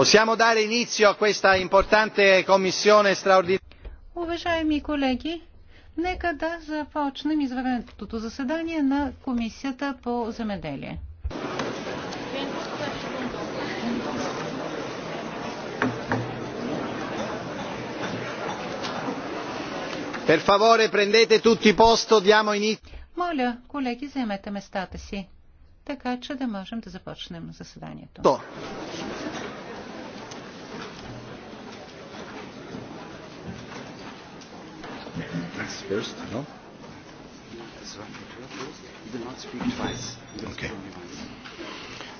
Possiamo dare inizio a questa importante commissione straordinaria. Уважаеми колеги, нека да започнем извънредното заседание на Комисията по земеделие. Per favore, prendete tutti posto, diamo inizio. Моля, колеги, заемете местата си, така че да можем да започнем заседанието. first, no?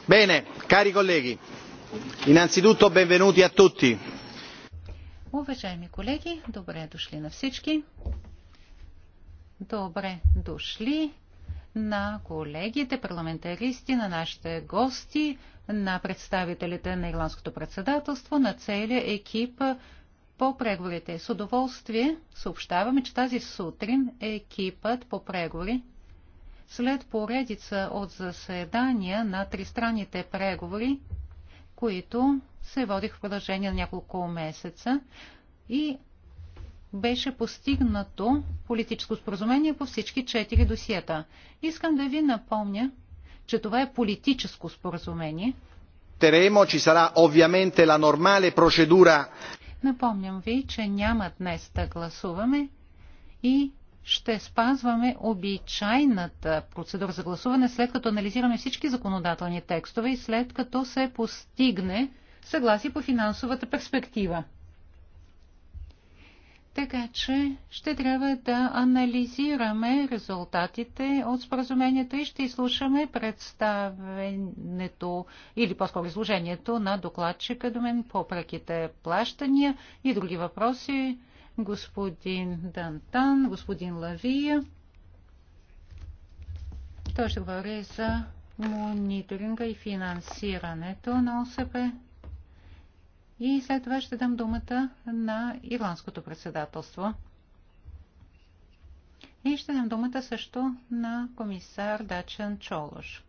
Bene, cari colleghi, innanzitutto benvenuti a tutti. Уважаеми колеги, добре дошли на всички. Добре дошли на колегите, парламентаристи, на нашите гости, на представителите на Ирландското председателство, на целия екип по преговорите. С удоволствие съобщаваме, че тази сутрин екипът по преговори след поредица от заседания на тристранните преговори, които се водих в продължение на няколко месеца и беше постигнато политическо споразумение по всички четири досиета. Искам да ви напомня, че това е политическо споразумение. Ci sarà ovviamente la normale procedura Напомням ви, че няма днес да гласуваме и ще спазваме обичайната процедура за гласуване, след като анализираме всички законодателни текстове и след като се постигне съгласие по финансовата перспектива. Така че ще трябва да анализираме резултатите от споразумението и ще изслушаме представенето или по-скоро изложението на докладчика до мен по преките плащания и други въпроси. Господин Дантан, господин Лавия. Той ще говори за мониторинга и финансирането на ОСП. И след това ще дам думата на ирландското председателство. И ще дам думата също на комисар Дачен Чолош.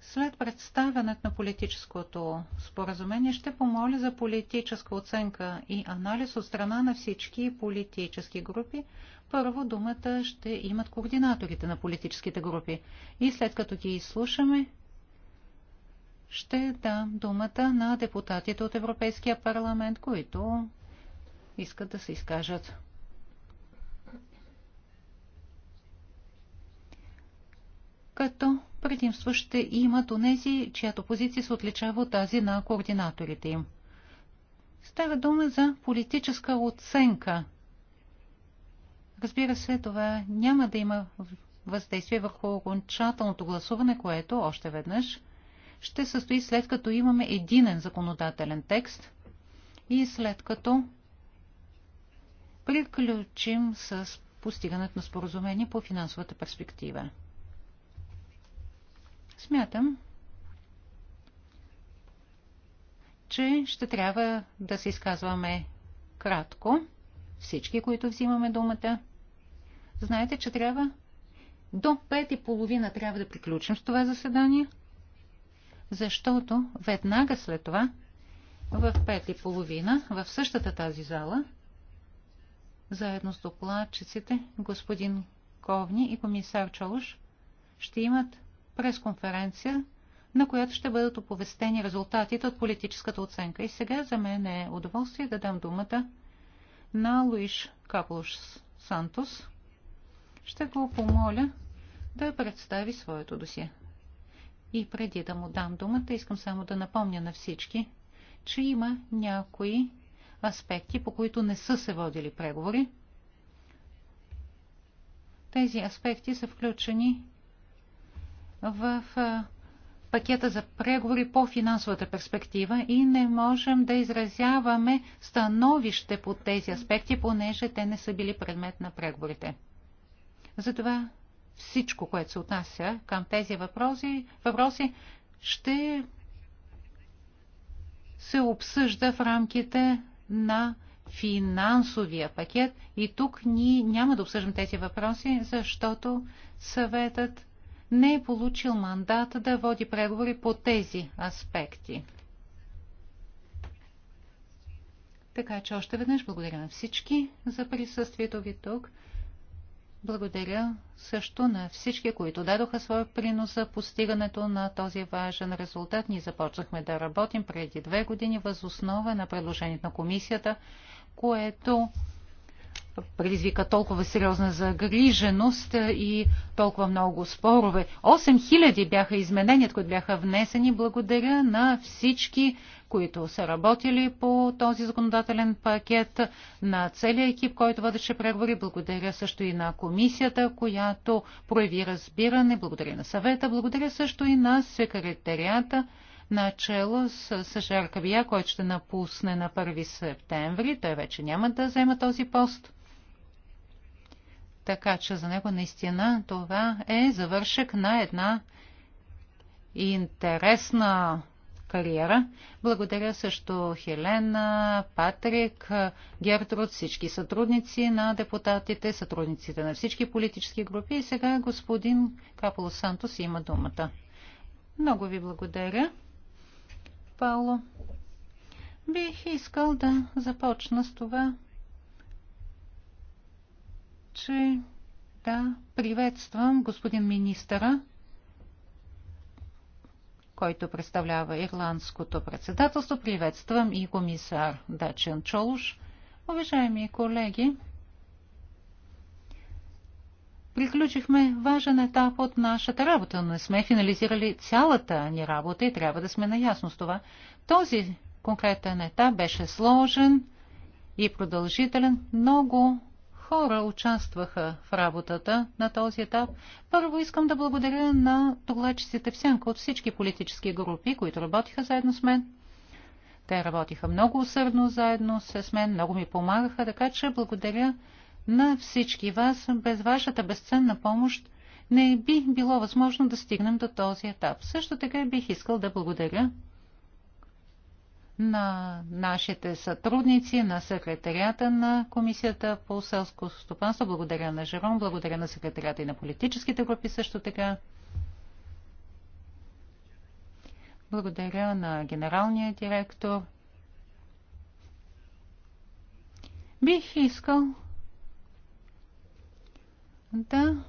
След представянето на политическото споразумение ще помоля за политическа оценка и анализ от страна на всички политически групи. Първо думата ще имат координаторите на политическите групи. И след като ги изслушаме, ще дам думата на депутатите от Европейския парламент, които искат да се изкажат. Като предимство ще имат онези, чиято позиция се отличава от тази на координаторите им. Става дума за политическа оценка. Разбира се, това няма да има въздействие върху окончателното гласуване, което още веднъж ще състои след като имаме единен законодателен текст и след като приключим с постигането на споразумение по финансовата перспектива. Смятам, че ще трябва да се изказваме кратко, всички, които взимаме думата. Знаете, че трябва до пет и половина трябва да приключим с това заседание – защото веднага след това в пет и половина в същата тази зала заедно с докладчиците господин Ковни и комисар Чолуш ще имат пресконференция, на която ще бъдат оповестени резултатите от политическата оценка. И сега за мен е удоволствие да дам думата на Луиш Каплуш Сантос. Ще го помоля да представи своето досие. И преди да му дам думата, искам само да напомня на всички, че има някои аспекти, по които не са се водили преговори. Тези аспекти са включени в пакета за преговори по финансовата перспектива и не можем да изразяваме становище по тези аспекти, понеже те не са били предмет на преговорите. Затова всичко, което се отнася към тези въпроси, въпроси ще се обсъжда в рамките на финансовия пакет. И тук ние няма да обсъждам тези въпроси, защото съветът не е получил мандат да води преговори по тези аспекти. Така че още веднъж благодаря на всички за присъствието ви тук. Благодаря също на всички, които дадоха своя принос за постигането на този важен резултат. Ние започнахме да работим преди две години възоснова на предложението на комисията, което предизвика толкова сериозна загриженост и толкова много спорове. 8000 бяха измененията, които бяха внесени. Благодаря на всички които са работили по този законодателен пакет, на целия екип, който водеше преговори. Благодаря също и на комисията, която прояви разбиране. Благодаря на съвета. Благодаря също и на секретарията начало с, с Жарка Вия, който ще напусне на 1 септември. Той вече няма да взема този пост. Така че за него наистина това е завършек на една интересна кариера. Благодаря също Хелена, Патрик, Гертруд, всички сътрудници на депутатите, сътрудниците на всички политически групи. И сега господин Каполо Сантос има думата. Много ви благодаря, Пауло. Бих искал да започна с това, че да приветствам господин министъра който представлява Ирландското председателство. Приветствам и комисар Дачен Чолуш. Уважаеми колеги, приключихме важен етап от нашата работа, но не сме финализирали цялата ни работа и трябва да сме наясно с това. Този конкретен етап беше сложен и продължителен. Много хора участваха в работата на този етап. Първо искам да благодаря на докладчиците в сянка от всички политически групи, които работиха заедно с мен. Те работиха много усърдно заедно с мен, много ми помагаха, така че благодаря на всички вас. Без вашата безценна помощ не би било възможно да стигнем до този етап. Също така бих искал да благодаря на нашите сътрудници, на секретарията на Комисията по селско стопанство. Благодаря на Жерон, благодаря на секретарията и на политическите групи също така. Благодаря на генералния директор. Бих искал да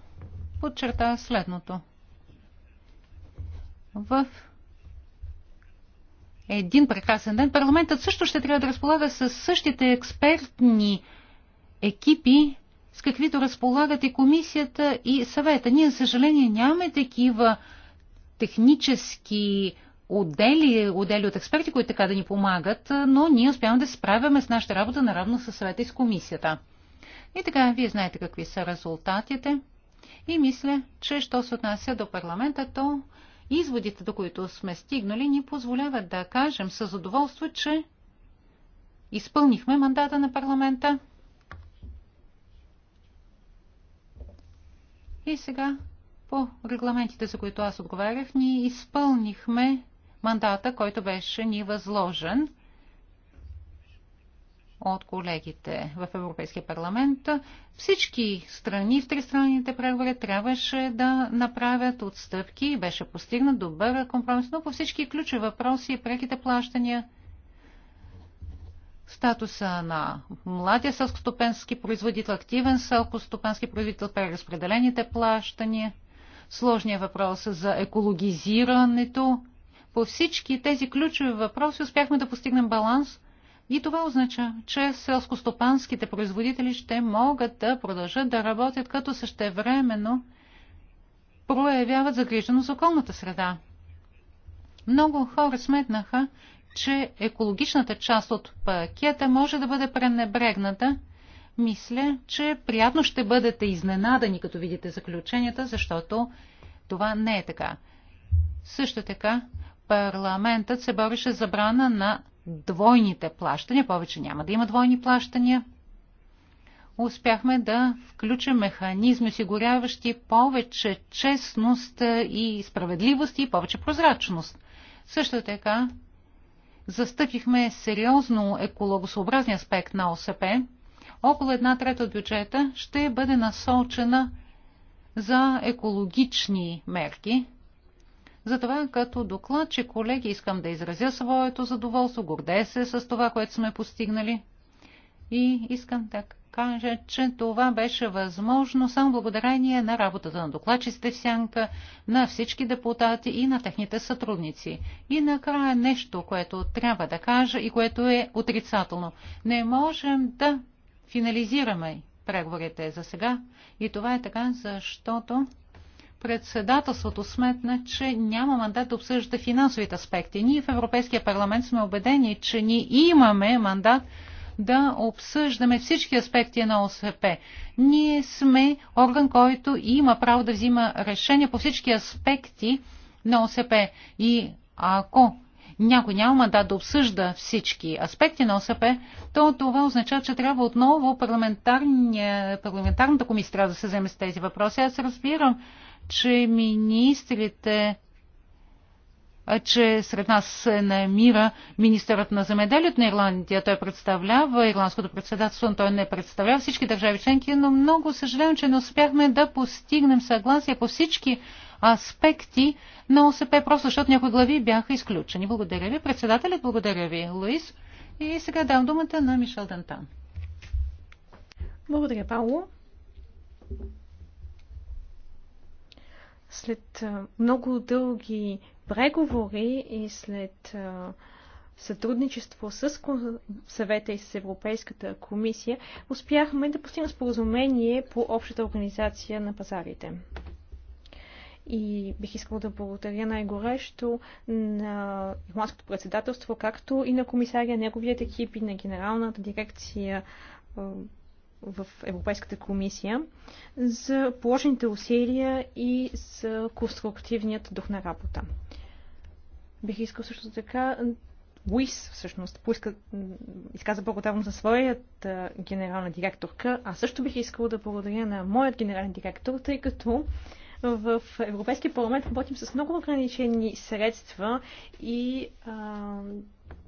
подчертая следното. В един прекрасен ден парламентът също ще трябва да разполага с същите експертни екипи, с каквито разполагат и комисията и съвета. Ние, за съжаление, нямаме такива технически отдели, отдели от експерти, които така да ни помагат, но ние успяваме да се справяме с нашата работа наравно с съвета и с комисията. И така, вие знаете какви са резултатите. И мисля, че що се отнася до парламента, то изводите, до които сме стигнали, ни позволяват да кажем със задоволство, че изпълнихме мандата на парламента. И сега по регламентите, за които аз отговарях, ние изпълнихме мандата, който беше ни възложен – от колегите в Европейския парламент, всички страни в тристранните преговори трябваше да направят отстъпки. Беше постигнат добър компромис, но по всички ключови въпроси и преките плащания статуса на младия селскостопенски производител, активен селскостопенски производител, преразпределените плащания, сложния въпрос за екологизирането. По всички тези ключови въпроси успяхме да постигнем баланс, и това означава, че селскостопанските производители ще могат да продължат да работят, като същевременно проявяват загриженост за околната среда. Много хора сметнаха, че екологичната част от пакета може да бъде пренебрегната. Мисля, че приятно ще бъдете изненадани, като видите заключенията, защото това не е така. Също така, парламентът се бореше забрана на двойните плащания. Повече няма да има двойни плащания. Успяхме да включим механизми, осигуряващи повече честност и справедливост и повече прозрачност. Също така застъпихме сериозно екологосообразния аспект на ОСП. Около една трета от бюджета ще бъде насочена за екологични мерки – затова като доклад, че колеги, искам да изразя своето задоволство, гордея се с това, което сме постигнали. И искам да кажа, че това беше възможно само благодарение на работата на докладчиците в Сянка, на всички депутати и на техните сътрудници. И накрая нещо, което трябва да кажа и което е отрицателно. Не можем да финализираме преговорите за сега и това е така, защото председателството сметна, че няма мандат да обсъжда финансовите аспекти. Ние в Европейския парламент сме убедени, че ние имаме мандат да обсъждаме всички аспекти на ОСП. Ние сме орган, който има право да взима решения по всички аспекти на ОСП. И ако някой няма мандат да обсъжда всички аспекти на ОСП, то това означава, че трябва отново парламентарната комисия трябва да се вземе с тези въпроси. Аз разбирам, че министрите че сред нас се намира министърът на земеделието на Ирландия. Той представлява ирландското председателство, но той не представлява всички държави членки, но много съжалявам, че не успяхме да постигнем съгласие по всички аспекти на ОСП, просто защото някои глави бяха изключени. Благодаря ви, председателят, благодаря ви, Луис. И сега дам думата на Мишел Дантан. Благодаря, Пауло. След много дълги преговори и след сътрудничество с съвета и с Европейската комисия успяхме да постигнем споразумение по общата организация на пазарите. И бих искала да благодаря най-горещо на Ирландското председателство, както и на комисария, неговият екип и на генералната дирекция в Европейската комисия за положените усилия и за конструктивният дух на работа. Бих искал също така Луис всъщност поиска, изказа благодарност на своят а, генерална директорка. а също бих искал да благодаря на моят генерален директор, тъй като в Европейския парламент работим с много ограничени средства и а,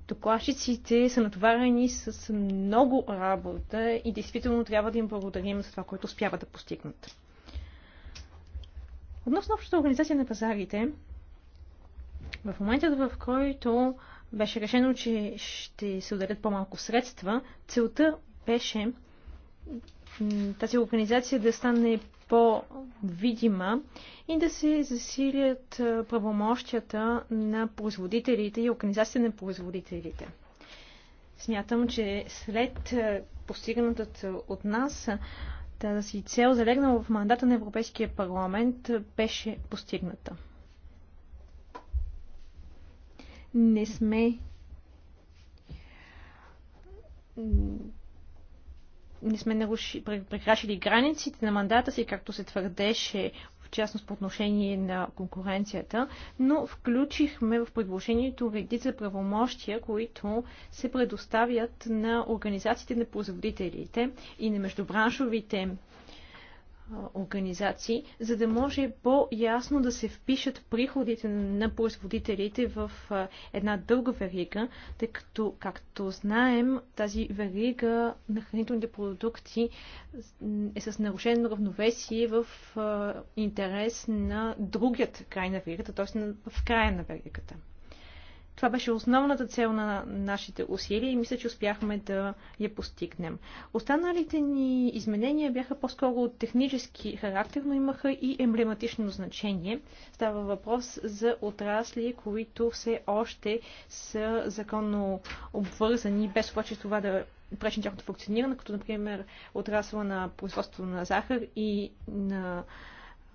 докладчиците са натоварени с много работа и действително трябва да им благодарим за това, което успяват да постигнат. Относно общата организация на пазарите, в момента в който беше решено, че ще се отделят по-малко средства, целта беше тази организация да стане по-видима и да се засилят правомощията на производителите и организацията на производителите. Смятам, че след постигнатата от нас тази цел, залегнала в мандата на Европейския парламент, беше постигната. Не сме не сме наруши, прекрашили границите на мандата си, както се твърдеше в частност по отношение на конкуренцията, но включихме в предложението редица правомощия, които се предоставят на организациите на производителите и на междубраншовите организации, за да може по-ясно да се впишат приходите на производителите в една дълга верига, тъй като, както знаем, тази верига на хранителните продукти е с нарушено равновесие в интерес на другият край на веригата, т.е. в края на веригата. Това беше основната цел на нашите усилия и мисля, че успяхме да я постигнем. Останалите ни изменения бяха по-скоро от технически характер, но имаха и емблематично значение. Става въпрос за отрасли, които все още са законно обвързани, без обаче това да пречи тяхното функциониране, като например отрасла на производство на захар и на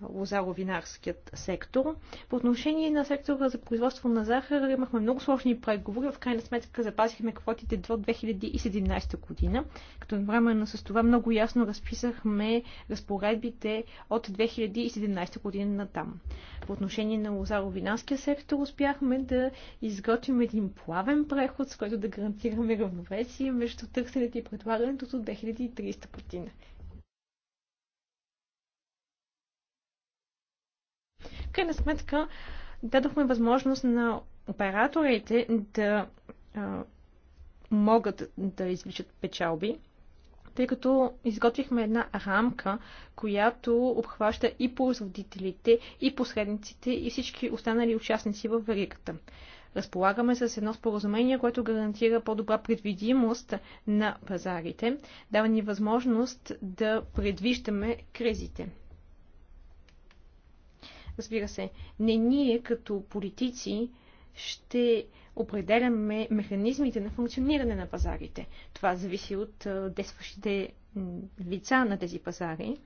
лозаро-винарският сектор. По отношение на сектора за производство на захар имахме много сложни преговори. В крайна сметка запазихме квотите до 2017 година, като времено с това много ясно разписахме разпоредбите от 2017 година на там. По отношение на лозаро-винарския сектор успяхме да изготвим един плавен преход, с който да гарантираме равновесие между търсенето и предлагането до 2030 година. крайна сметка дадохме възможност на операторите да а, могат да извличат печалби, тъй като изготвихме една рамка, която обхваща и производителите, и посредниците, и всички останали участници в веригата. Разполагаме с едно споразумение, което гарантира по-добра предвидимост на пазарите, дава ни възможност да предвиждаме кризите. Разбира се, не ние като политици ще определяме механизмите на функциониране на пазарите. Това зависи от действащите лица на тези пазари.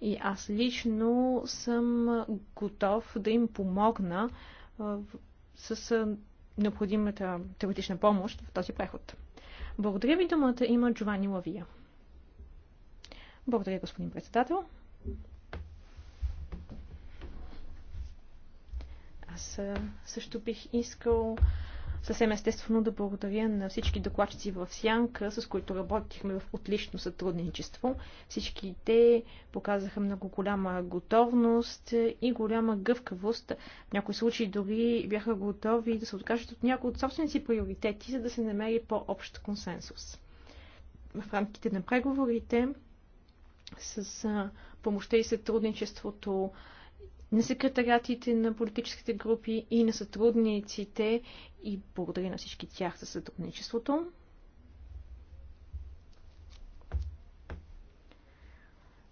И аз лично съм готов да им помогна с необходимата теоретична помощ в този преход. Благодаря ви думата има Джованни Лавия. Благодаря, господин председател. Аз също бих искал съвсем естествено да благодаря на всички докладчици в Сянка, с които работихме в отлично сътрудничество. Всички те показаха много голяма готовност и голяма гъвкавост. В някои случаи дори бяха готови да се откажат от някои от собствените си приоритети, за да се намери по-общ консенсус. В рамките на преговорите с помощта и сътрудничеството на секретариатите на политическите групи и на сътрудниците и благодаря на всички тях за сътрудничеството.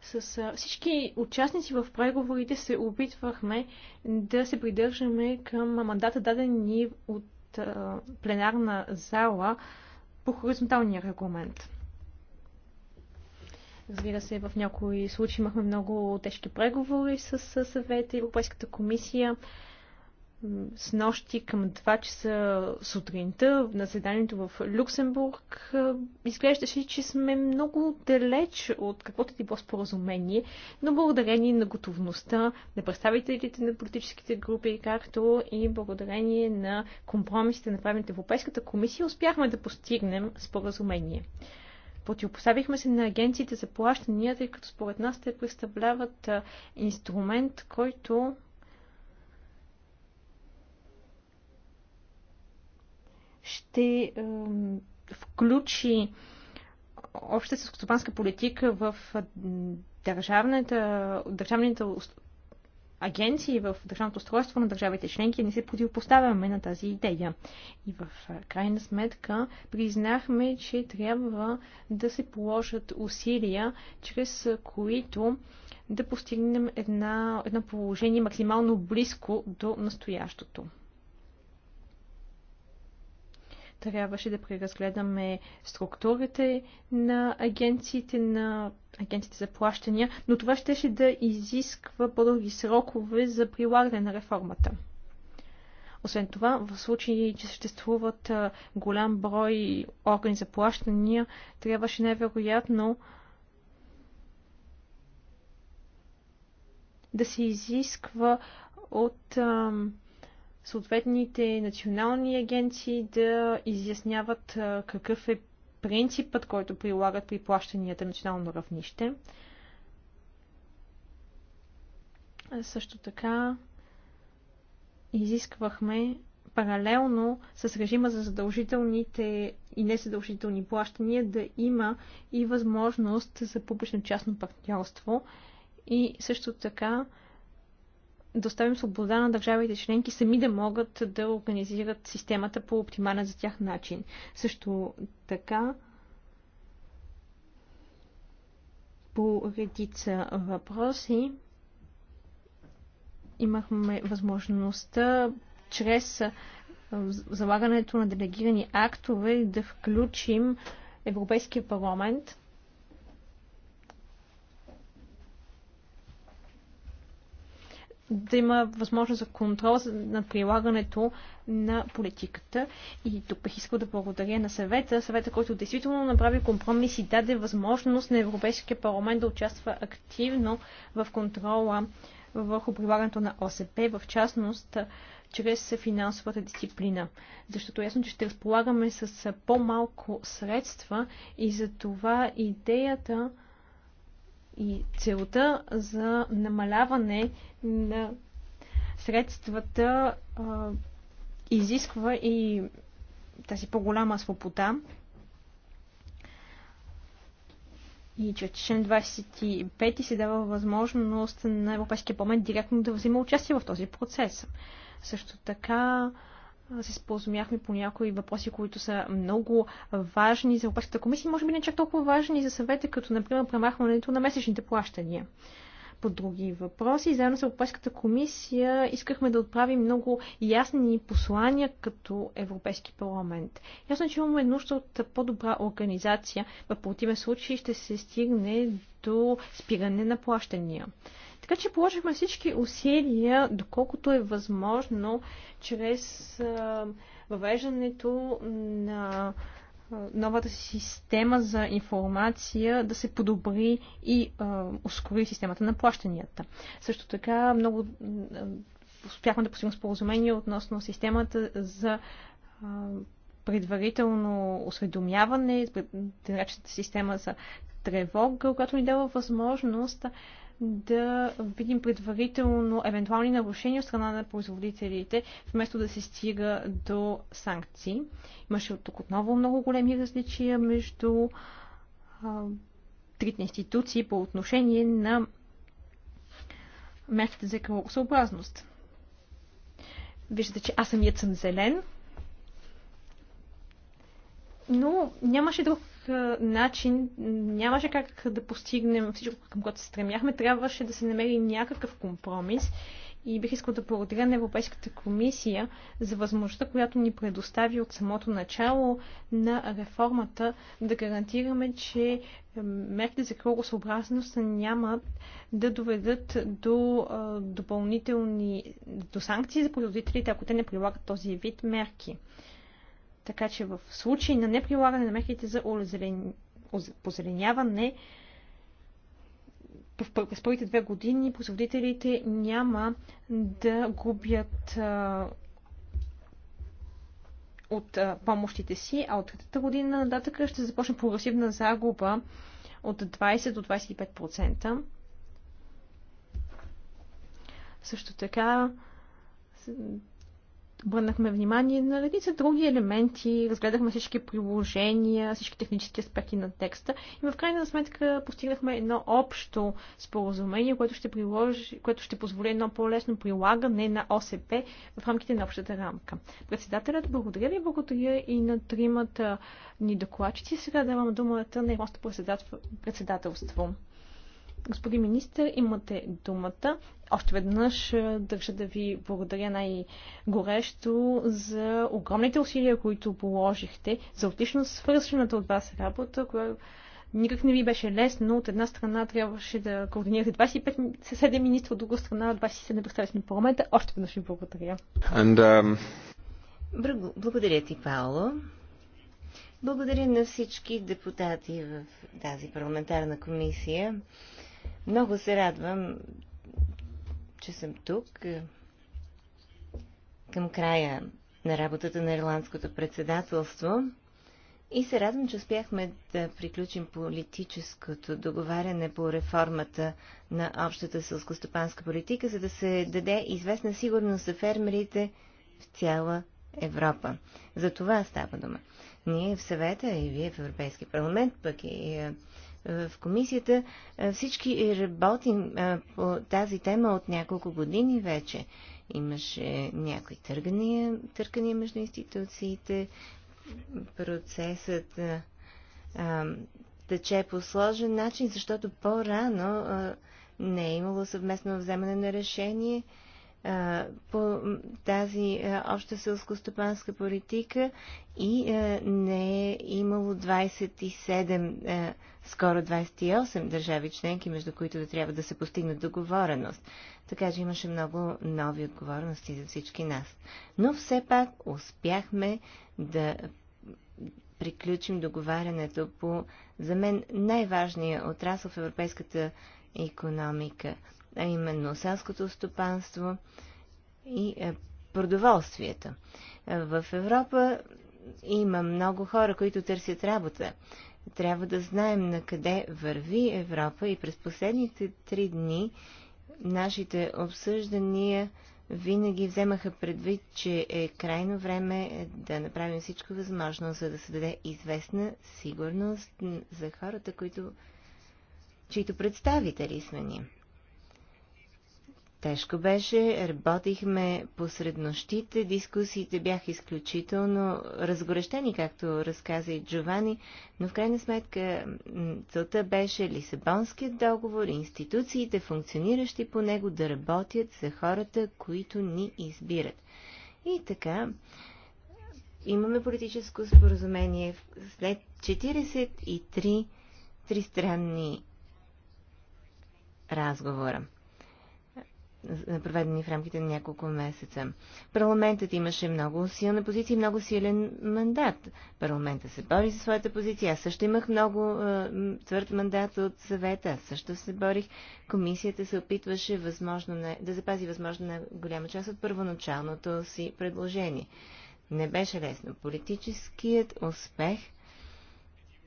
с всички участници в преговорите се опитвахме да се придържаме към мандата даден ни от пленарна зала по хоризонталния регламент. Разбира се, в някои случаи имахме много тежки преговори с съвета и Европейската комисия. С нощи към 2 часа сутринта на заседанието в Люксембург е, изглеждаше, че сме много далеч от каквото ти било споразумение, но благодарение на готовността на представителите на политическите групи, както и благодарение на компромисите, направените в Европейската комисия, успяхме да постигнем споразумение. Противопоставихме се на агенциите за плащания, тъй като според нас те представляват инструмент, който ще включи общата селскостопанска политика в държавната, държавните агенции в държавното устройство на държавите членки не се противопоставяме на тази идея. И в крайна сметка признахме, че трябва да се положат усилия, чрез които да постигнем една, едно положение максимално близко до настоящото трябваше да преразгледаме структурите на агенциите, на агенциите за плащания, но това щеше да изисква по-дълги срокове за прилагане на реформата. Освен това, в случай, че съществуват голям брой органи за плащания, трябваше невероятно да се изисква от ам, съответните национални агенции да изясняват какъв е принципът, който прилагат при плащанията на национално равнище. Също така изисквахме паралелно с режима за задължителните и незадължителни плащания да има и възможност за публично-частно партньорство и също така да оставим свобода на държавите членки сами да могат да организират системата по оптимален за тях начин. Също така, по редица въпроси имахме възможността чрез залагането на делегирани актове да включим Европейския парламент да има възможност за контрол над прилагането на политиката. И тук бих искал да благодаря на съвета, съвета, който действително направи компромис и даде възможност на Европейския парламент да участва активно в контрола върху прилагането на ОСП, в частност чрез финансовата дисциплина. Защото е ясно, че ще разполагаме с по-малко средства и за това идеята и целта за намаляване на средствата а, изисква и тази по-голяма свобода. И че член 25 се дава възможност на Европейския парламент директно да взема участие в този процес. Също така се споразумяхме по някои въпроси, които са много важни за Европейската комисия, може би не чак толкова важни за съвета, като например премахването на месечните плащания. По други въпроси, заедно с Европейската комисия искахме да отправим много ясни послания като Европейски парламент. Ясно, че имаме нужда от по-добра организация. В противен случай ще се стигне до спиране на плащания. Така че положихме всички усилия, доколкото е възможно, чрез въвеждането на новата система за информация да се подобри и ускори системата на плащанията. Също така много успяхме да постигнем споразумение относно системата за предварително осведомяване, да система за тревога, която ни дава възможност да видим предварително евентуални нарушения от страна на производителите, вместо да се стига до санкции. Имаше от тук отново много големи различия между а, трите институции по отношение на мерките за екологосъобразност. Виждате, че аз самият съм зелен, но нямаше друг е, начин нямаше как да постигнем всичко, към което се стремяхме. Трябваше да се намери някакъв компромис и бих искал да благодаря на Европейската комисия за възможността, която ни предостави от самото начало на реформата, да гарантираме, че е, мерките за кръгосъобразност няма да доведат до е, допълнителни до санкции за производителите, ако те не прилагат този вид мерки. Така че в случай на неприлагане на мерките за озеленяване позеленяване, през първите две години производителите няма да губят а, от а, помощите си, а от третата година нататък ще започне прогресивна загуба от 20 до 25%. Също така обърнахме внимание на редица други елементи, разгледахме всички приложения, всички технически аспекти на текста и в крайна сметка постигнахме едно общо споразумение, което ще, приложи, което ще позволи едно по-лесно прилагане на ОСП в рамките на общата рамка. Председателят, благодаря ви, благодаря и на тримата ни докладчици. Сега давам думата на Ирландското председателство. Господин министр, имате думата. Още веднъж е, държа да ви благодаря най-горещо за огромните усилия, които положихте, за отлично свършената от вас работа, която никак не ви беше лесно. От една страна трябваше да координирате 25 министра, от друга страна 27 представители на парламента. Още веднъж ви благодаря. And, um... Благодаря ти, Пауло. Благодаря на всички депутати в тази парламентарна комисия много се радвам, че съм тук е, към края на работата на Ирландското председателство и се радвам, че успяхме да приключим политическото договаряне по реформата на общата сълскостопанска политика, за да се даде известна сигурност за фермерите в цяла Европа. За това става дума. Ние в съвета и вие в Европейски парламент, пък и е, е, в комисията. Е, всички работим е, по тази тема от няколко години вече. Имаше някои търгания, търкания между институциите, процесът а, тече по сложен начин, защото по-рано не е имало съвместно вземане на решение по тази обща селско-стопанска политика и не е имало 27, скоро 28 държави членки, между които да трябва да се постигне договореност. Така че имаше много нови отговорности за всички нас. Но все пак успяхме да приключим договарянето по, за мен, най-важния отрасъл в европейската економика – а именно селското стопанство и е, продоволствието. В Европа има много хора, които търсят работа. Трябва да знаем на къде върви Европа и през последните три дни нашите обсъждания винаги вземаха предвид, че е крайно време да направим всичко възможно, за да се даде известна сигурност за хората, които, чието представители сме ние. Тежко беше, работихме посред нощите, дискусиите бяха изключително разгорещени, както разказа и Джовани, но в крайна сметка целта беше Лисабонският договор, институциите, функциониращи по него, да работят за хората, които ни избират. И така, имаме политическо споразумение след 43 тристранни разговора проведени в рамките на няколко месеца. Парламентът имаше много силна позиция и много силен мандат. Парламента се бори за своята позиция. Аз също имах много е, твърд мандат от съвета. Аз също се борих. Комисията се опитваше възможно на, да запази възможно на голяма част от първоначалното си предложение. Не беше лесно. Политическият успех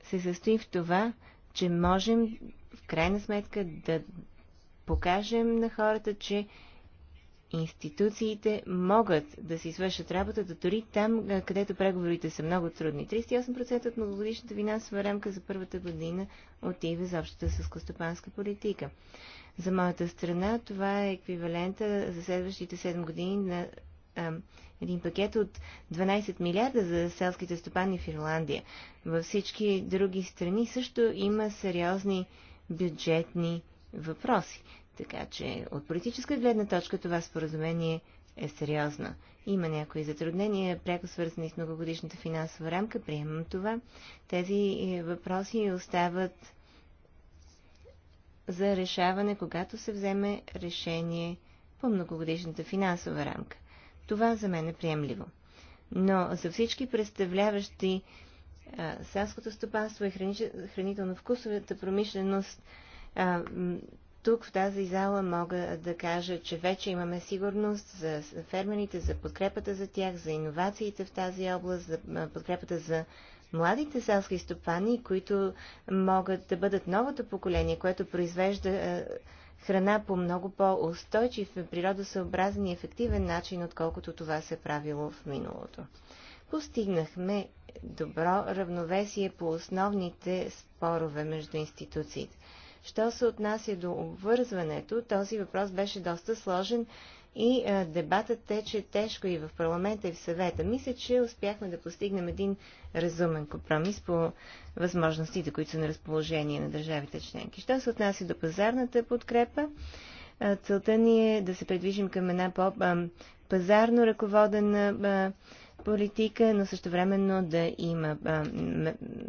се състои в това, че можем в крайна сметка да покажем на хората, че институциите могат да си свършат работата дори там, където преговорите са много трудни. 38% от многогодишната финансова рамка за първата година отива за общата съскостопанска политика. За моята страна това е еквивалента за следващите 7 години на а, един пакет от 12 милиарда за селските стопани в Ирландия. Във всички други страни също има сериозни бюджетни въпроси. Така че от политическа гледна точка това споразумение е сериозно. Има някои затруднения, пряко свързани с многогодишната финансова рамка, приемам това. Тези е, въпроси остават за решаване, когато се вземе решение по многогодишната финансова рамка. Това за мен е приемливо. Но за всички представляващи селското стопанство и хранително-вкусовата промишленост тук в тази зала мога да кажа, че вече имаме сигурност за фермерите, за подкрепата за тях, за иновациите в тази област, за подкрепата за младите селски стопани, които могат да бъдат новото поколение, което произвежда храна по много по-устойчив, природосъобразен и ефективен начин, отколкото това се е правило в миналото. Постигнахме добро равновесие по основните спорове между институциите. Що се отнася до обвързването, този въпрос беше доста сложен и а, дебатът тече тежко и в парламента, и в съвета. Мисля, че успяхме да постигнем един разумен компромис по възможностите, които са на разположение на държавите членки. Що се отнася до пазарната подкрепа, а, целта ни е да се предвижим към една по-пазарно ръководена политика, но също времено да има а,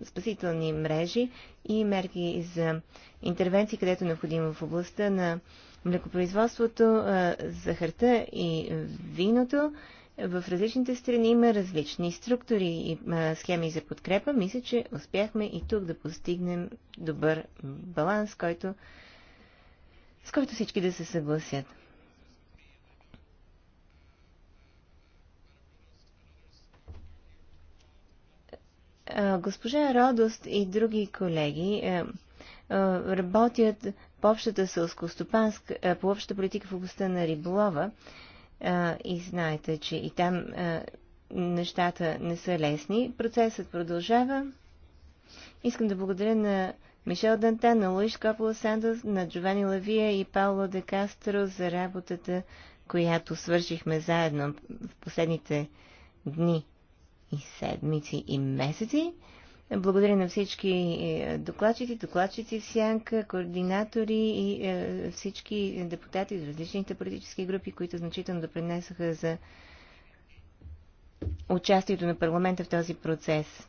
спасителни мрежи и мерки за интервенции, където е необходимо в областта на млекопроизводството, а, захарта и виното. В различните страни има различни структури и а, схеми за подкрепа. Мисля, че успяхме и тук да постигнем добър баланс, който, с който всички да се съгласят. Госпожа Родост и други колеги работят по общата селскостопанска, по общата политика в областта на риболова и знаете, че и там нещата не са лесни. Процесът продължава. Искам да благодаря на Мишел Данта, на Луиш Копола Сандос, на Джовани Лавия и Пауло де Кастро за работата, която свършихме заедно в последните дни и седмици и месеци. Благодаря на всички е, докладчици, докладчици в сянка, координатори и е, всички депутати от различните политически групи, които значително допринесоха за участието на парламента в този процес.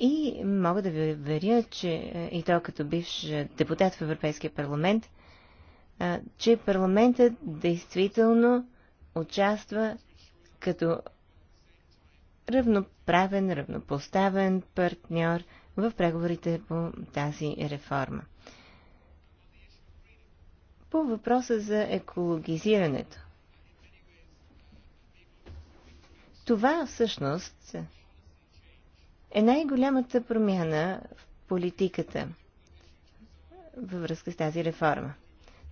И мога да ви уверя, че е, и то като бивш депутат в Европейския парламент, че парламентът действително участва като равноправен, равнопоставен партньор в преговорите по тази реформа. По въпроса за екологизирането. Това всъщност е най-голямата промяна в политиката във връзка с тази реформа.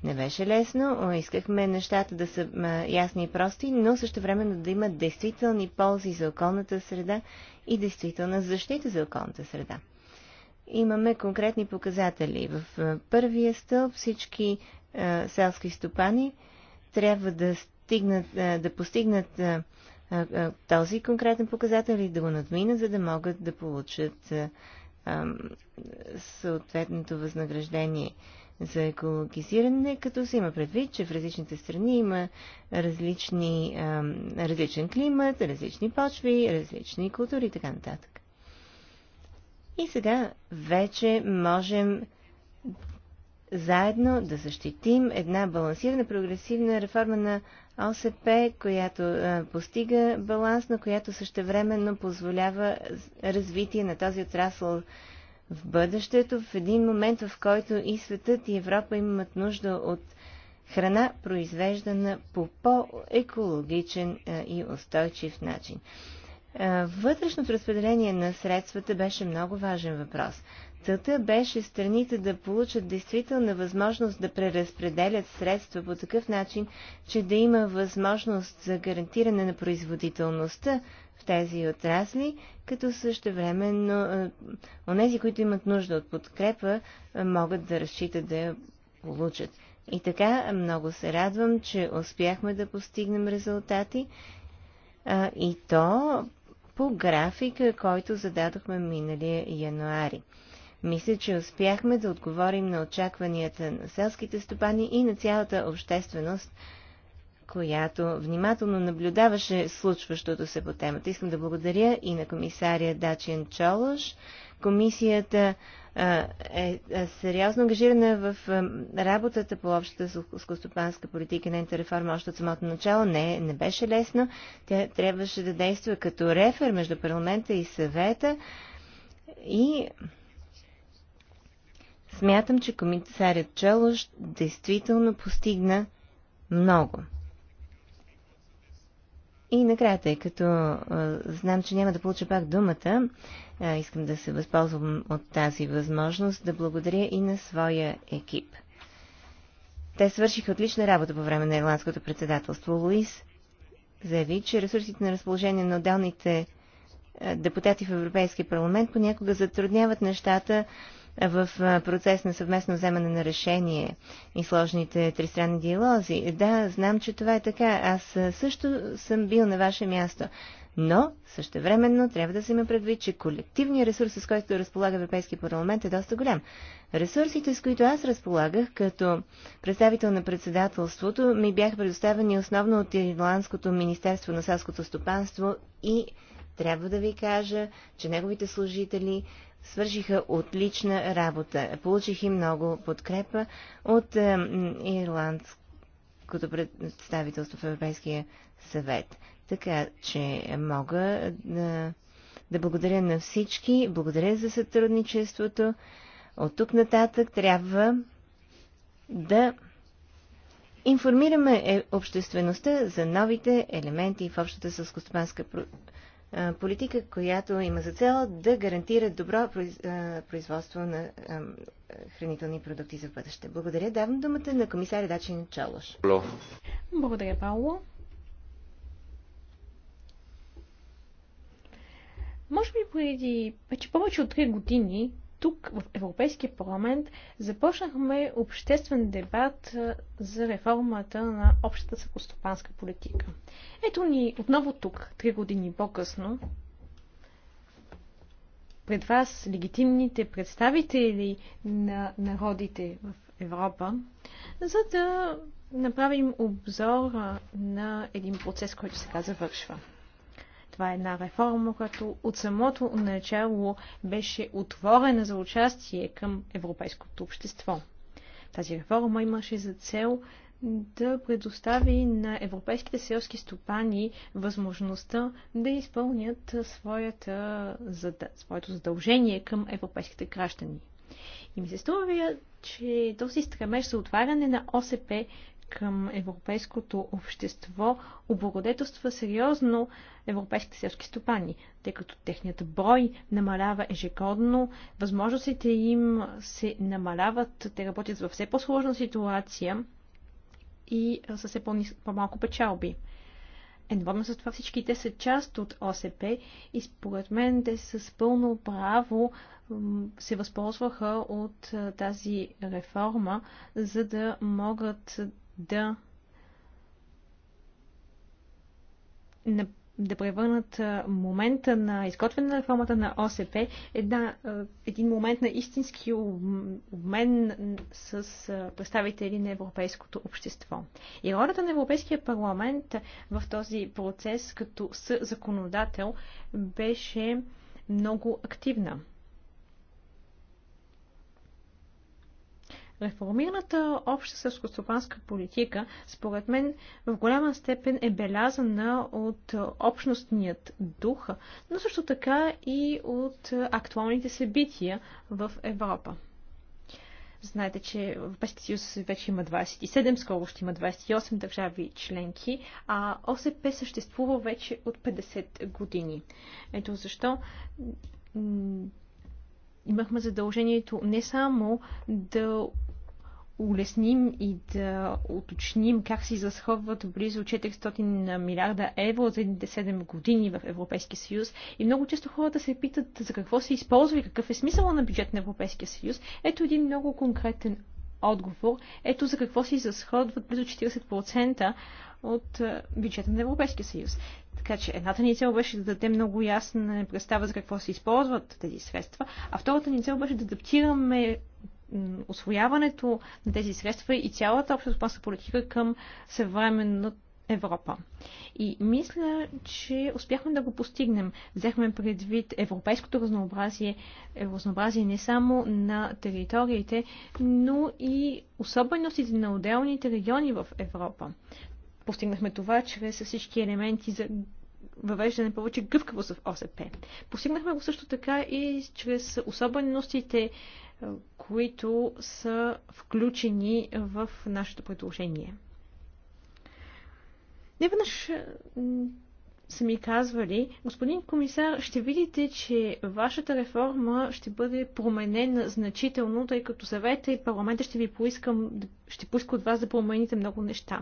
Не беше лесно, искахме нещата да са ясни и прости, но също времено да има действителни ползи за околната среда и действителна защита за околната среда. Имаме конкретни показатели. В първия стълб всички селски стопани трябва да, стигнат, да постигнат този конкретен показател и да го надминат, за да могат да получат съответното възнаграждение за екологизиране, като се има предвид, че в различните страни има различни, различен климат, различни почви, различни култури и така нататък. И сега вече можем заедно да защитим една балансирана, прогресивна реформа на ОСП, която а, постига баланс, но която същевременно позволява развитие на този отрасъл в бъдещето, в един момент, в който и светът, и Европа имат нужда от храна, произвеждана по по-екологичен и устойчив начин. Вътрешното разпределение на средствата беше много важен въпрос. Целта беше страните да получат действителна възможност да преразпределят средства по такъв начин, че да има възможност за гарантиране на производителността в тези отрасли, като същевременно онези, които имат нужда от подкрепа, могат да разчитат да я получат. И така много се радвам, че успяхме да постигнем резултати и то по графика, който зададохме миналия януари. Мисля, че успяхме да отговорим на очакванията на селските стопани и на цялата общественост която внимателно наблюдаваше случващото се по темата. Искам да благодаря и на комисария Дачин Чолош. Комисията а, е, е сериозно ангажирана в а, работата по общата скостопанска политика и нейната реформа още от самото начало. Не, не беше лесно. Тя трябваше да действа като рефер между парламента и съвета. И смятам, че комисарят Чолош действително постигна много. И накрая, тъй като а, знам, че няма да получа пак думата, а, искам да се възползвам от тази възможност да благодаря и на своя екип. Те свършиха отлична работа по време на ирландското председателство. Луис заяви, че ресурсите на разположение на отделните депутати в Европейския парламент понякога затрудняват нещата в процес на съвместно вземане на решение и сложните тристранни диалози. Да, знам, че това е така. Аз също съм бил на ваше място. Но същевременно трябва да се има предвид, че колективният ресурс, с който разполага Европейски парламент, е доста голям. Ресурсите, с които аз разполагах като представител на председателството, ми бяха предоставени основно от Ирландското министерство на селското стопанство и трябва да ви кажа, че неговите служители свършиха отлична работа. Получих и много подкрепа от ирландското представителство в Европейския съвет. Така че мога да, да благодаря на всички, благодаря за сътрудничеството. От тук нататък трябва да информираме е, обществеността за новите елементи в общата сълскостопанска политика, която има за цел да гарантира добро производство на хранителни продукти за бъдеще. Благодаря. Давам думата на комисаря Дачин Чалош. Благодаря, Пауло. Може би преди вече повече от 3 години тук, в Европейския парламент, започнахме обществен дебат за реформата на общата съкостопанска политика. Ето ни отново тук, три години по-късно, пред вас легитимните представители на народите в Европа, за да направим обзор на един процес, който сега завършва. Това е една реформа, която от самото начало беше отворена за участие към европейското общество. Тази реформа имаше за цел да предостави на европейските селски стопани възможността да изпълнят своята, своето задължение към европейските граждани. И ми се струва, че този стремеж за отваряне на ОСП към европейското общество облагодетелства сериозно европейските селски стопани, тъй като техният брой намалява ежегодно, възможностите им се намаляват, те работят във все по-сложна ситуация и са все по-малко печалби. Едновременно с това всички те са част от ОСП и според мен те с пълно право се възползваха от тази реформа, за да могат да да превърнат момента на изготвяне на реформата на ОСП една, един момент на истински обмен с представители на европейското общество. И ролята на Европейския парламент в този процес като законодател беше много активна. Реформираната обща сърскостопанска политика, според мен, в голяма степен е белязана от общностният дух, но също така и от актуалните събития в Европа. Знаете, че Европейския съюз вече има 27, скоро ще има 28 държави членки, а ОСП съществува вече от 50 години. Ето защо имахме задължението не само да улесним и да уточним как се изразходват близо 400 милиарда евро за едните 7 години в Европейския съюз. И много често хората се питат за какво се използва и какъв е смисъл на бюджет на Европейския съюз. Ето един много конкретен отговор. Ето за какво се изразходват близо 40% от бюджета на Европейския съюз. Така че едната ни цел беше да дадем много ясна представа за какво се използват тези средства, а втората ни цел беше да адаптираме освояването на тези средства и цялата обща политика към съвременната Европа. И мисля, че успяхме да го постигнем. Взехме предвид европейското разнообразие, разнообразие не само на териториите, но и особеностите на отделните региони в Европа. Постигнахме това чрез всички елементи за въвеждане повече гъвкавост в ОСП. Постигнахме го също така и чрез особеностите които са включени в нашето предложение. Неведнъж са ми казвали, господин комисар, ще видите, че вашата реформа ще бъде променена значително, тъй като съвета и парламента ще ви поискам, ще поиска от вас да промените много неща.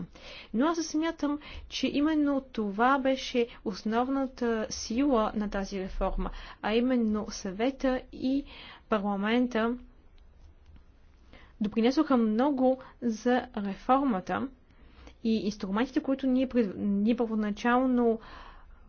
Но аз смятам, че именно това беше основната сила на тази реформа, а именно съвета и парламента допринесоха много за реформата и инструментите, които ние, ние първоначално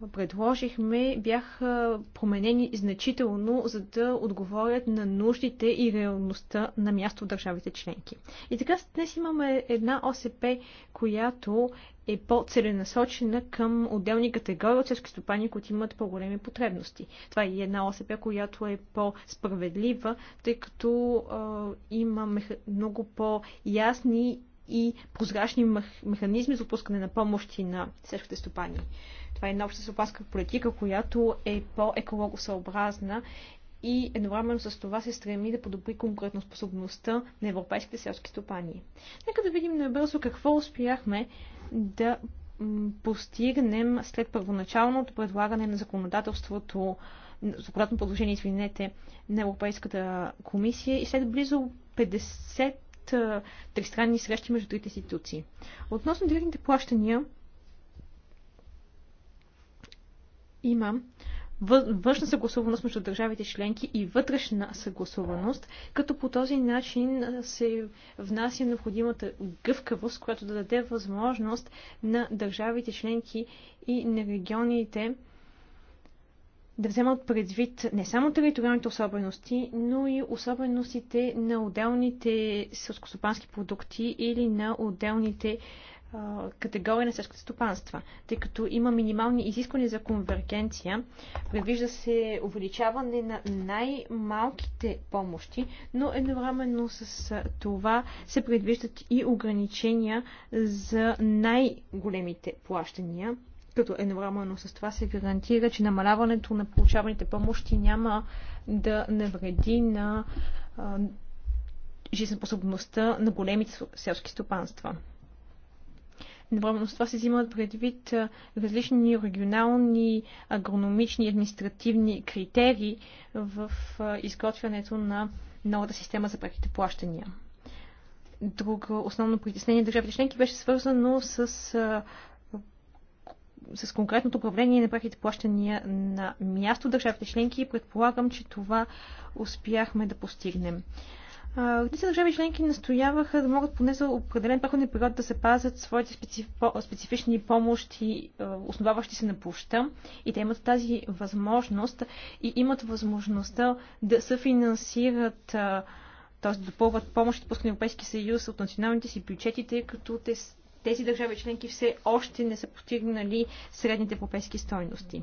предложихме, бяха променени значително, за да отговорят на нуждите и реалността на място в държавите членки. И така днес имаме една ОСП, която е по-целенасочена към отделни категории от селски стопани, които имат по-големи потребности. Това е една ОСП, която е по-справедлива, тъй като е, има много по-ясни и прозрачни мех... механизми за отпускане на помощи на селските стопани. Това е една обща стопанска политика, която е по-екологосъобразна и едновременно с това се стреми да подобри конкурентоспособността на европейските селски стопани. Нека да видим набързо какво успяхме да постигнем след първоначалното предлагане на законодателството, законодателно предложение, извинете, на Европейската комисия и след близо 50 тристранни срещи между трите институции. Относно директните плащания, има външна съгласуваност между държавите членки и вътрешна съгласуваност, като по този начин се внася необходимата гъвкавост, която да даде възможност на държавите членки и на регионите да вземат предвид не само териториалните особености, но и особеностите на отделните селскостопански продукти или на отделните категория на селските стопанства, тъй като има минимални изисквания за конвергенция. Предвижда се увеличаване на най-малките помощи, но едновременно с това се предвиждат и ограничения за най-големите плащания, като едновременно с това се гарантира, че намаляването на получаваните помощи няма да навреди на жизнеспособността на големите селски стопанства. Но с това се взимат предвид различни регионални, агрономични и административни критерии в изготвянето на новата система за преките плащания. Друго основно притеснение държавите членки беше свързано с, с конкретното управление на преките плащания на място държавите членки и предполагам, че това успяхме да постигнем. Тези държави членки настояваха да могат поне за определен преходен период да се пазят своите специф... специфични помощи, основаващи се на площа. И те имат тази възможност и имат възможността да се финансират т.е. да допълват помощ от Европейски съюз от националните си бюджети, тъй като те, тези държави членки все още не са постигнали средните европейски стойности.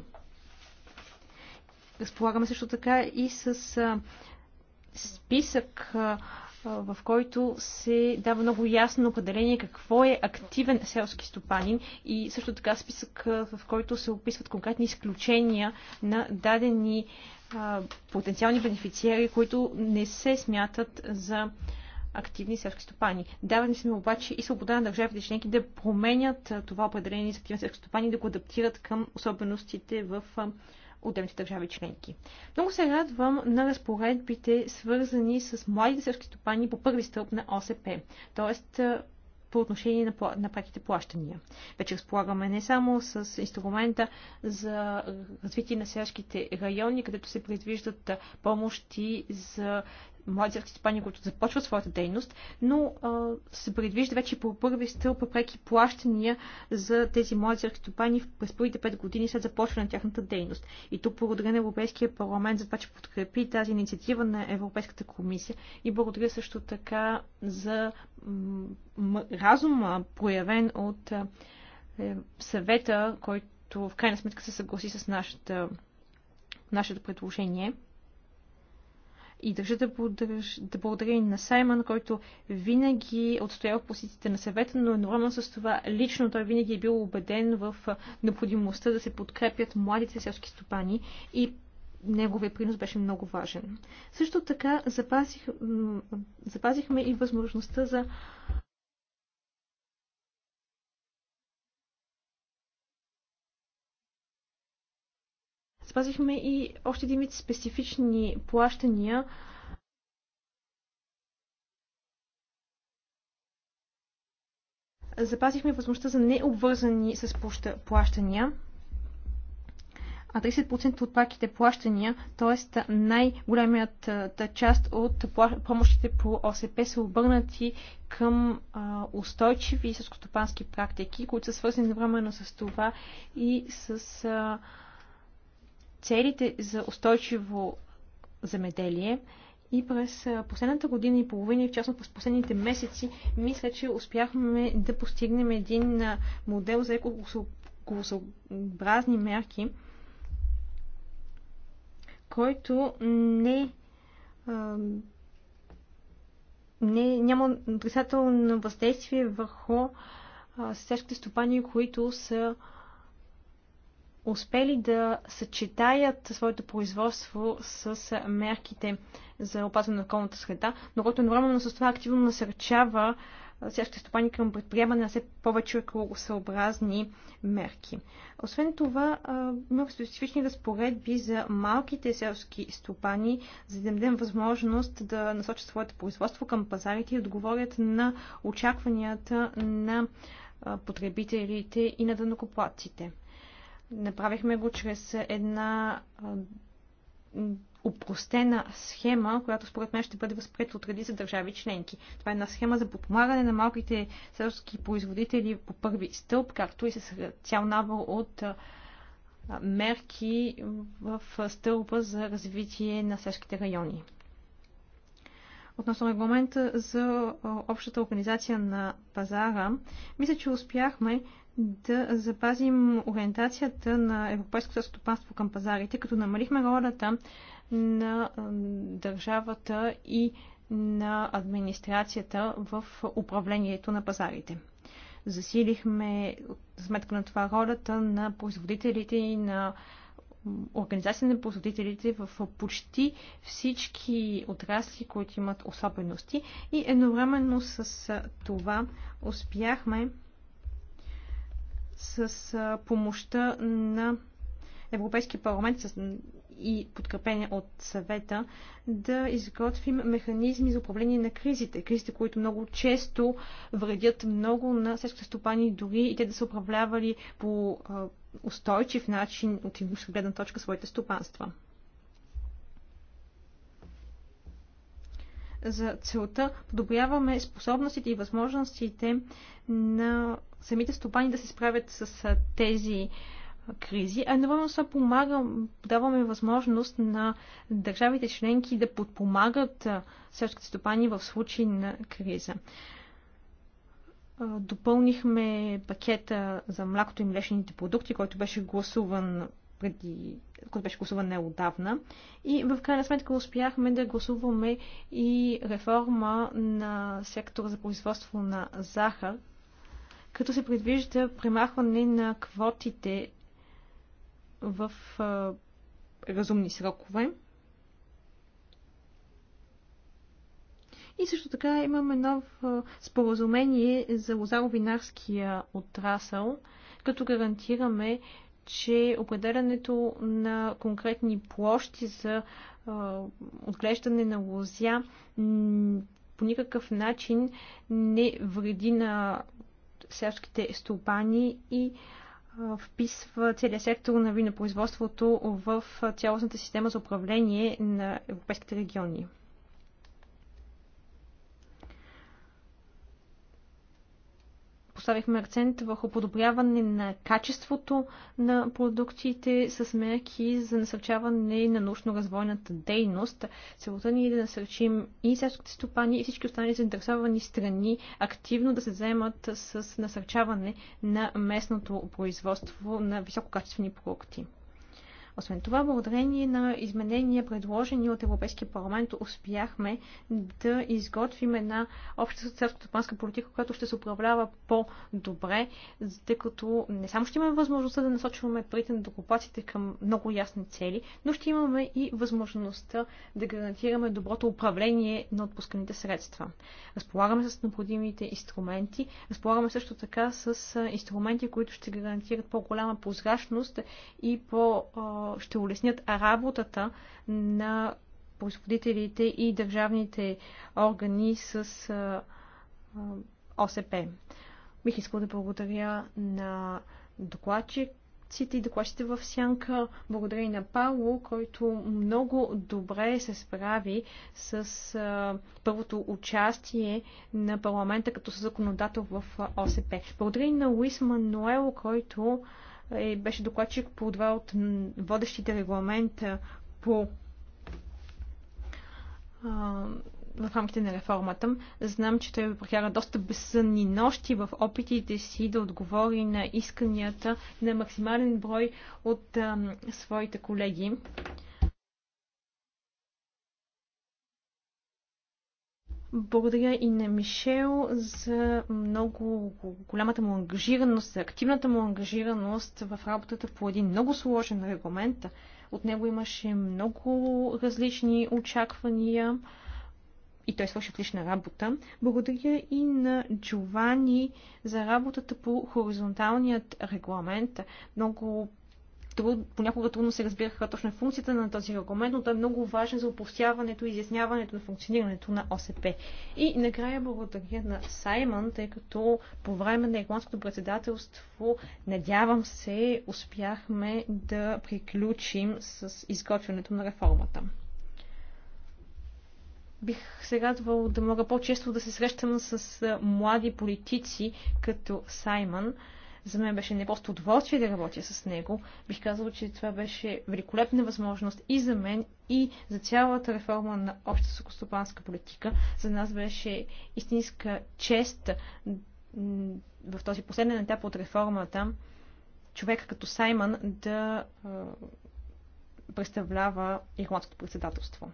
Разполагаме също така и с списък, в който се дава много ясно определение какво е активен селски стопанин и също така списък, в който се описват конкретни изключения на дадени потенциални бенефициери, които не се смятат за активни селски стопани. Даваме се обаче и свобода на държавите членки да променят това определение за активни селски стопани, да го адаптират към особеностите в отделните държави членки. Много се радвам на разпоредбите, свързани с младите селски стопани по първи стълб на ОСП, т.е. по отношение на, на преките плащания. Вече разполагаме не само с инструмента за развитие на селските райони, където се предвиждат помощи за млади селски стопани, които започват своята дейност, но а, се предвижда вече по първи стълб преки плащания за тези млади селски стопани през първите 5 години след започване на тяхната дейност. И тук благодаря на Европейския парламент за това, че подкрепи тази инициатива на Европейската комисия и благодаря също така за разума, проявен от е, съвета, който в крайна сметка се съгласи с нашата, нашето предложение. И държа да, поддърж, да благодаря и на Саймън, който винаги е отстоява позициите на съвета, но едновременно с това лично той винаги е бил убеден в необходимостта да се подкрепят младите селски стопани и неговия принос беше много важен. Също така запазих, запазихме и възможността за Спазихме и още един вид специфични плащания, запазихме възможността за необвързани с плащания, а 30% от паките плащания, т.е. най-голямият част от помощите по ОСП са обърнати към устойчиви сълскостопански практики, които са свързани навременно с това и с целите за устойчиво земеделие. И през последната година и половина, и в частност през последните месеци, мисля, че успяхме да постигнем един модел за екосъобразни мерки, който не, не няма отрицателно въздействие върху сельските стопани, които са а, успели да съчетаят своето производство с мерките за опазване на околната среда, но което едновременно с това активно насърчава сящите стопани към предприемане на все повече екологосъобразни мерки. Освен това, има специфични разпоредби за малките селски стопани, за да им дадем възможност да насочат своето производство към пазарите и отговорят на очакванията на потребителите и на дънокоплаците. Направихме го чрез една упростена схема, която според мен ще бъде възпред от редица държави членки. Това е една схема за подпомагане на малките селски производители по първи стълб, както и с цял набор от мерки в стълба за развитие на селските райони. Относно регламента за общата организация на пазара, мисля, че успяхме да запазим ориентацията на европейското стопанство към пазарите, като намалихме ролята на държавата и на администрацията в управлението на пазарите. Засилихме сметка на това ролята на производителите и на организация на производителите в почти всички отрасли, които имат особености и едновременно с това успяхме с помощта на Европейския парламент и подкрепение от съвета да изготвим механизми за управление на кризите. Кризите, които много често вредят много на сельските стопани, дори и те да са управлявали по устойчив начин от гледна точка своите стопанства. За целта подобряваме способностите и възможностите на самите стопани да се справят с тези кризи, а едновременно това помагам, даваме възможност на държавите членки да подпомагат селските стопани в случай на криза. Допълнихме пакета за млякото и млечните продукти, който беше гласуван преди който беше гласуван неодавна. И в крайна сметка успяхме да гласуваме и реформа на сектора за производство на захар, като се предвижда премахване на квотите в а, разумни срокове. И също така имаме нов споразумение за лозаровинарския отрасъл, като гарантираме, че определянето на конкретни площи за отглеждане на лозя по никакъв начин не вреди на селските стопани и вписва целият сектор на винопроизводството в цялостната система за управление на европейските региони. поставихме акцент върху подобряване на качеството на продуктите с мерки за насърчаване на научно-развойната дейност. Целта ни е да насърчим и селските стопани и всички останали заинтересовани страни активно да се заемат с насърчаване на местното производство на висококачествени продукти. Освен това, благодарение на изменения, предложени от Европейския парламент, успяхме да изготвим една обща селско-стопанска политика, която ще се управлява по-добре, тъй като не само ще имаме възможността да насочваме парите на докупаците към много ясни цели, но ще имаме и възможността да гарантираме доброто управление на отпусканите средства. Разполагаме с необходимите инструменти, разполагаме също така с инструменти, които ще гарантират по-голяма прозрачност и по- ще улеснят работата на производителите и държавните органи с ОСП. Бих искал да благодаря на докладчиците и докладчите в Сянка. Благодаря и на Пауло, който много добре се справи с а, първото участие на парламента като законодател в ОСП. Благодаря и на Луис Мануел, който и е, беше докладчик по два от водещите регламента по в рамките на реформата. Знам, че той прекара доста безсънни нощи в опитите си да отговори на исканията на максимален брой от а, своите колеги. Благодаря и на Мишел за много голямата му ангажираност, за активната му ангажираност в работата по един много сложен регламент. От него имаше много различни очаквания и той свърши отлична работа. Благодаря и на Джовани за работата по хоризонталният регламент. Много труд, понякога трудно се разбира каква точно е функцията на този регламент, но той е много важен за упростяването и изясняването на функционирането на ОСП. И накрая благодаря на Саймън, тъй като по време на ирландското председателство, надявам се, успяхме да приключим с изготвянето на реформата. Бих се радвал да мога по-често да се срещам с млади политици като Саймън, за мен беше не просто удоволствие да работя с него. Бих казала, че това беше великолепна възможност и за мен, и за цялата реформа на общата сукостопанска политика. За нас беше истинска чест в този последен етап от реформата човек като Саймън да представлява ирландското председателство.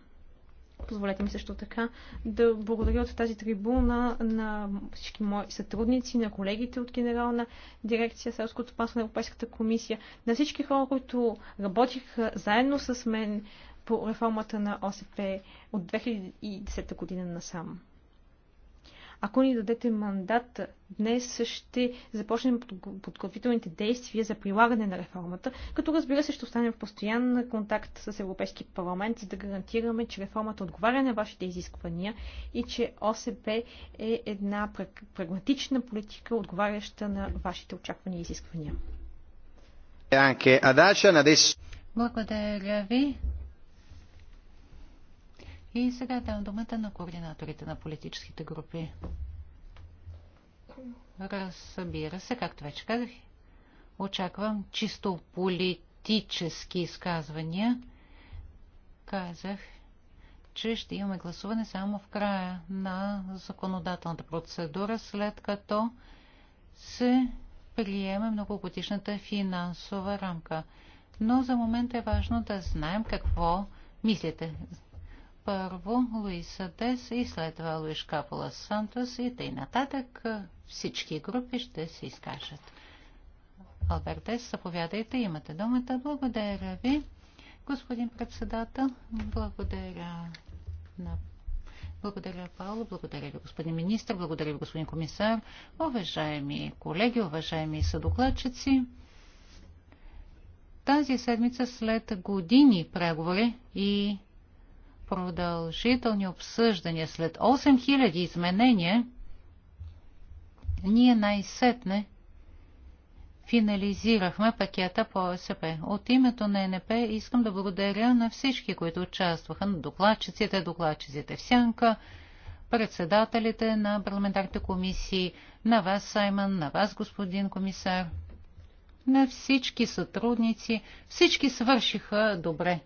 Позволете ми също така да благодаря от тази трибуна на всички мои сътрудници, на колегите от Генерална дирекция Селското стопанство на Европейската комисия, на всички хора, които работиха заедно с мен по реформата на ОСП от 2010 година насам. Ако ни дадете мандат, днес ще започнем подготвителните действия за прилагане на реформата, като разбира се ще останем в постоянна контакт с Европейски парламент, за да гарантираме, че реформата отговаря на вашите изисквания и че ОСП е една прагматична политика, отговаряща на вашите очаквания и изисквания. Благодаря ви. И сега давам думата на координаторите на политическите групи. Разбира се, както вече казах, очаквам чисто политически изказвания. Казах, че ще имаме гласуване само в края на законодателната процедура, след като се приеме многогодишната финансова рамка. Но за момент е важно да знаем какво мислите. Първо Луиса Дес и след това Луиш Капола Сантос и тъй нататък всички групи ще се изкажат. Албертес, заповядайте, имате думата. Благодаря ви, господин председател. Благодаря на благодаря, Павло. Благодаря ви, господин министр. Благодаря ви, господин комисар. Уважаеми колеги, уважаеми съдокладчици, тази седмица след години преговори и продължителни обсъждания, след 8000 изменения, ние най-сетне финализирахме пакета по ОСП. От името на НП искам да благодаря на всички, които участваха, на докладчиците, докладчиците в Сянка, председателите на парламентарните комисии, на вас, Саймън, на вас, господин комисар, на всички сътрудници. Всички свършиха добре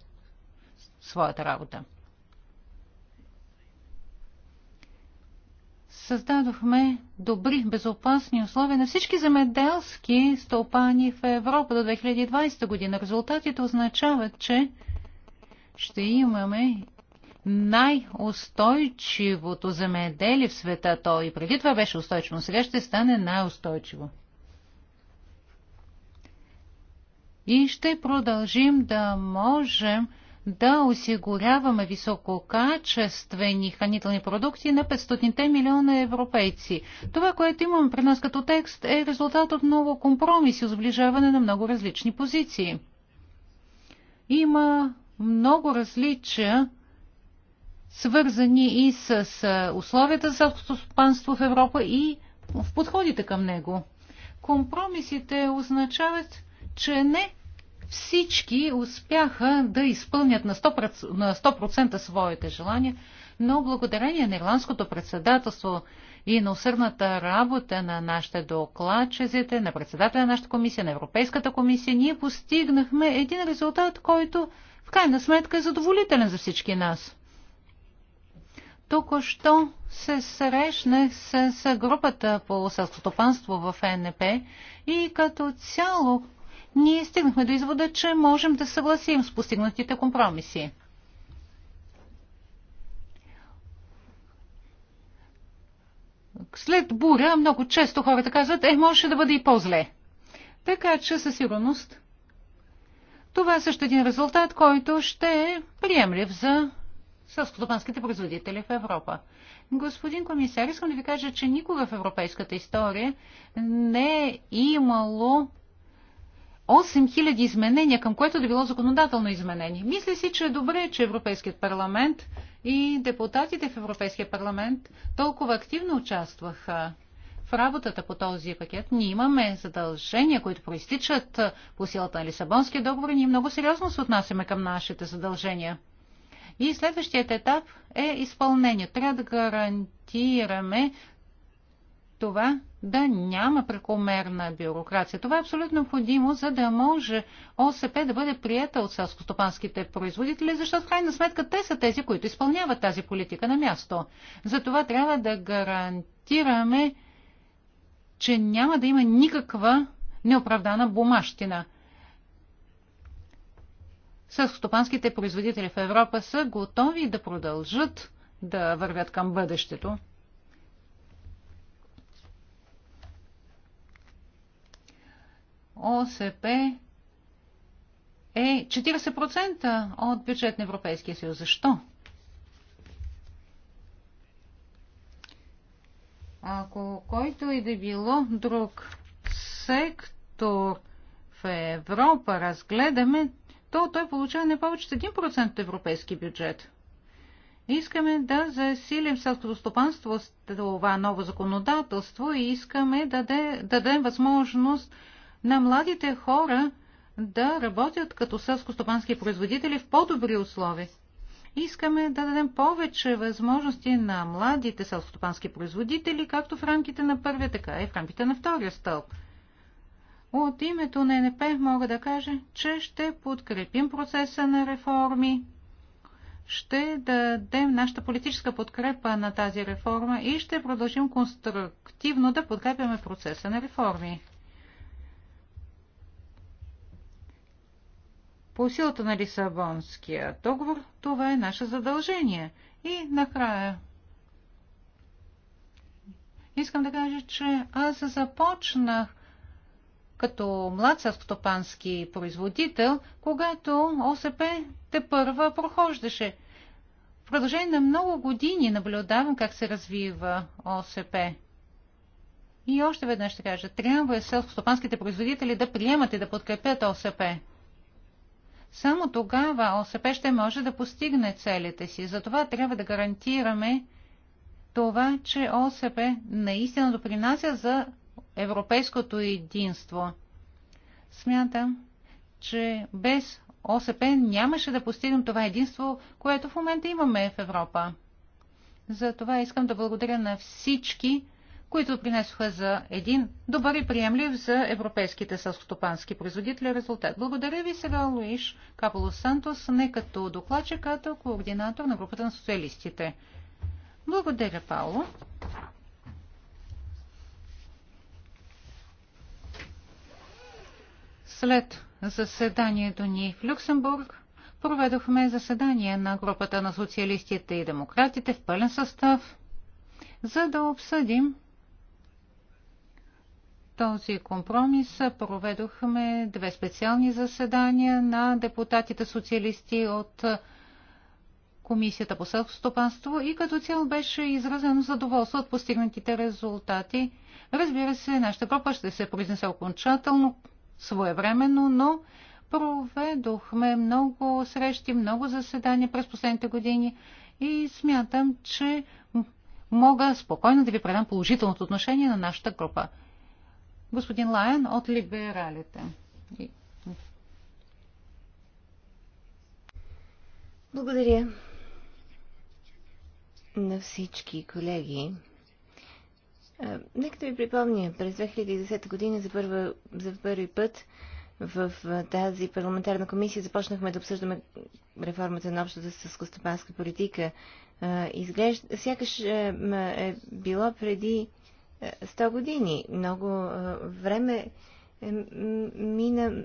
своята работа. създадохме добри, безопасни условия на всички земеделски стълпани в Европа до 2020 година. Резултатите означават, че ще имаме най-устойчивото земеделие в света. То и преди това беше устойчиво, но сега ще стане най-устойчиво. И ще продължим да можем да осигуряваме висококачествени хранителни продукти на 500-те милиона европейци. Това, което имаме при нас като текст, е резултат от много компромиси, сближаване на много различни позиции. Има много различия, свързани и с условията за стопанство в Европа и в подходите към него. Компромисите означават, че не всички успяха да изпълнят на 100%, на 100 своите желания, но благодарение на ирландското председателство и на усърдната работа на нашите докладчезите, на председателя на нашата комисия, на Европейската комисия, ние постигнахме един резултат, който в крайна сметка е задоволителен за всички нас. Току-що се срещнах с групата по селскостопанство в НП и като цяло ние стигнахме до извода, че можем да съгласим с постигнатите компромиси. След буря много често хората казват, е, може да бъде и по-зле. Така че със сигурност това е също един резултат, който ще е приемлив за сълскотопанските производители в Европа. Господин комисар, искам да ви кажа, че никога в европейската история не е имало 8000 изменения, към което да било законодателно изменение. Мисля си, че е добре, че Европейският парламент и депутатите в Европейския парламент толкова активно участваха в работата по този пакет. Ние имаме задължения, които проистичат по силата на Лисабонския договор и ние много сериозно се отнасяме към нашите задължения. И следващият етап е изпълнение. Трябва да гарантираме това да няма прекомерна бюрокрация. Това е абсолютно необходимо, за да може ОСП да бъде приета от селскостопанските производители, защото в крайна сметка те са тези, които изпълняват тази политика на място. Затова трябва да гарантираме, че няма да има никаква неоправдана бумащина. Селскостопанските производители в Европа са готови да продължат да вървят към бъдещето. ОСП е 40% от бюджет на Европейския съюз. Защо? Ако който и да било друг сектор в Европа разгледаме, то той получава не повече от 1% от европейски бюджет. Искаме да засилим селското стопанство с това ново законодателство и искаме да дадем възможност на младите хора да работят като сълскостопански производители в по-добри условия. Искаме да дадем повече възможности на младите селскостопански производители, както в рамките на първия, така и в рамките на втория стълб. От името на НП мога да кажа, че ще подкрепим процеса на реформи, ще дадем нашата политическа подкрепа на тази реформа и ще продължим конструктивно да подкрепяме процеса на реформи. По силата на Лисабонския договор това е наше задължение. И накрая искам да кажа, че аз започнах като млад съвтопански производител, когато ОСП те първа прохождаше. В продължение на много години наблюдавам как се развива ОСП. И още веднъж ще кажа, трябва селскостопанските производители да приемат и да подкрепят ОСП. Само тогава ОСП ще може да постигне целите си. Затова трябва да гарантираме това, че ОСП наистина допринася за европейското единство. Смятам, че без ОСП нямаше да постигнем това единство, което в момента имаме в Европа. Затова искам да благодаря на всички, които принесоха за един добър и приемлив за европейските селскостопански производители резултат. Благодаря ви сега, Луиш Каполо Сантос, не като докладчик, като координатор на групата на социалистите. Благодаря, Пауло. След заседанието ни в Люксембург проведохме заседание на групата на социалистите и демократите в пълен състав, за да обсъдим този компромис проведохме две специални заседания на депутатите социалисти от Комисията по селскостопанство и като цяло беше изразено задоволство от постигнатите резултати. Разбира се, нашата група ще се произнесе окончателно, своевременно, но проведохме много срещи, много заседания през последните години и смятам, че мога спокойно да ви предам положителното отношение на нашата група. Господин Лайен от либералите. Благодаря на всички колеги. Нека да ви припомня, през 2010 година за, първа, за първи път в тази парламентарна комисия започнахме да обсъждаме реформата на общата сълскостопанска политика. Изглежда, сякаш е било преди Сто години. Много време е, мина,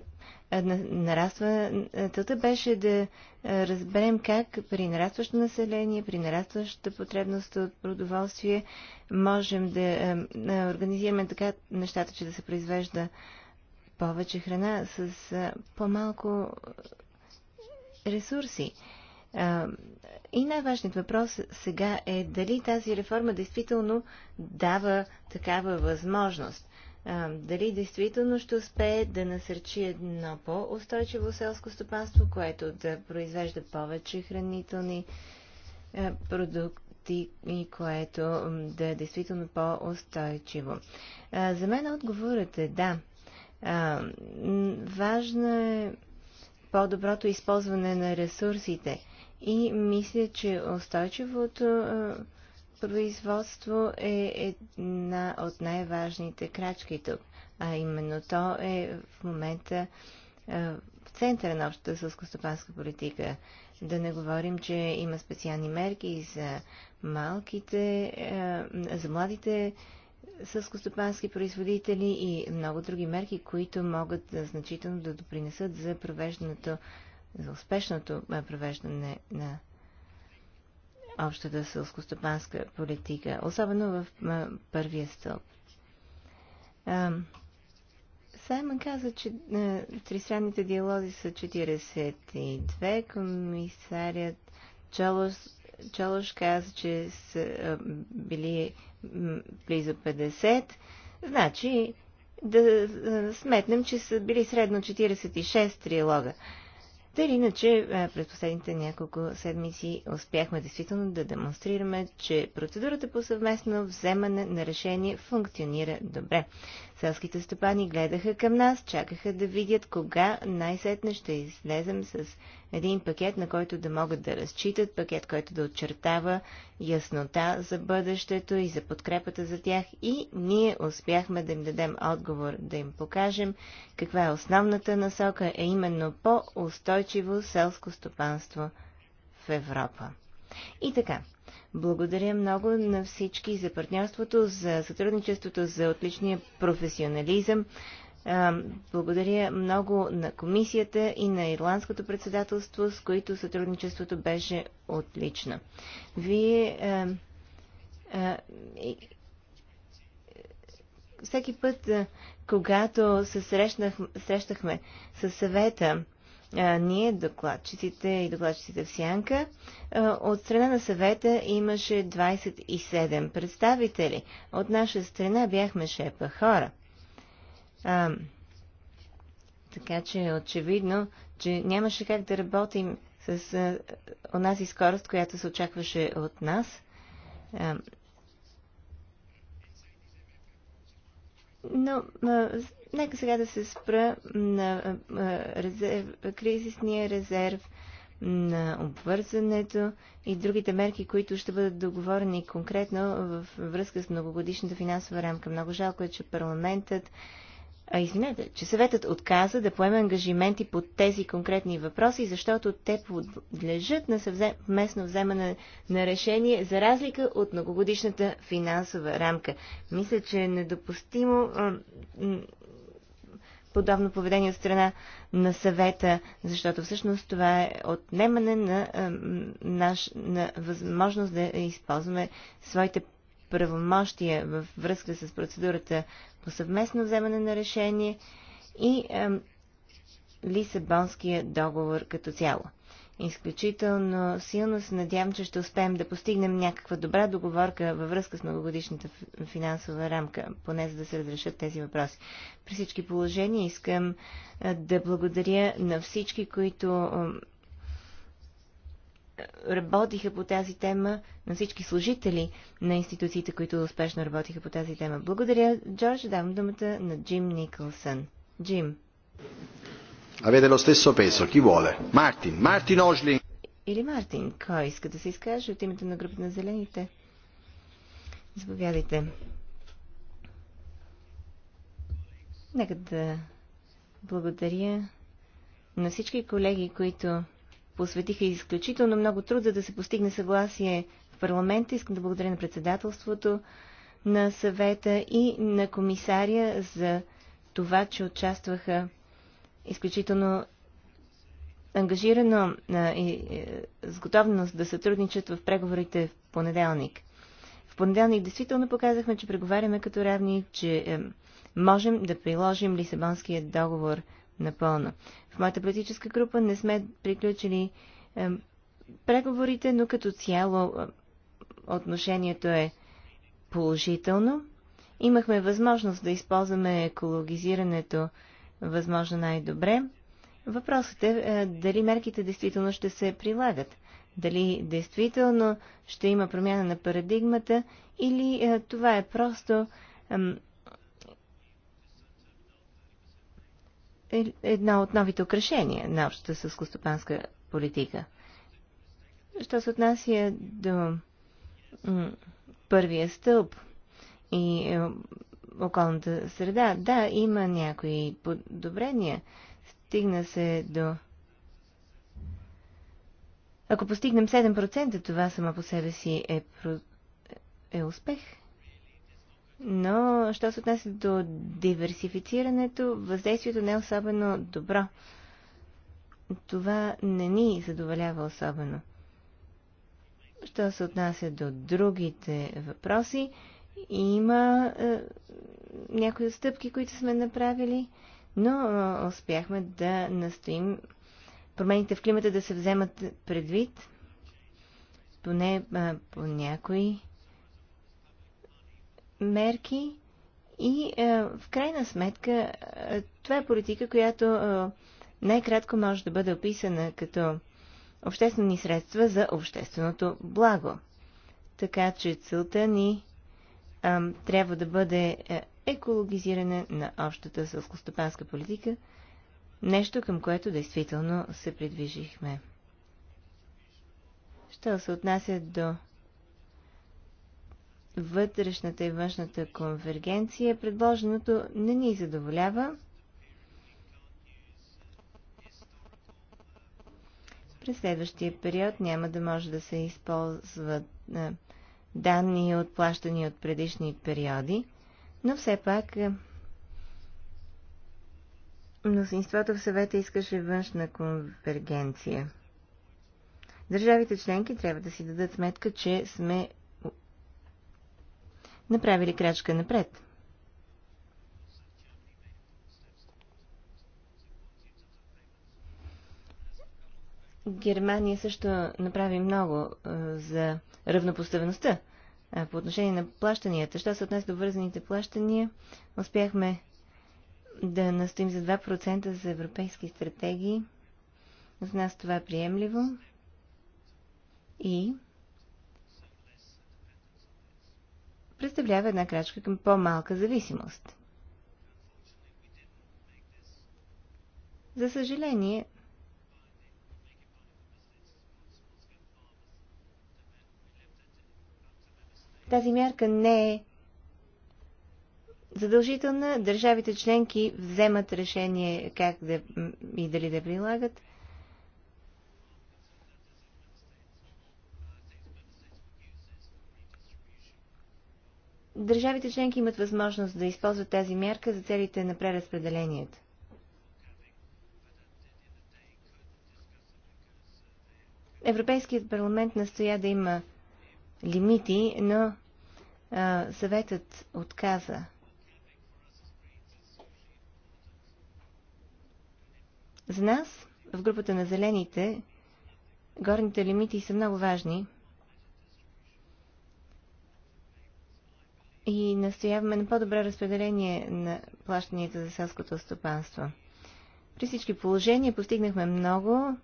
нарастването беше да разберем как при нарастващо население, при нарастваща потребност от продоволствие, можем да организираме така нещата, че да се произвежда повече храна с по-малко ресурси. И най-важният въпрос сега е дали тази реформа действително дава такава възможност. Дали действително ще успее да насърчи едно по-устойчиво селско стопанство, което да произвежда повече хранителни продукти и което да е действително по-устойчиво. За мен отговорът е да. Важно е по-доброто използване на ресурсите – и мисля, че устойчивото производство е една от най-важните крачки тук. А именно то е в момента в центъра на общата сълскостопанска политика. Да не говорим, че има специални мерки за малките, за младите сълскостопански производители и много други мерки, които могат значително да допринесат за провеждането за успешното е, провеждане на общата селско-стопанска политика, особено в първия стълб. Саймън каза, че тристранните диалози са 42. Комисарят Чолош, Чолош каза, че са били близо 50. Значи, да сметнем, че са били средно 46 триалога. Та или иначе, е, през последните няколко седмици успяхме действително да демонстрираме, че процедурата по съвместно вземане на решение функционира добре. Селските стопани гледаха към нас, чакаха да видят кога най-сетне ще излезем с един пакет, на който да могат да разчитат, пакет, който да очертава яснота за бъдещето и за подкрепата за тях. И ние успяхме да им дадем отговор, да им покажем каква е основната насока, е именно по-устойчиво селско стопанство в Европа. И така, благодаря много на всички за партньорството, за сътрудничеството, за отличния професионализъм. Благодаря много на комисията и на ирландското председателство, с които сътрудничеството беше отлично. Вие всеки път, когато се срещнах, срещахме със съвета ние, докладчиците и докладчиците в Сянка, от страна на съвета имаше 27 представители. От наша страна бяхме шепа хора. А, така че е очевидно, че нямаше как да работим с а, онази скорост, която се очакваше от нас. А, Но а, нека сега да се спра на а, резерв, кризисния резерв, на обвързането и другите мерки, които ще бъдат договорени конкретно в връзка с многогодишната финансова рамка. Много жалко е, че парламентът а, извинете, че съветът отказа да поеме ангажименти по тези конкретни въпроси, защото те подлежат на съвместно вземане на решение за разлика от многогодишната финансова рамка. Мисля, че е недопустимо подобно поведение от страна на съвета, защото всъщност това е отнемане на, наш, на възможност да използваме своите правомощия във връзка с процедурата по съвместно вземане на решение и е, Лисабонския договор като цяло. Изключително силно се надявам, че ще успеем да постигнем някаква добра договорка във връзка с многогодишната финансова рамка, поне за да се разрешат тези въпроси. При всички положения искам да благодаря на всички, които работиха по тази тема, на всички служители на институциите, които успешно работиха по тази тема. Благодаря, Джордж. Давам думата на Джим Николсън. Джим. Avete lo stesso peso, chi vuole? Мартин, Мартин Ожлин. Или Мартин, кой иска да се изкаже от името на групата на зелените? Заповядайте. Нека да благодаря на всички колеги, които посветиха изключително много труд, за да се постигне съгласие в парламента. Искам да благодаря на председателството на съвета и на комисария за това, че участваха изключително ангажирано и е, с готовност да сътрудничат в преговорите в понеделник. В понеделник действително показахме, че преговаряме като равни, че е, можем да приложим Лисабонския договор – напълно. В моята политическа група не сме приключили е, преговорите, но като цяло е, отношението е положително. Имахме възможност да използваме екологизирането възможно най-добре. Въпросът е, е дали мерките действително ще се прилагат дали действително ще има промяна на парадигмата или е, това е просто е, е едно от новите украшения на общата съскостопанска политика. Що се отнася до първия стълб и е, околната среда, да, има някои подобрения. Стигна се до ако постигнем 7%, това само по себе си е, е успех. Но, що се отнася до диверсифицирането, въздействието не е особено добро. Това не ни задоволява особено. Що се отнася до другите въпроси, има е, някои отстъпки, които сме направили, но е, успяхме да настоим промените в климата да се вземат предвид, поне е, по някои мерки и е, в крайна сметка е, това е политика, която е, най-кратко може да бъде описана като обществени средства за общественото благо. Така че целта ни трябва да бъде екологизиране на общата сълскостопанска политика, нещо към което действително се придвижихме. Що се отнася до вътрешната и външната конвергенция, предложеното не ни задоволява. През следващия период няма да може да се използват данни от плащани от предишни периоди, но все пак мнозинството в съвета искаше външна конвергенция. Държавите членки трябва да си дадат сметка, че сме направили крачка напред. Германия също направи много за равнопоставеността по отношение на плащанията. Що се отнесе до вързаните плащания, успяхме да настоим за 2% за европейски стратегии. За нас това е приемливо. И представлява една крачка към по-малка зависимост. За съжаление, тази мярка не е задължителна. Държавите членки вземат решение как да и дали да прилагат – Държавите членки имат възможност да използват тази мярка за целите на преразпределението. Европейският парламент настоя да има лимити, но а, съветът отказа. За нас, в групата на зелените, горните лимити са много важни – и настояваме на по-добро разпределение на плащанията за селското стопанство. При всички положения постигнахме много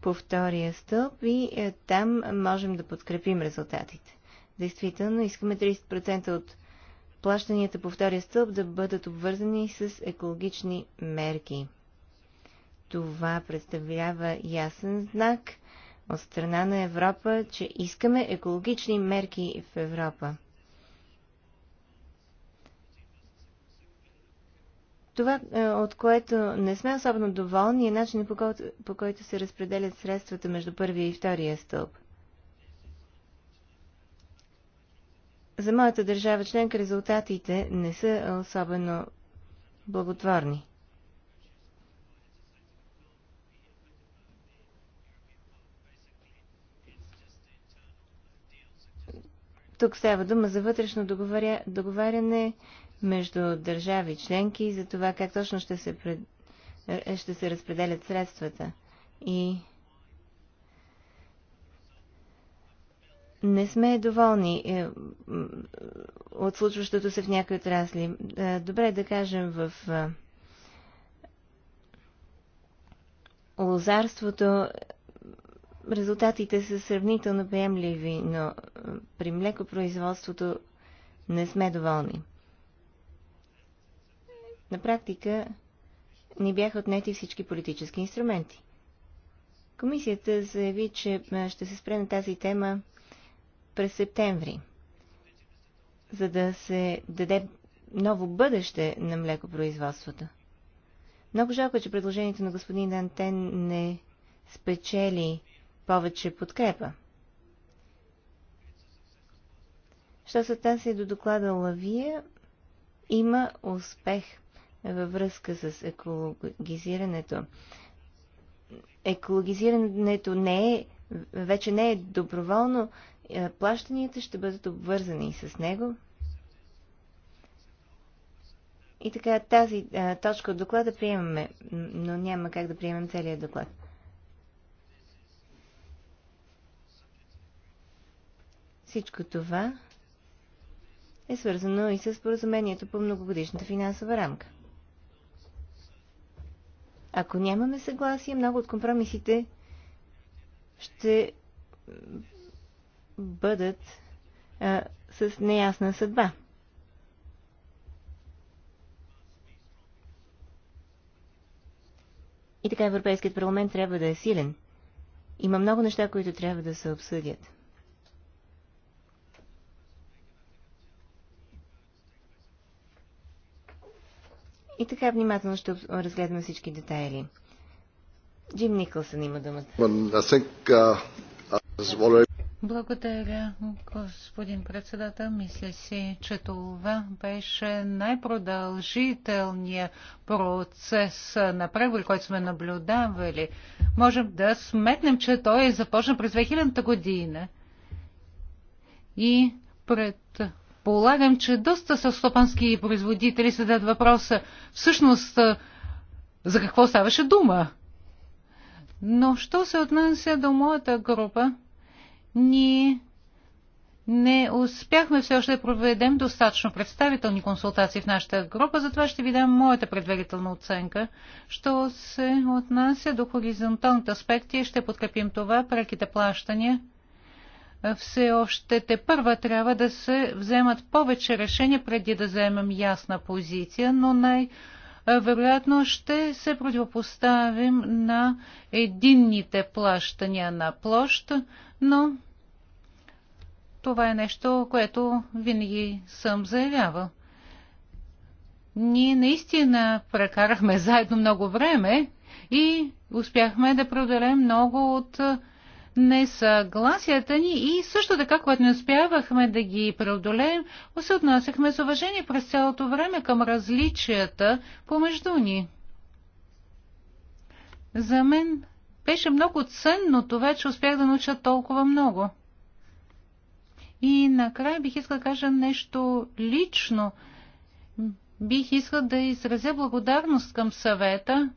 по втория стълб и е, там можем да подкрепим резултатите. Действително, искаме 30% от плащанията по втория стълб да бъдат обвързани с екологични мерки. Това представлява ясен знак от страна на Европа, че искаме екологични мерки в Европа. Това, е, от което не сме особено доволни, е начинът по който, по който се разпределят средствата между първия и втория стълб. За моята държава членка резултатите не са особено благотворни. Тук става дума за вътрешно договаря... договаряне между държави членки за това как точно ще се, пред... Е, ще се разпределят средствата. И не сме доволни е, от случващото се в някои отрасли. Е, добре да кажем в лозарството резултатите са сравнително приемливи, но при млекопроизводството не сме доволни. На практика ни бяха отнети всички политически инструменти. Комисията заяви, че ще се спре на тази тема през септември, за да се даде ново бъдеще на млекопроизводството. Много жалко, е, че предложението на господин Дантен не спечели повече подкрепа. Що се тази до доклада Лавия, има успех – е във връзка с екологизирането. Екологизирането не е, вече не е доброволно, е, плащанията ще бъдат обвързани с него. И така, тази а, е, точка от доклада приемаме, но няма как да приемем целият доклад. Всичко това е свързано и с поразумението по многогодишната финансова рамка. Ако нямаме съгласие, много от компромисите ще бъдат а, с неясна съдба. И така Европейският парламент трябва да е силен. Има много неща, които трябва да се обсъдят. И така внимателно ще разгледаме всички детайли. Джим Никълсън има думата. Uh, Благодаря, господин председател. Мисля си, че това беше най-продължителният процес на преговори, който сме наблюдавали. Можем да сметнем, че той е започна през 2000-та година и пред предполагам, че доста стопански производители зададат въпроса всъщност за какво ставаше дума. Но що се отнася до моята група, ние не успяхме все още да проведем достатъчно представителни консултации в нашата група, затова ще ви дам моята предварителна оценка. Що се отнася до хоризонталните аспекти, ще подкрепим това, преките плащания – все още те първа трябва да се вземат повече решения преди да вземем ясна позиция, но най- вероятно ще се противопоставим на единните плащания на площ, но това е нещо, което винаги съм заявявал. Ние наистина прекарахме заедно много време и успяхме да преодолеем много от несъгласията ни и също така, когато не успявахме да ги преодолеем, се отнасяхме с уважение през цялото време към различията помежду ни. За мен беше много ценно това, че успях да науча толкова много. И накрая бих искал да кажа нещо лично. Бих искал да изразя благодарност към съвета,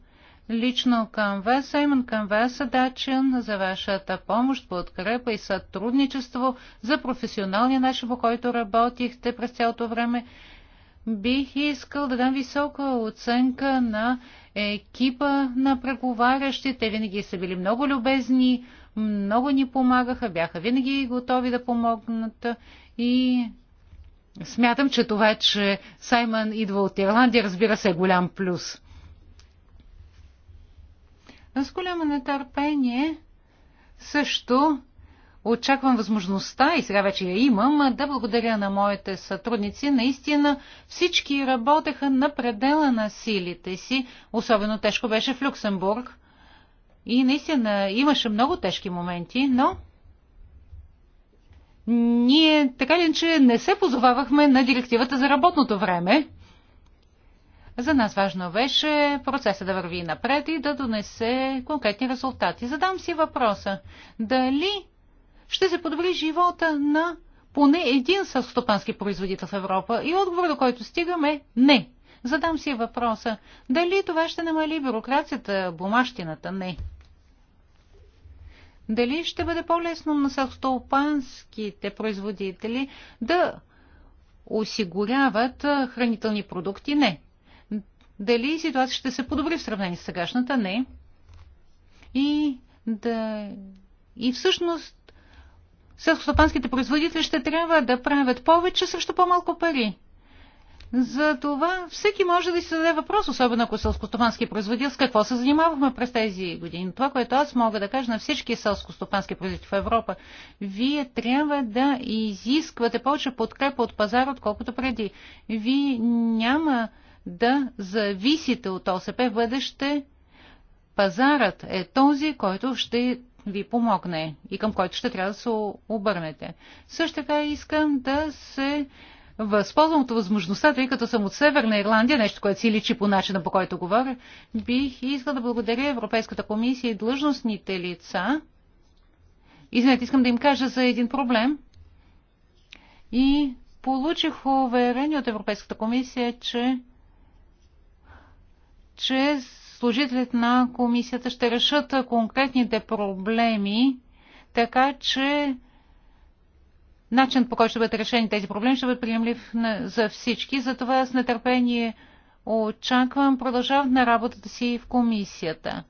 лично към вас, а именно към вас дачен за вашата помощ, подкрепа и сътрудничество за професионалния начин, по който работихте през цялото време. Бих искал да дам висока оценка на екипа на преговарящите. Винаги са били много любезни, много ни помагаха, бяха винаги готови да помогнат и смятам, че това, че Саймън идва от Ирландия, разбира се, е голям плюс. С голямо нетърпение също очаквам възможността, и сега вече я имам, да благодаря на моите сътрудници. Наистина всички работеха на предела на силите си. Особено тежко беше в Люксембург. И наистина имаше много тежки моменти, но ние така ли, че не се позовавахме на директивата за работното време. За нас важно беше процеса да върви напред и да донесе конкретни резултати. Задам си въпроса. Дали ще се подобри живота на поне един съвступански производител в Европа? И отговор, до който стигаме е не. Задам си въпроса. Дали това ще намали бюрокрацията, бумащината? Не. Дали ще бъде по-лесно на селстопанските производители да осигуряват хранителни продукти? Не. Дали ситуация ще се подобри в сравнение с сегашната? Не. И, да... и всъщност селскостопанските производители ще трябва да правят повече срещу по-малко пари. За това всеки може да си зададе въпрос, особено ако е селскостопански производител, с какво се занимавахме през тези години. Това, което аз мога да кажа на всички селскостопански производители в Европа, вие трябва да изисквате повече подкрепа от пазара, отколкото преди. Вие няма да зависите от ОСП в бъдеще, пазарът е този, който ще ви помогне и към който ще трябва да се обърнете. Също така искам да се възползвам от възможността, тъй като съм от Северна Ирландия, нещо, което си личи по начина, по който говоря, бих искал да благодаря Европейската комисия и длъжностните лица. Извинете, искам да им кажа за един проблем. И получих уверение от Европейската комисия, че че служителите на комисията ще решат конкретните проблеми, така че начин по който ще бъдат решени тези проблеми ще бъде приемлив за всички. Затова с нетърпение очаквам продължаване на работата си в комисията.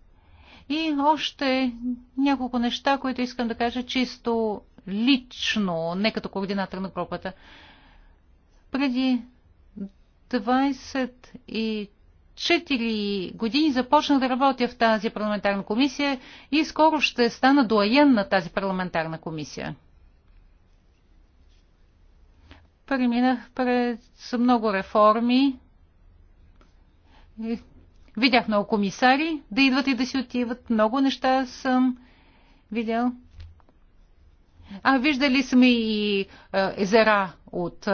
И още няколко неща, които искам да кажа чисто лично, не като координатор на групата. Преди 4 години започнах да работя в тази парламентарна комисия и скоро ще стана доаен на тази парламентарна комисия. Преминах пред много реформи. Видях много комисари да идват и да си отиват. Много неща съм видял. А виждали сме и езера от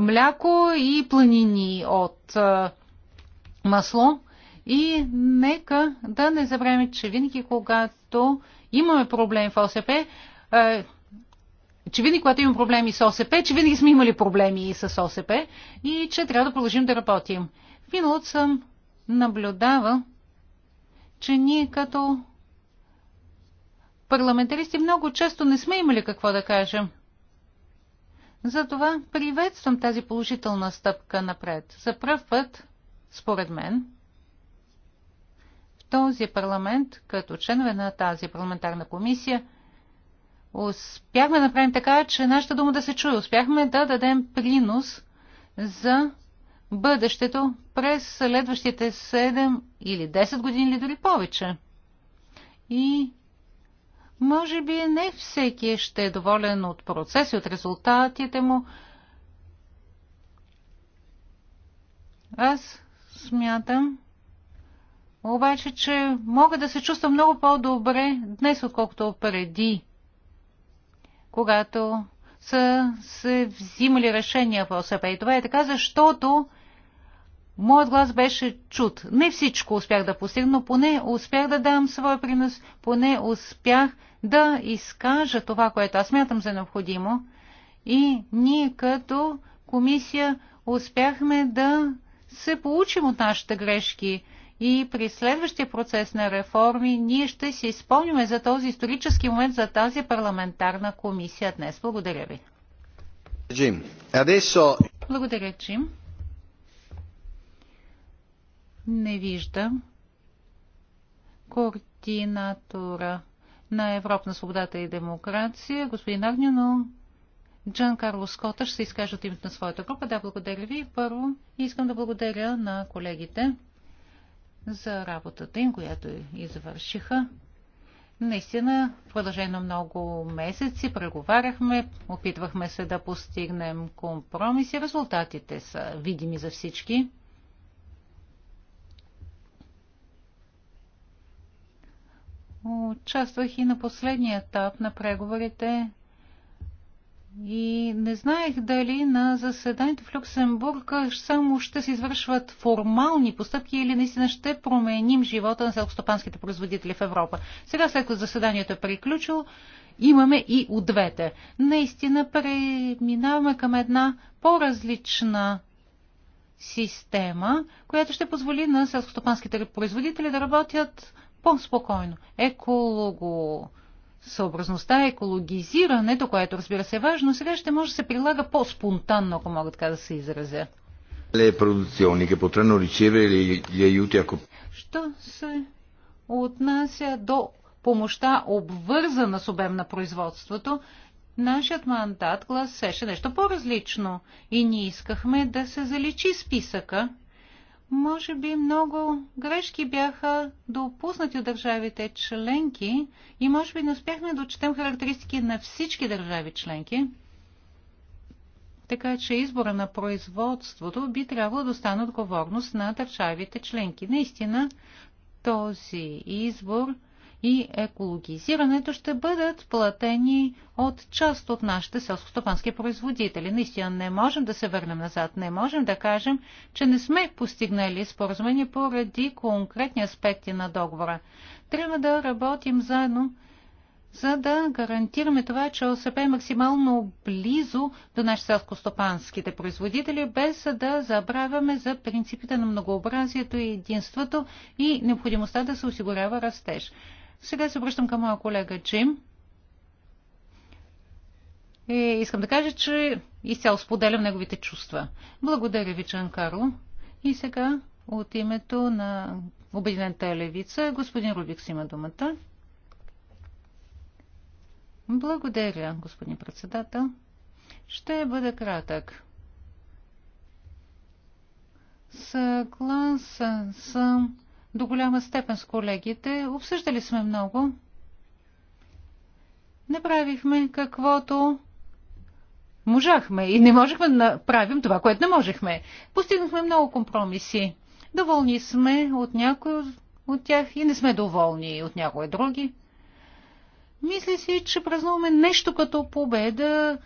мляко и планини от масло. И нека да не забравяме, че винаги, когато имаме проблем в ОСП, е, че винаги, когато имаме проблеми с ОСП, че винаги сме имали проблеми и с ОСП и че трябва да продължим да работим. В миналото съм наблюдавал, че ние като парламентаристи много често не сме имали какво да кажем. Затова приветствам тази положителна стъпка напред. За първ път според мен, в този парламент, като членове на тази парламентарна комисия, успяхме да направим така, че нашата дума да се чуе. Успяхме да дадем принос за бъдещето през следващите 7 или 10 години или дори повече. И може би не всеки ще е доволен от процеси, от резултатите му. Аз Смятам обаче, че мога да се чувствам много по-добре днес, отколкото преди, когато са се взимали решения по ОСП. И това е така, защото Моят глас беше чут. Не всичко успях да постигна, но поне успях да дам своя принос, поне успях да изкажа това, което аз мятам за необходимо. И ние като комисия успяхме да се получим от нашите грешки и при следващия процес на реформи ние ще се изпълним за този исторически момент за тази парламентарна комисия днес. Благодаря ви. Джим. Благодаря, Джим. Не виждам координатора на Европа на свободата и демокрация, господин Агнино. Джан Карло Скота ще се изкаже от името на своята група. Да, благодаря ви. Първо искам да благодаря на колегите за работата им, която и завършиха. Наистина, в продължение много месеци преговаряхме, опитвахме се да постигнем компромиси. Резултатите са видими за всички. Участвах и на последния етап на преговорите и не знаех дали на заседанието в Люксембург само ще се извършват формални постъпки или наистина ще променим живота на селскостопанските производители в Европа. Сега, след като заседанието е приключило, имаме и от двете. Наистина преминаваме към една по-различна система, която ще позволи на селскостопанските производители да работят по-спокойно. Еколого съобразността, екологизирането, което разбира се е важно, сега ще може да се прилага по-спонтанно, ако мога така да се изразя. Що се отнася до помощта обвързана с обем на производството, нашият мандат гласеше нещо по-различно и ние искахме да се заличи списъка може би много грешки бяха допуснати от държавите членки и може би не успяхме да отчетем характеристики на всички държави членки. Така че избора на производството би трябвало да стане отговорност на държавите членки. Наистина, този избор – и екологизирането ще бъдат платени от част от нашите селскостопански производители. Наистина не можем да се върнем назад, не можем да кажем, че не сме постигнали споразумение поради конкретни аспекти на договора. Трябва да работим заедно за да гарантираме това, че ОСП е максимално близо до нашите селскостопанските производители, без да забравяме за принципите на многообразието и единството и необходимостта да се осигурява растеж. Сега се обръщам към моя колега Джим. И искам да кажа, че изцяло споделям неговите чувства. Благодаря ви, Чан Карло. И сега от името на Обединената левица, господин Рубикс има думата. Благодаря, господин председател. Ще бъда кратък. Съгласен съм до голяма степен с колегите. Обсъждали сме много. Направихме каквото можахме и не можехме да направим това, което не можехме. Постигнахме много компромиси. Доволни сме от някои от тях и не сме доволни от някои други. Мисля си, че празнуваме нещо като победа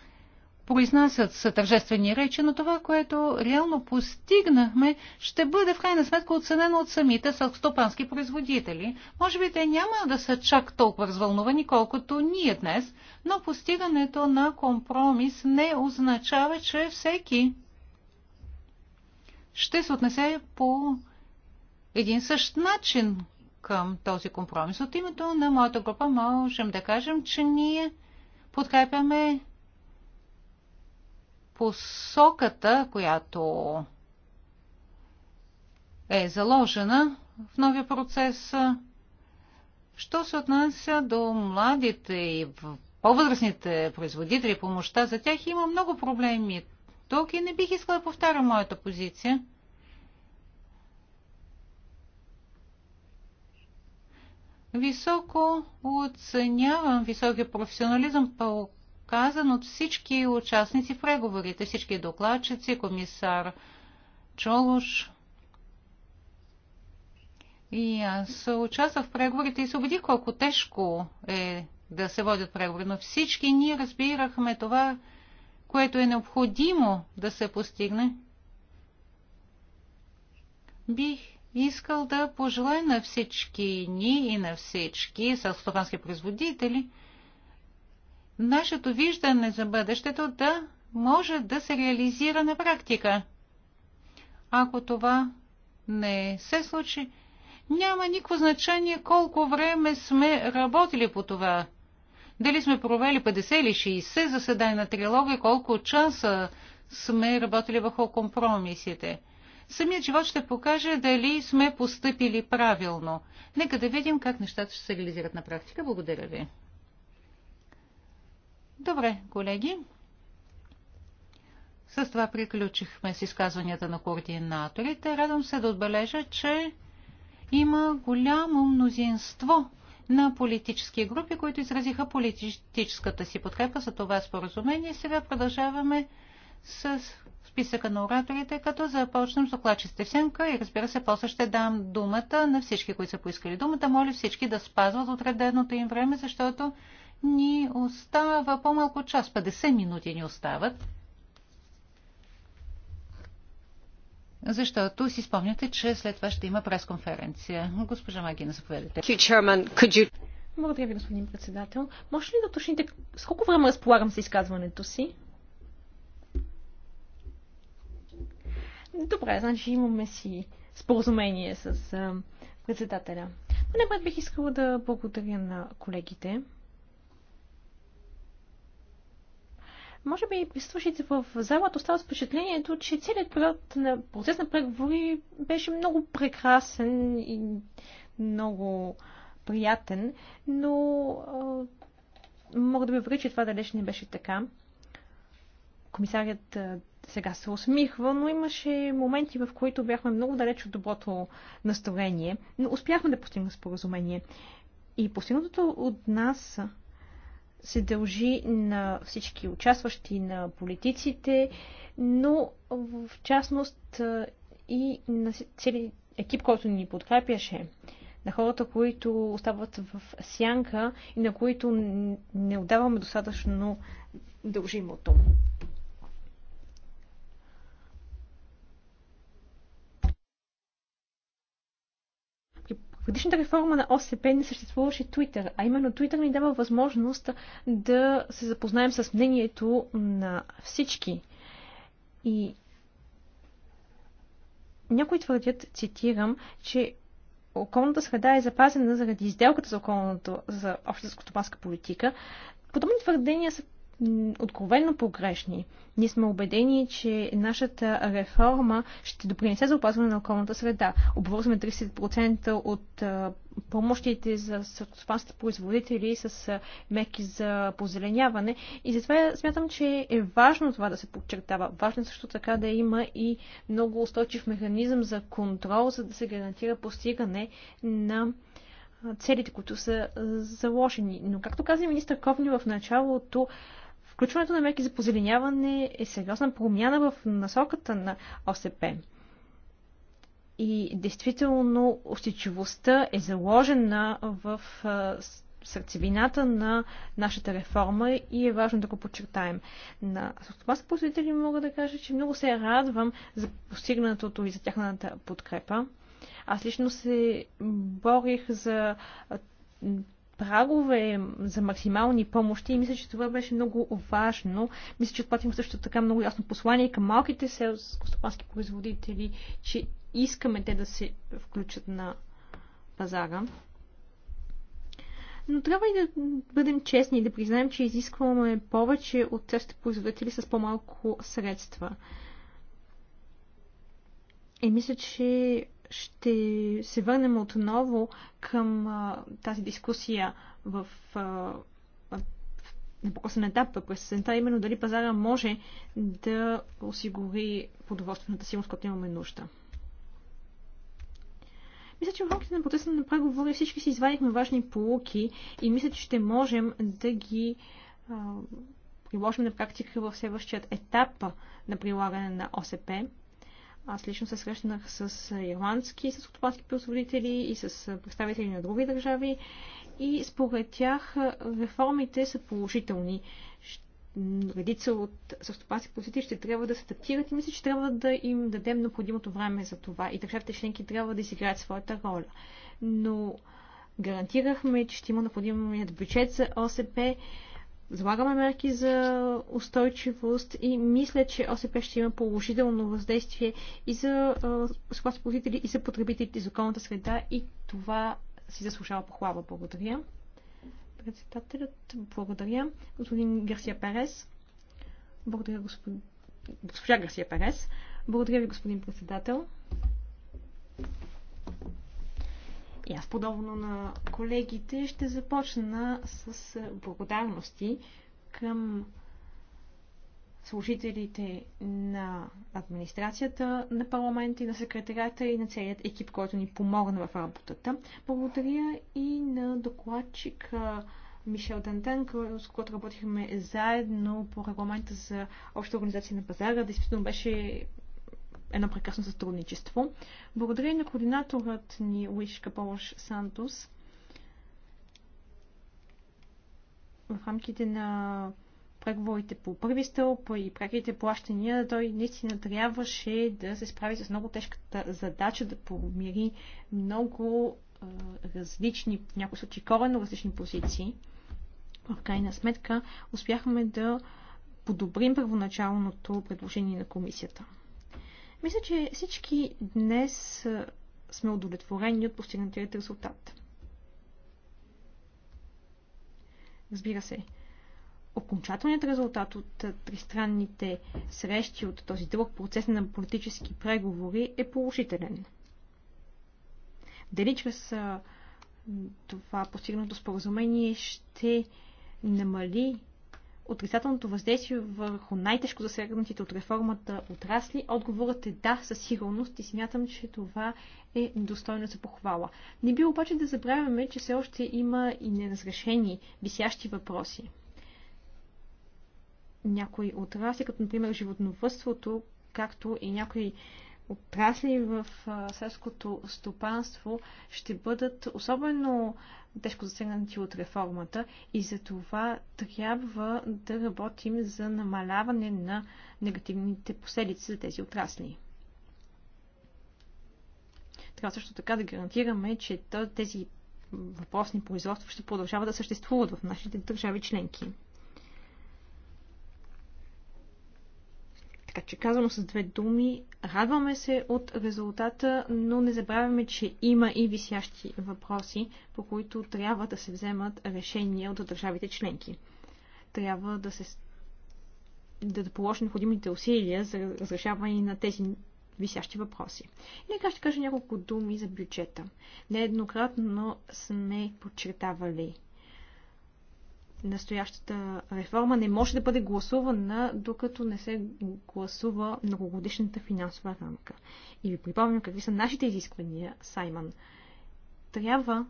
произнасят са тържествени речи, но това, което реално постигнахме, ще бъде в крайна сметка оценено от самите селкостопански производители. Може би те няма да са чак толкова развълнувани, колкото ние днес, но постигането на компромис не означава, че всеки ще се отнесе по един същ начин към този компромис. От името на моята група можем да кажем, че ние подкрепяме посоката, която е заложена в новия процес. Що се отнася до младите и по-възрастните производители, помощта за тях, има много проблеми. Тук и не бих искала да повтарям моята позиция. Високо оценявам високия професионализъм, по изказан от всички участници в преговорите, всички докладчици, комисар Чолуш. И аз участвах в преговорите и се убедих колко тежко е да се водят преговори, но всички ние разбирахме това, което е необходимо да се постигне. Бих искал да пожелая на всички ни и на всички селстопански производители – нашето виждане за бъдещето да може да се реализира на практика. Ако това не се случи, няма никакво значение колко време сме работили по това. Дали сме провели 50 или 60 заседания на трилога и колко часа сме работили върху компромисите. Самият живот ще покаже дали сме поступили правилно. Нека да видим как нещата ще се реализират на практика. Благодаря ви. Добре, колеги. С това приключихме с изказванията на координаторите. Радвам се да отбележа, че има голямо мнозинство на политически групи, които изразиха политическата си подкрепа за това споразумение. Сега продължаваме с списъка на ораторите, като започнем с оклачи в и разбира се, после ще дам думата на всички, които са поискали думата. Моля всички да спазват отреденото им време, защото ни остава по-малко час. 50 минути ни остават. Защото си спомняте, че след това ще има пресконференция. Госпожа Магина, заповядайте. Благодаря ви, господин председател. Може ли да уточните с колко време разполагам с изказването си? Добре, значи имаме си споразумение с председателя. Но не бих искала да благодаря на колегите. Може би присъстващите в залата остават впечатлението, че целият период на процес на преговори беше много прекрасен и много приятен, но а, мога да ви уверя, че това далеч не беше така. Комисарият сега се усмихва, но имаше моменти, в които бяхме много далеч от доброто настроение, но успяхме да постигнем споразумение. И постигнатото от нас се дължи на всички участващи, на политиците, но в частност и на цели екип, който ни подкрепяше, на хората, които остават в сянка и на които не отдаваме достатъчно дължимото. годишната реформа на ОСП не съществуваше Twitter, а именно Twitter ни дава възможност да се запознаем с мнението на всички. И някои твърдят, цитирам, че околната среда е запазена заради изделката за околното, за общата политика. Подобни твърдения са откровенно погрешни. Ние сме убедени, че нашата реформа ще допринесе за опазване на околната среда. Обвързваме 30% от помощите за селскостопанските производители с меки за позеленяване. И затова смятам, че е важно това да се подчертава. Важно е също така да има и много устойчив механизъм за контрол, за да се гарантира постигане на целите, които са заложени. Но както каза министър Ковни в началото, Включването на мерки за позеленяване е сериозна промяна в насоката на ОСП. И действително устойчивостта е заложена в сърцевината на нашата реформа и е важно да го подчертаем. На селскостопански посетители мога да кажа, че много се радвам за постигнатото и за тяхната подкрепа. Аз лично се борих за прагове за максимални помощи и мисля, че това беше много важно. Мисля, че отплатим също така много ясно послание към малките селско-стопански производители, че искаме те да се включат на пазара. Но трябва и да бъдем честни и да признаем, че изискваме повече от тези производители с по-малко средства. И мисля, че ще се върнем отново към а, тази дискусия в, а, в на по-късен етап през сента, именно дали пазара може да осигури продоволствената сигурност, която имаме нужда. Мисля, че в рамките на процеса на преговори всички си извадихме важни полуки и мисля, че ще можем да ги а, приложим на практика в следващият етап на прилагане на ОСП. Аз лично се срещнах с ирландски, с производители и с представители на други държави и според тях реформите са положителни. Редица от съвстопански производители ще трябва да се адаптират и мисля, че трябва да им дадем необходимото време за това и държавите членки трябва да изиграят своята роля. Но гарантирахме, че ще има необходимият бюджет за ОСП залагаме мерки за устойчивост и мисля, че ОСП ще има положително въздействие и за складсположители, и за потребителите, и за околната среда и това си заслужава похвала. Благодаря. Председателят, благодаря. Господин Гарсия Перес. Благодаря, господин... госпожа Гарсия Перес. Благодаря ви, господин председател. И аз, подобно на колегите, ще започна с е, благодарности към служителите на администрацията на парламента и на секретарята и на целият екип, който ни помогна в работата. Благодаря и на докладчика Мишел Дантен, с който работихме заедно по регламента за обща организация на пазара. Действително беше едно прекрасно сътрудничество. Благодаря и на координаторът ни Уишка Каполош Сантос в рамките на преговорите по първи стълб и преките плащания, той наистина трябваше да се справи с много тежката задача да помири много е, различни, в някои случаи коренно различни позиции. В крайна сметка успяхме да подобрим първоначалното предложение на комисията. Мисля, че всички днес сме удовлетворени от постигнатият резултат. Разбира се, окончателният резултат от тристранните срещи, от този дълъг процес на политически преговори е положителен. Дали чрез това постигнато споразумение ще намали отрицателното въздействие върху най-тежко засегнатите от реформата отрасли? Отговорът е да, със сигурност и смятам, че това е достойно за похвала. Не би обаче да забравяме, че все още има и неразрешени висящи въпроси. Някои отрасли, като например животновътството, както и някои отрасли в селското стопанство ще бъдат особено тежко засегнати от реформата и за това трябва да работим за намаляване на негативните последици за тези отрасли. Трябва също така да гарантираме, че тези въпросни производства ще продължават да съществуват в нашите държави членки. Така че казвам с две думи, радваме се от резултата, но не забравяме, че има и висящи въпроси, по които трябва да се вземат решения от държавите членки. Трябва да се да, да положи необходимите усилия за разрешаване на тези висящи въпроси. И нека ще кажа няколко думи за бюджета. Нееднократно сме подчертавали настоящата реформа не може да бъде гласувана, докато не се гласува многогодишната финансова рамка. И ви припомням какви са нашите изисквания, Саймън. Трябва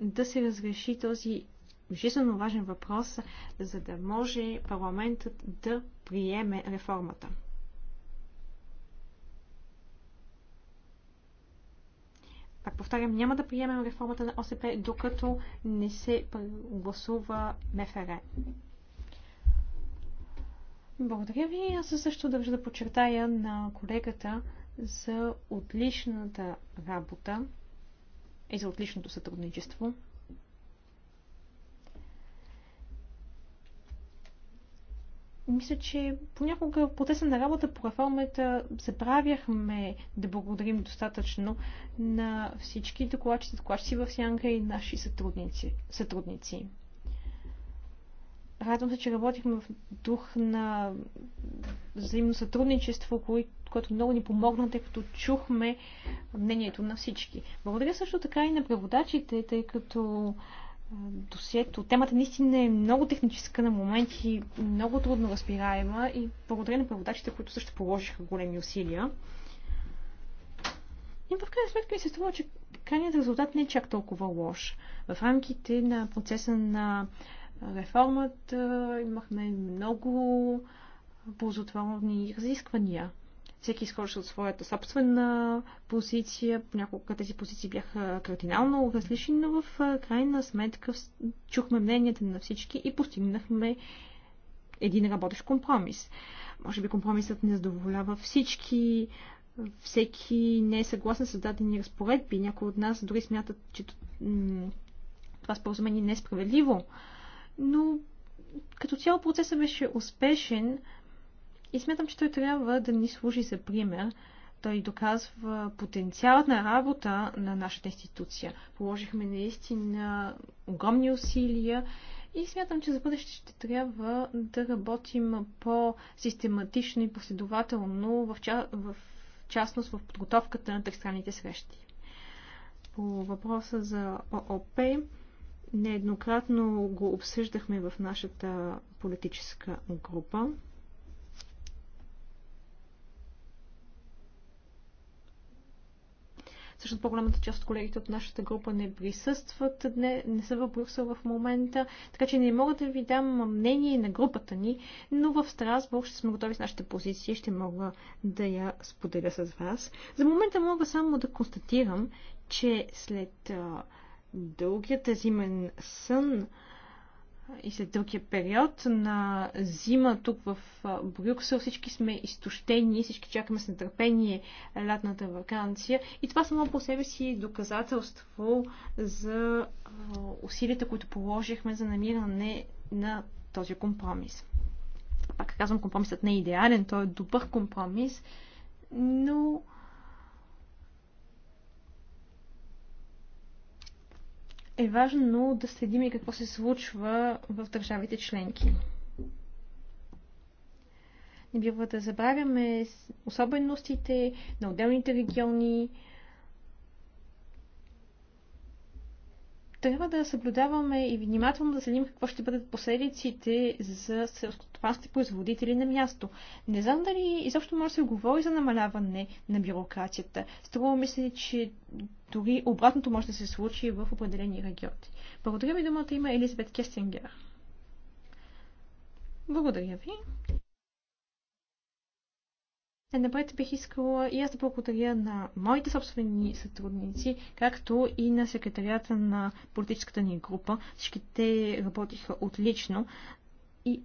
да се разреши този жизненно важен въпрос, за да може парламентът да приеме реформата. Пак повтарям, няма да приемем реформата на ОСП, докато не се гласува МФР. Благодаря ви. Аз също държа да подчертая на колегата за отличната работа и за отличното сътрудничество. мисля, че понякога в процеса на работа по реформата забравяхме да благодарим достатъчно на всички докладчици, докладчици в Сянка и наши сътрудници. сътрудници. Радвам се, че работихме в дух на взаимно сътрудничество, което много ни помогна, тъй като чухме мнението на всички. Благодаря също така и на преводачите, тъй като досието. Темата наистина е много техническа на моменти, много трудно разбираема и благодаря на преводачите, които също положиха големи усилия. И в крайна сметка ми се струва, че крайният резултат не е чак толкова лош. В рамките на процеса на реформата имахме много ползотворни разисквания всеки изхождаше от своята собствена позиция. Понякога тези позиции бяха кардинално различни, но в крайна сметка чухме мненията на всички и постигнахме един работещ компромис. Може би компромисът не задоволява всички, всеки не е съгласен с дадени разпоредби. Някои от нас дори смятат, че това споразумение не е справедливо. Но като цяло процесът беше успешен, и смятам, че той трябва да ни служи за пример, той доказва потенциалът на работа на нашата институция. Положихме наистина огромни усилия и смятам, че за бъдеще ще трябва да работим по-систематично и последователно, в, ча... в частност в подготовката на тристранните срещи. По въпроса за ООП, нееднократно го обсъждахме в нашата политическа група. Също по-голямата част от колегите от нашата група не присъстват днес, не са в Брюксел в момента, така че не мога да ви дам мнение на групата ни, но в Страсбург ще сме готови с нашите позиции ще мога да я споделя с вас. За момента мога само да констатирам, че след дългият зимен сън, и след другия период на зима тук в Брюксел. Всички сме изтощени, всички чакаме с нетърпение лятната вакансия. И това само по себе си е доказателство за усилията, които положихме за намиране на този компромис. Пак казвам, компромисът не е идеален, той е добър компромис, но е важно да следим и какво се случва в държавите членки. Не бива да забравяме особеностите на отделните региони, трябва да съблюдаваме и внимателно да следим какво ще бъдат последиците за селскостопанските производители на място. Не знам дали изобщо може да се говори за намаляване на бюрокрацията. Струва мисля, че дори обратното може да се случи в определени региони. Благодаря ви думата има Елизабет Кестингер. Благодаря ви. Напред бих искала и аз да благодаря на моите собствени сътрудници, както и на секретарията на политическата ни група. Всички те работиха отлично. И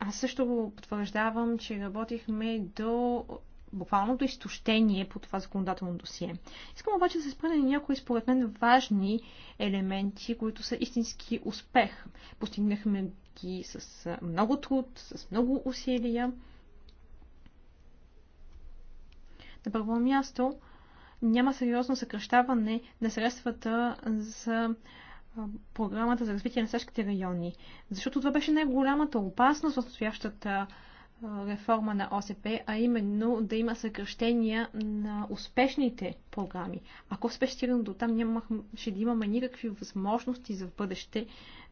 аз също потвърждавам, че работихме до буквалното изтощение по това законодателно досие. Искам обаче да се спра на някои, според мен, важни елементи, които са истински успех. Постигнахме ги с много труд, с много усилия. На първо място няма сериозно съкръщаване на средствата за програмата за развитие на селските райони. Защото това беше най-голямата опасност в настоящата реформа на ОСП, а именно да има съкръщения на успешните програми. Ако успешно стигнем до там, нямахме, ще да имаме никакви възможности за в бъдеще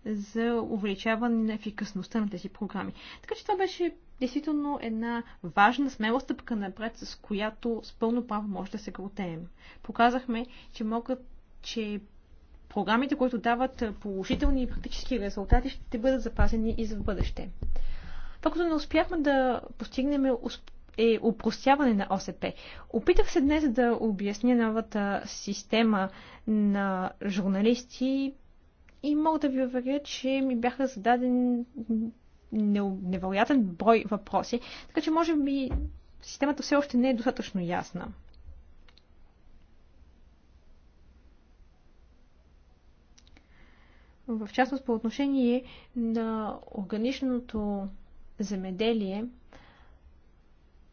за увеличаване на ефикасността на тези програми. Така че това беше действително една важна, смела стъпка напред, с която с пълно право може да се гротеем. Показахме, че могат, че програмите, които дават положителни и практически резултати, ще бъдат запазени и за бъдеще. Това, което не успяхме да постигнем е, е упростяване на ОСП. Опитах се днес да обясня новата система на журналисти и мога да ви уверя, че ми бяха зададени невероятен брой въпроси, така че може би системата все още не е достатъчно ясна. В частност по отношение на органичното земеделие,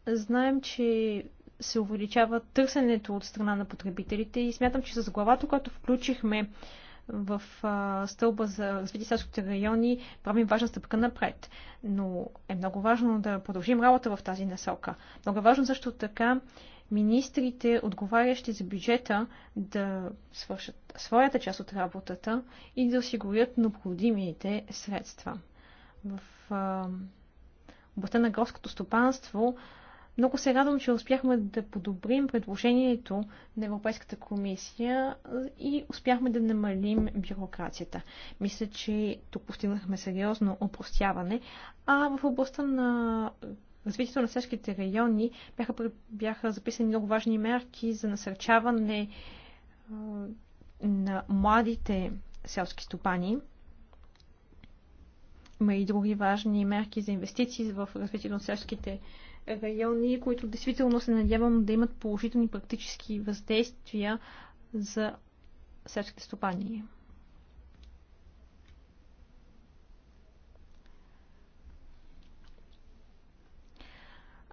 знаем, че се увеличава търсенето от страна на потребителите и смятам, че с главата, която включихме в а, стълба за развитие селските райони правим важна стъпка напред. Но е много важно да продължим работа в тази насока. Много е важно също така министрите, отговарящи за бюджета, да свършат своята част от работата и да осигурят необходимите средства. В а, областта на горското стопанство много се радвам, че успяхме да подобрим предложението на Европейската комисия и успяхме да намалим бюрокрацията. Мисля, че тук постигнахме сериозно опростяване, а в областта на развитието на селските райони бяха, бяха записани много важни мерки за насърчаване на младите селски стопани. Има и други важни мерки за инвестиции в развитието на селските райони райони, които действително се надявам да имат положителни практически въздействия за селските стопани.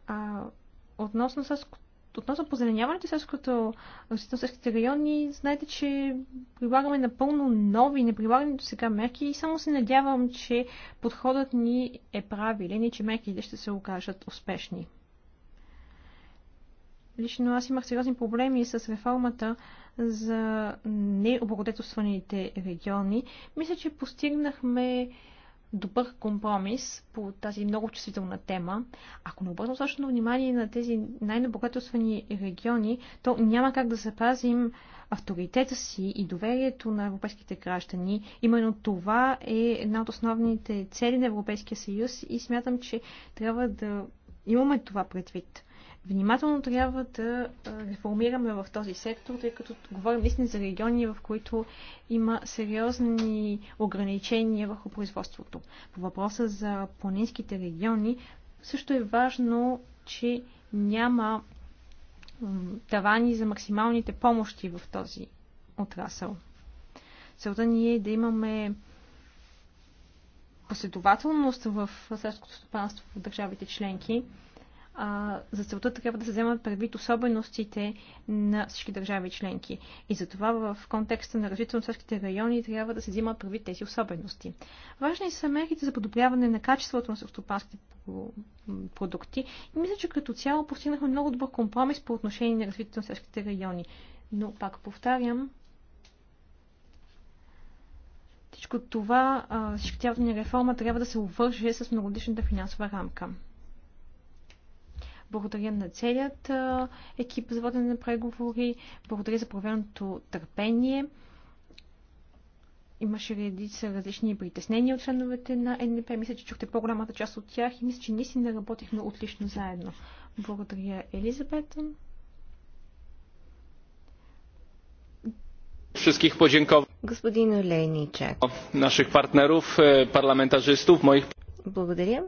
А, относно с относно позеленяването и селското, селските райони, знаете, че прилагаме напълно нови, не прилагаме до сега мерки и само се надявам, че подходът ни е правилен и че мерките ще се окажат успешни. Лично аз имах сериозни проблеми с реформата за необлагодетелстваните региони. Мисля, че постигнахме добър компромис по тази много чувствителна тема. Ако не обърнем същото внимание на тези най-набогателствани региони, то няма как да запазим авторитета си и доверието на европейските граждани. Именно това е една от основните цели на Европейския съюз и смятам, че трябва да имаме това предвид. Внимателно трябва да реформираме в този сектор, тъй като говорим наистина за региони, в които има сериозни ограничения върху производството. По въпроса за планинските региони също е важно, че няма тавани за максималните помощи в този отрасъл. Целта ни е да имаме последователност в селското стопанство в държавите членки а, за целта трябва да се вземат предвид особеностите на всички държави членки. И затова в контекста на развитието на селските райони трябва да се вземат предвид тези особености. Важни са мерките за подобряване на качеството на съвтопанските продукти. И мисля, че като цяло постигнахме много добър компромис по отношение на развитието на селските райони. Но, пак повтарям, всичко това, всички тялото ни реформа трябва да се увърже с многодишната финансова рамка. Благодаря на целият екип за водене на преговори. Благодаря за проявеното търпение. Имаше редица различни притеснения от членовете на НДП. Мисля, че чухте по-голямата част от тях и мисля, че ние си не работихме отлично заедно. Благодаря, Елизабета. wszystkich podziękować Господин Олейничак. Наших партнеров, парламентаристов, моих. Благодаря.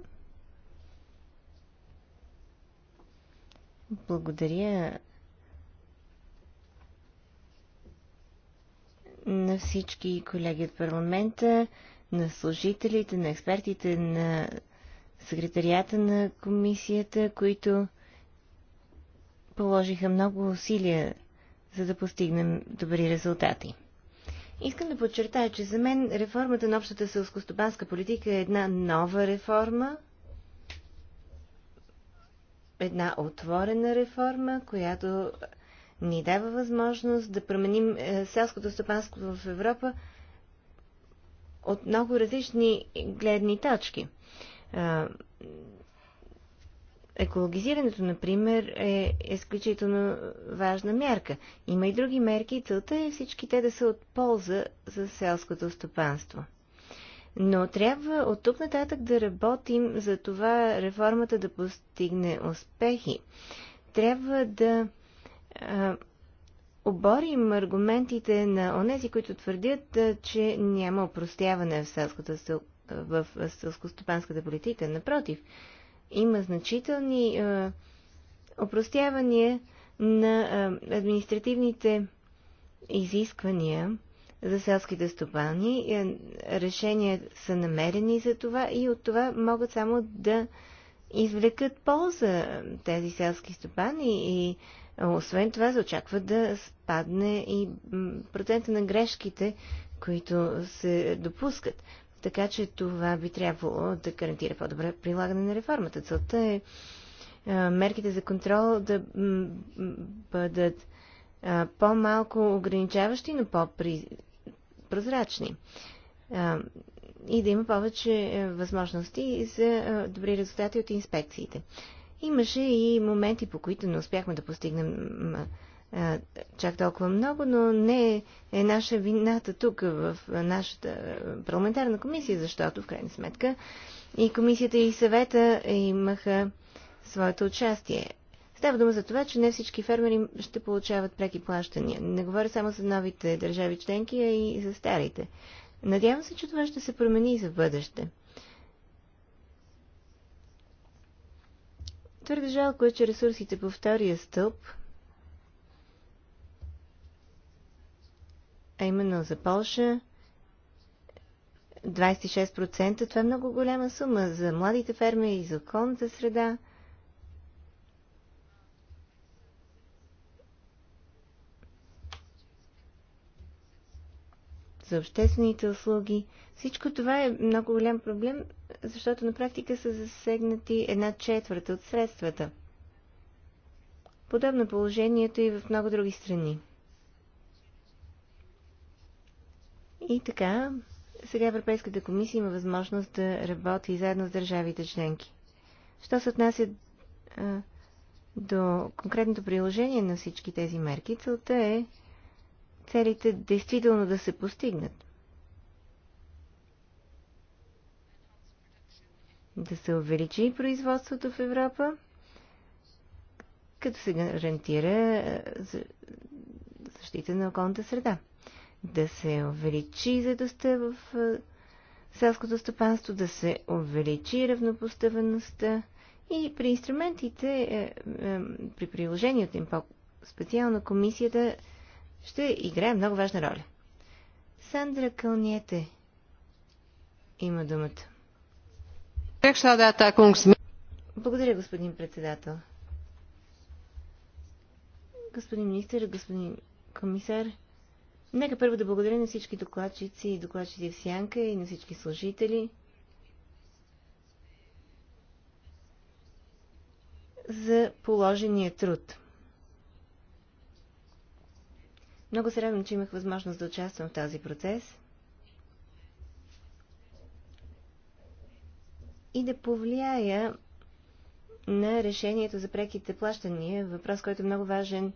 Благодаря на всички колеги от парламента, на служителите, на експертите, на секретарията на комисията, които положиха много усилия, за да постигнем добри резултати. Искам да подчертая, че за мен реформата на общата селскостопанска политика е една нова реформа, една отворена реформа, която ни дава възможност да променим е, селското стопанство в Европа от много различни гледни точки. Е, екологизирането, например, е изключително важна мярка. Има и други мерки. Целта е всички те да са от полза за селското стопанство. Но трябва от тук нататък да работим за това реформата да постигне успехи. Трябва да а, оборим аргументите на онези, които твърдят, а, че няма опростяване в, селското, в селскостопанската политика. Напротив, има значителни а, опростявания на а, административните изисквания за селските стопани. Е, решения са намерени за това и от това могат само да извлекат полза тези селски стопани и е, освен това се очаква да спадне и процента на грешките, които се допускат. Така че това би трябвало да гарантира по-добре прилагане на реформата. Целта е, е мерките за контрол да бъдат по-малко ограничаващи, но по-при прозрачни и да има повече е, възможности за е, добри резултати от инспекциите. Имаше и моменти, по които не успяхме да постигнем чак толкова много, но не е наша вината тук в нашата парламентарна комисия, защото в крайна сметка и комисията и съвета имаха своето участие. Става дума за това, че не всички фермери ще получават преки плащания. Не говоря само за новите държави членки, а и за старите. Надявам се, че това ще се промени и за бъдеще. Твърде жалко е, че ресурсите по втория стълб, а именно за Польша, 26%, това е много голяма сума за младите фермери и за околната среда – за обществените услуги. Всичко това е много голям проблем, защото на практика са засегнати една четвърта от средствата. Подобно положението и в много други страни. И така, сега Европейската комисия има възможност да работи заедно с държавите членки. Що се отнася а, до конкретното приложение на всички тези мерки, целта е целите действително да се постигнат. Да се увеличи производството в Европа, като се гарантира е, защита на околната среда. Да се увеличи заедостта в е, селското стопанство, да се увеличи равнопоставеността и при инструментите, е, при приложението им по-специално комисията ще играе много важна роля. Сандра Кълниете има думата. Благодаря, господин председател. Господин министър, господин комисар, нека първо да благодаря на всички докладчици и докладчици в Сянка и на всички служители за положения труд. Много се радвам, че имах възможност да участвам в този процес и да повлияя на решението за преките плащания, въпрос, който е много важен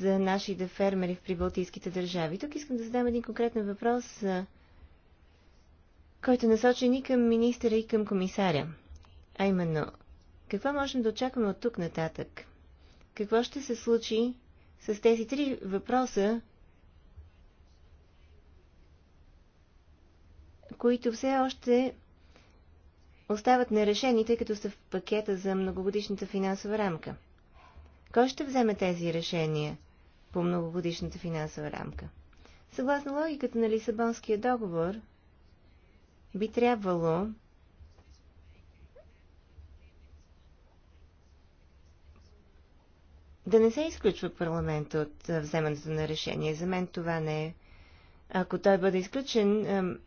за нашите фермери в прибалтийските държави. Тук искам да задам един конкретен въпрос, който е насочен и към министъра, и към комисаря. А именно, какво можем да очакваме от тук нататък? Какво ще се случи с тези три въпроса, които все още остават нерешени, тъй като са в пакета за многогодишната финансова рамка. Кой ще вземе тези решения по многогодишната финансова рамка? Съгласно логиката на Лисабонския договор, би трябвало да не се изключва парламента от вземането на решение. За мен това не е. Ако той бъде изключен,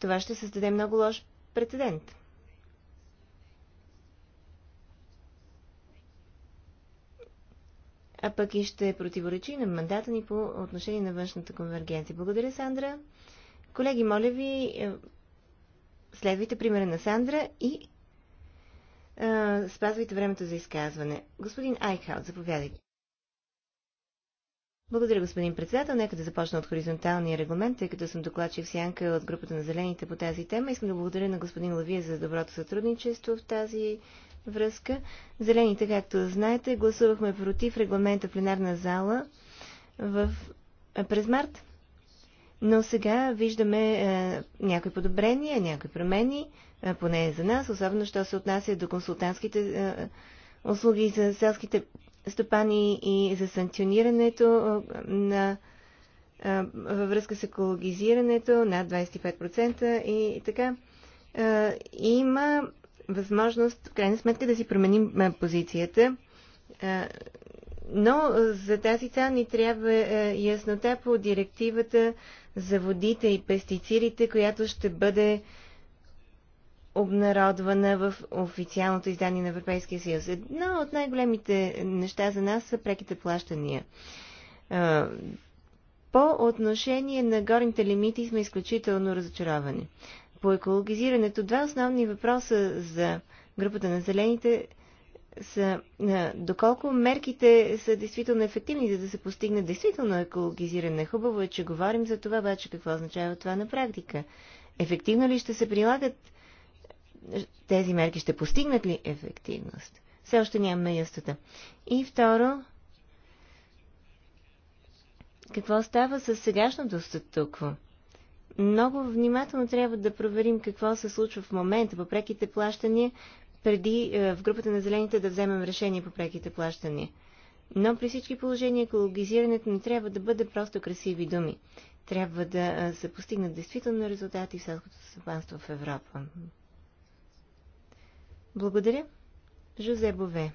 това ще създаде много лош прецедент. а пък и ще противоречи на мандата ни по отношение на външната конвергенция. Благодаря, Сандра. Колеги, моля ви, следвайте примера на Сандра и спазвайте времето за изказване. Господин Айхаут, заповядайте. Благодаря, господин председател. Нека да започна от хоризонталния регламент, тъй като съм докладчик сянка от групата на зелените по тази тема. Искам да благодаря на господин Лавия за доброто сътрудничество в тази връзка. Зелените, както знаете, гласувахме против регламента в пленарна зала в... през март. Но сега виждаме е, някои подобрения, някои промени поне за нас, особено що се отнася до консултантските услуги за селските стопани и за санкционирането на във връзка с екологизирането над 25% и така. Има възможност, в крайна сметка, да си променим позицията, но за тази цел ни трябва е, яснота по директивата за водите и пестицидите, която ще бъде обнародвана в официалното издание на Европейския съюз. Едно от най-големите неща за нас са преките плащания. По отношение на горните лимити сме изключително разочаровани. По екологизирането два основни въпроса за групата на зелените са доколко мерките са действително ефективни, за да се постигне действително екологизиране. Хубаво е, че говорим за това, обаче какво означава това на практика. Ефективно ли ще се прилагат тези мерки ще постигнат ли ефективност? Все още нямаме ястота. И второ, какво става с сегашното статукво? Много внимателно трябва да проверим какво се случва в момента по преките плащания, преди е, в групата на зелените да вземем решение по преките плащания. Но при всички положения екологизирането не трябва да бъде просто красиви думи. Трябва да е, се постигнат действително резултати в селското стопанство в Европа. Благодаря. Жозе Бове.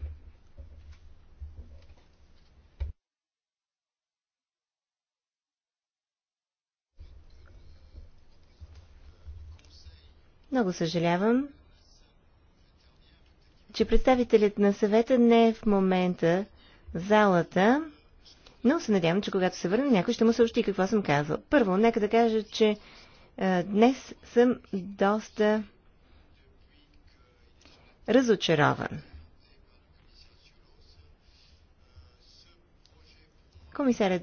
Много съжалявам, че представителят на съвета не е в момента в залата, но се надявам, че когато се върне, някой ще му съобщи какво съм казал. Първо, нека да кажа, че е, днес съм доста разочарован. Комисарят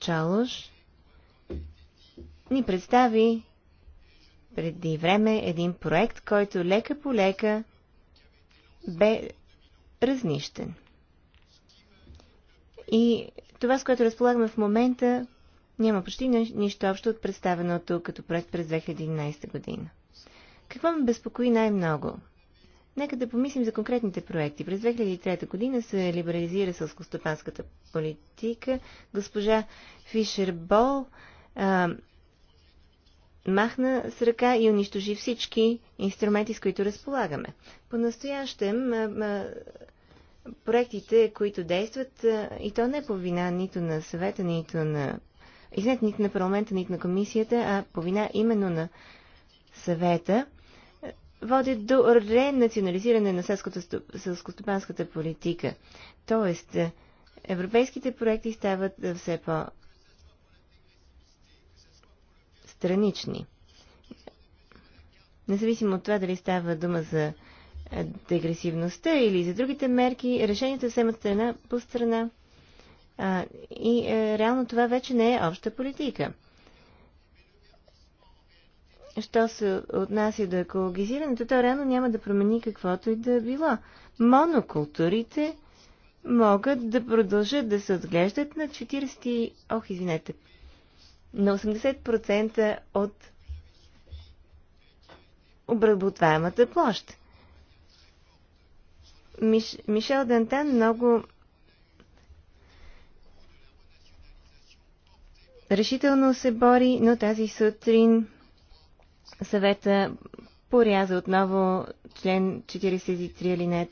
Чалош ни представи преди време един проект, който лека по лека бе разнищен. И това, с което разполагаме в момента, няма почти нищо общо от представеното като проект през 2011 година. Какво ме безпокои най-много? Нека да помислим за конкретните проекти. През 2003 година се либерализира сълскостопанската политика. Госпожа Фишер Бол а, махна с ръка и унищожи всички инструменти, с които разполагаме. По-настоящем а, а, проектите, които действат, а, и то не по вина нито на съвета, нито на... Извинете, нито на парламента, нито на комисията, а по вина именно на съвета – води до ренационализиране на селскостопанската политика. Тоест, е, европейските проекти стават е, все по-странични. Независимо от това дали става дума за е, дегресивността или за другите мерки, решенията вземат страна по страна. А, и е, реално това вече не е обща политика що се отнася до екологизирането, то реално няма да промени каквото и да е било. Монокултурите могат да продължат да се отглеждат на 40... Ох, извинете. На 80% от обработваемата площ. Миш... Мишел Дантан много решително се бори, но тази сутрин съвета поряза отново член 43 алинея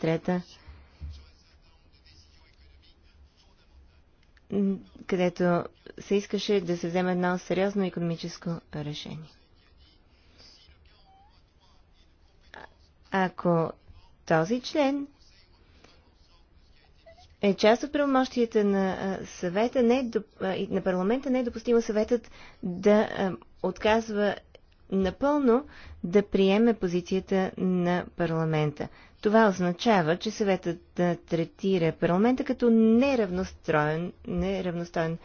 3, където се искаше да се вземе едно сериозно економическо решение. Ако този член е част от правомощията на съвета, не е на парламента не е допустимо съветът да отказва напълно да приеме позицията на парламента. Това означава, че съветът да третира парламента като неравностроен, неравностоен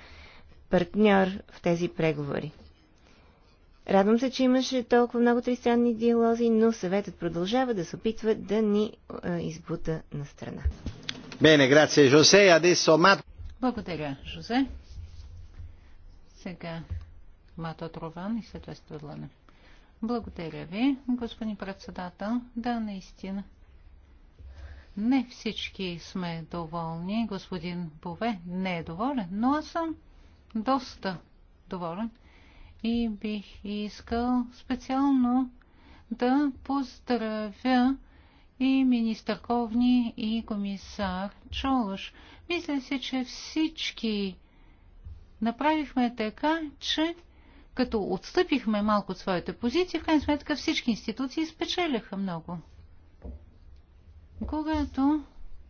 партньор в тези преговори. Радвам се, че имаше толкова много тристранни диалози, но съветът продължава да се опитва да ни избута на страна. Bene, grazie José. Adesso мат... Благодаря, Жозе. Сега Мато Трован и след това Светлана. Благодаря ви, господин председател. Да, наистина. Не всички сме доволни. Господин Бове не е доволен, но аз съм доста доволен и бих искал специално да поздравя и министър Ковни, и комисар Чолош. Мисля си, че всички направихме така, че като отстъпихме малко от своите позиции, в крайна сметка всички институции спечеляха много. Когато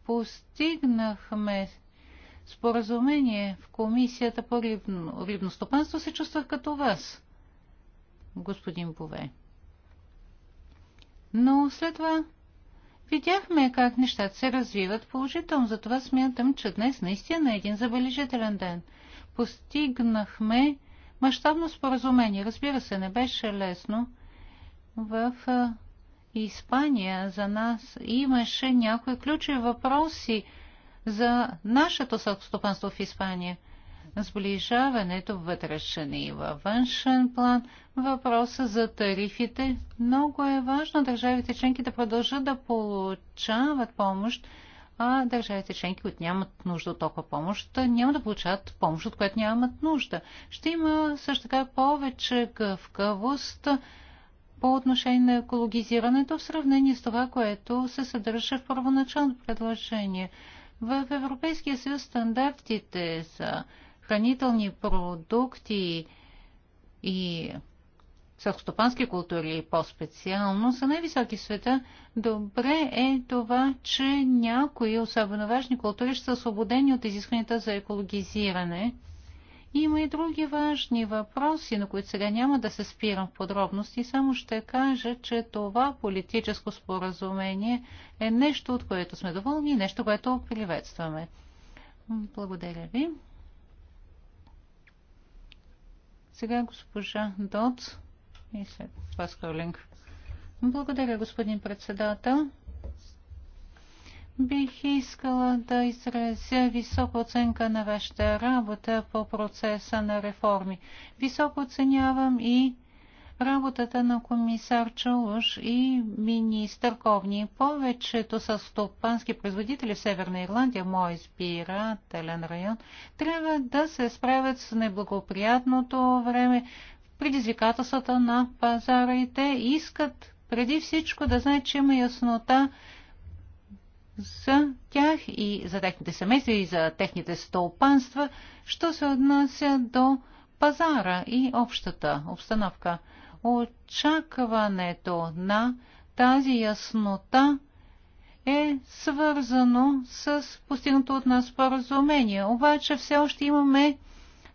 постигнахме споразумение в комисията по рибно, стопанство, се чувствах като вас, господин Бове. Но след това видяхме как нещата се развиват положително, затова смятам, че днес наистина е един забележителен ден. Постигнахме мащабно споразумение. Разбира се, не беше лесно. В Испания за нас имаше някои ключови въпроси за нашето съкстопанство в Испания. Сближаването вътрешен и във външен план, въпроса за тарифите. Много е важно държавите членки да продължат да получават помощ а държавите членки, които нямат нужда от толкова помощ, няма да получат помощ, от която нямат нужда. Ще има също така повече гъвкавост по отношение на екологизирането в сравнение с това, което се съдържа в първоначалното предложение. В Европейския съюз стандартите за хранителни продукти и селскостопански култури по-специално са най-високи в света, добре е това, че някои особено важни култури ще са освободени от изискванията за екологизиране. Има и други важни въпроси, на които сега няма да се спирам в подробности, само ще кажа, че това политическо споразумение е нещо, от което сме доволни и нещо, което приветстваме. Благодаря ви. Сега госпожа Доц и след това Холинг. Благодаря, господин председател. Бих искала да изразя висока оценка на вашата работа по процеса на реформи. Високо оценявам и работата на комисар Чалуш и министър Ковни. Повечето са стопански производители в Северна Ирландия, мой избирателен район, трябва да се справят с неблагоприятното време, предизвикателствата на пазара и те искат преди всичко да знаят, че има яснота за тях и за техните семейства и за техните стопанства, що се отнася до пазара и общата обстановка. Очакването на тази яснота е свързано с постигнато от нас споразумение. Обаче все още имаме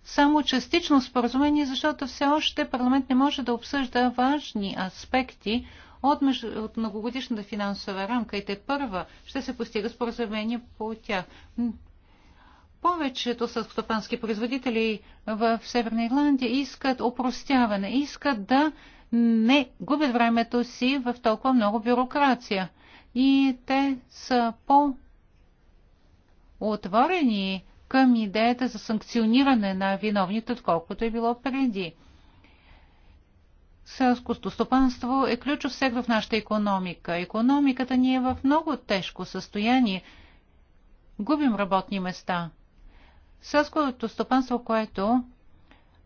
само частично споразумение, защото все още парламент не може да обсъжда важни аспекти от, меж... от многогодишната финансова рамка и те първа ще се постига споразумение по тях. Повечето съскотопански производители в Северна Ирландия искат опростяване, искат да не губят времето си в толкова много бюрокрация. И те са по-отворени към идеята за санкциониране на виновните, отколкото е било преди. Селското стопанство е ключов сектор в нашата економика. Економиката ни е в много тежко състояние. Губим работни места. Селското стопанство, което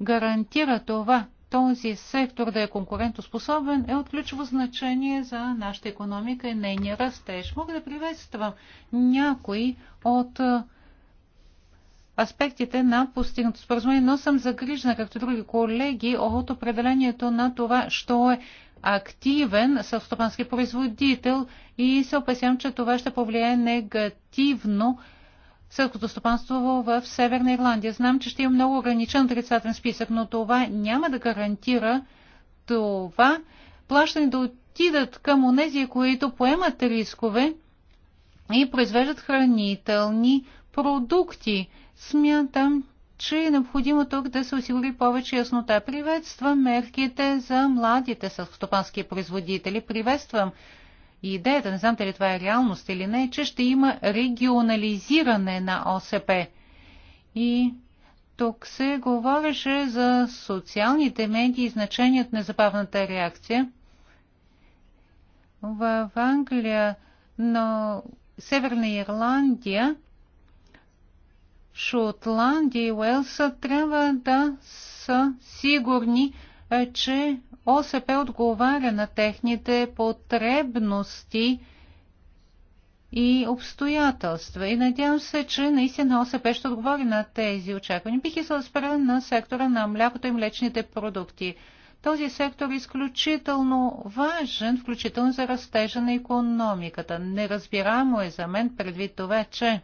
гарантира това, този сектор да е конкурентоспособен, е от ключово значение за нашата економика и нейния растеж. Мога да приветствам някои от аспектите на постигнато споразумение, но съм загрижена, както други колеги, от определението на това, що е активен селстопански производител и се опасявам, че това ще повлияе негативно селското стопанство в Северна Ирландия. Знам, че ще има много ограничен отрицателен списък, но това няма да гарантира това плащане да отидат към онези, които поемат рискове и произвеждат хранителни продукти, Смятам, че е необходимо тук да се осигури повече яснота. Приветствам мерките за младите селскостопански производители. Приветствам и идеята, не знам дали това е реалност или не, че ще има регионализиране на ОСП. И тук се говореше за социалните медии и значението на забавната реакция. В Англия, но Северна Ирландия Шотландия и Уелс трябва да са сигурни, е, че ОСП отговаря на техните потребности и обстоятелства. И надявам се, че наистина ОСП ще отговори на тези очаквания. Бих искал да спра на сектора на млякото и млечните продукти. Този сектор е изключително важен, включително за растежа на економиката. Неразбираемо е за мен предвид това, че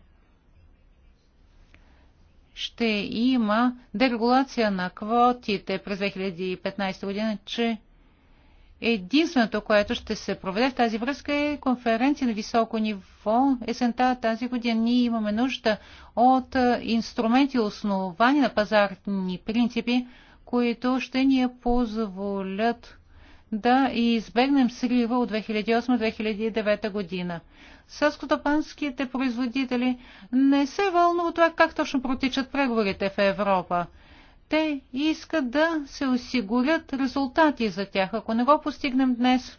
ще има дерегулация на квотите през 2015 година, че единственото, което ще се проведе в тази връзка е конференция на високо ниво есента тази година. Ние имаме нужда от инструменти, основани на пазарни принципи, които ще ни позволят да избегнем срива от 2008-2009 година. Селскотопанските производители не се вълнуват това как точно протичат преговорите в Европа. Те искат да се осигурят резултати за тях. Ако не го постигнем днес,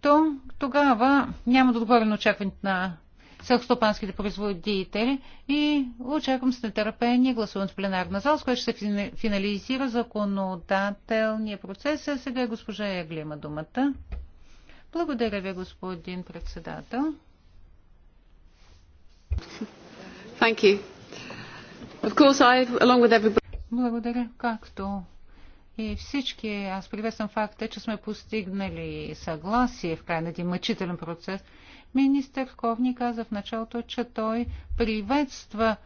то тогава няма да отговоря на очакването на селхостопанските производители и очаквам с нетърпение гласуването в пленарна зала, с което ще се финализира законодателния процес. А сега госпожа Яглима думата. Благодаря ви, господин председател. Thank you. Of course, I, along with everybody... Благодаря. Както и всички, аз приветствам факта, че сме постигнали съгласие в крайна един мъчителен процес – Министър Ковни каза в началото, че той приветства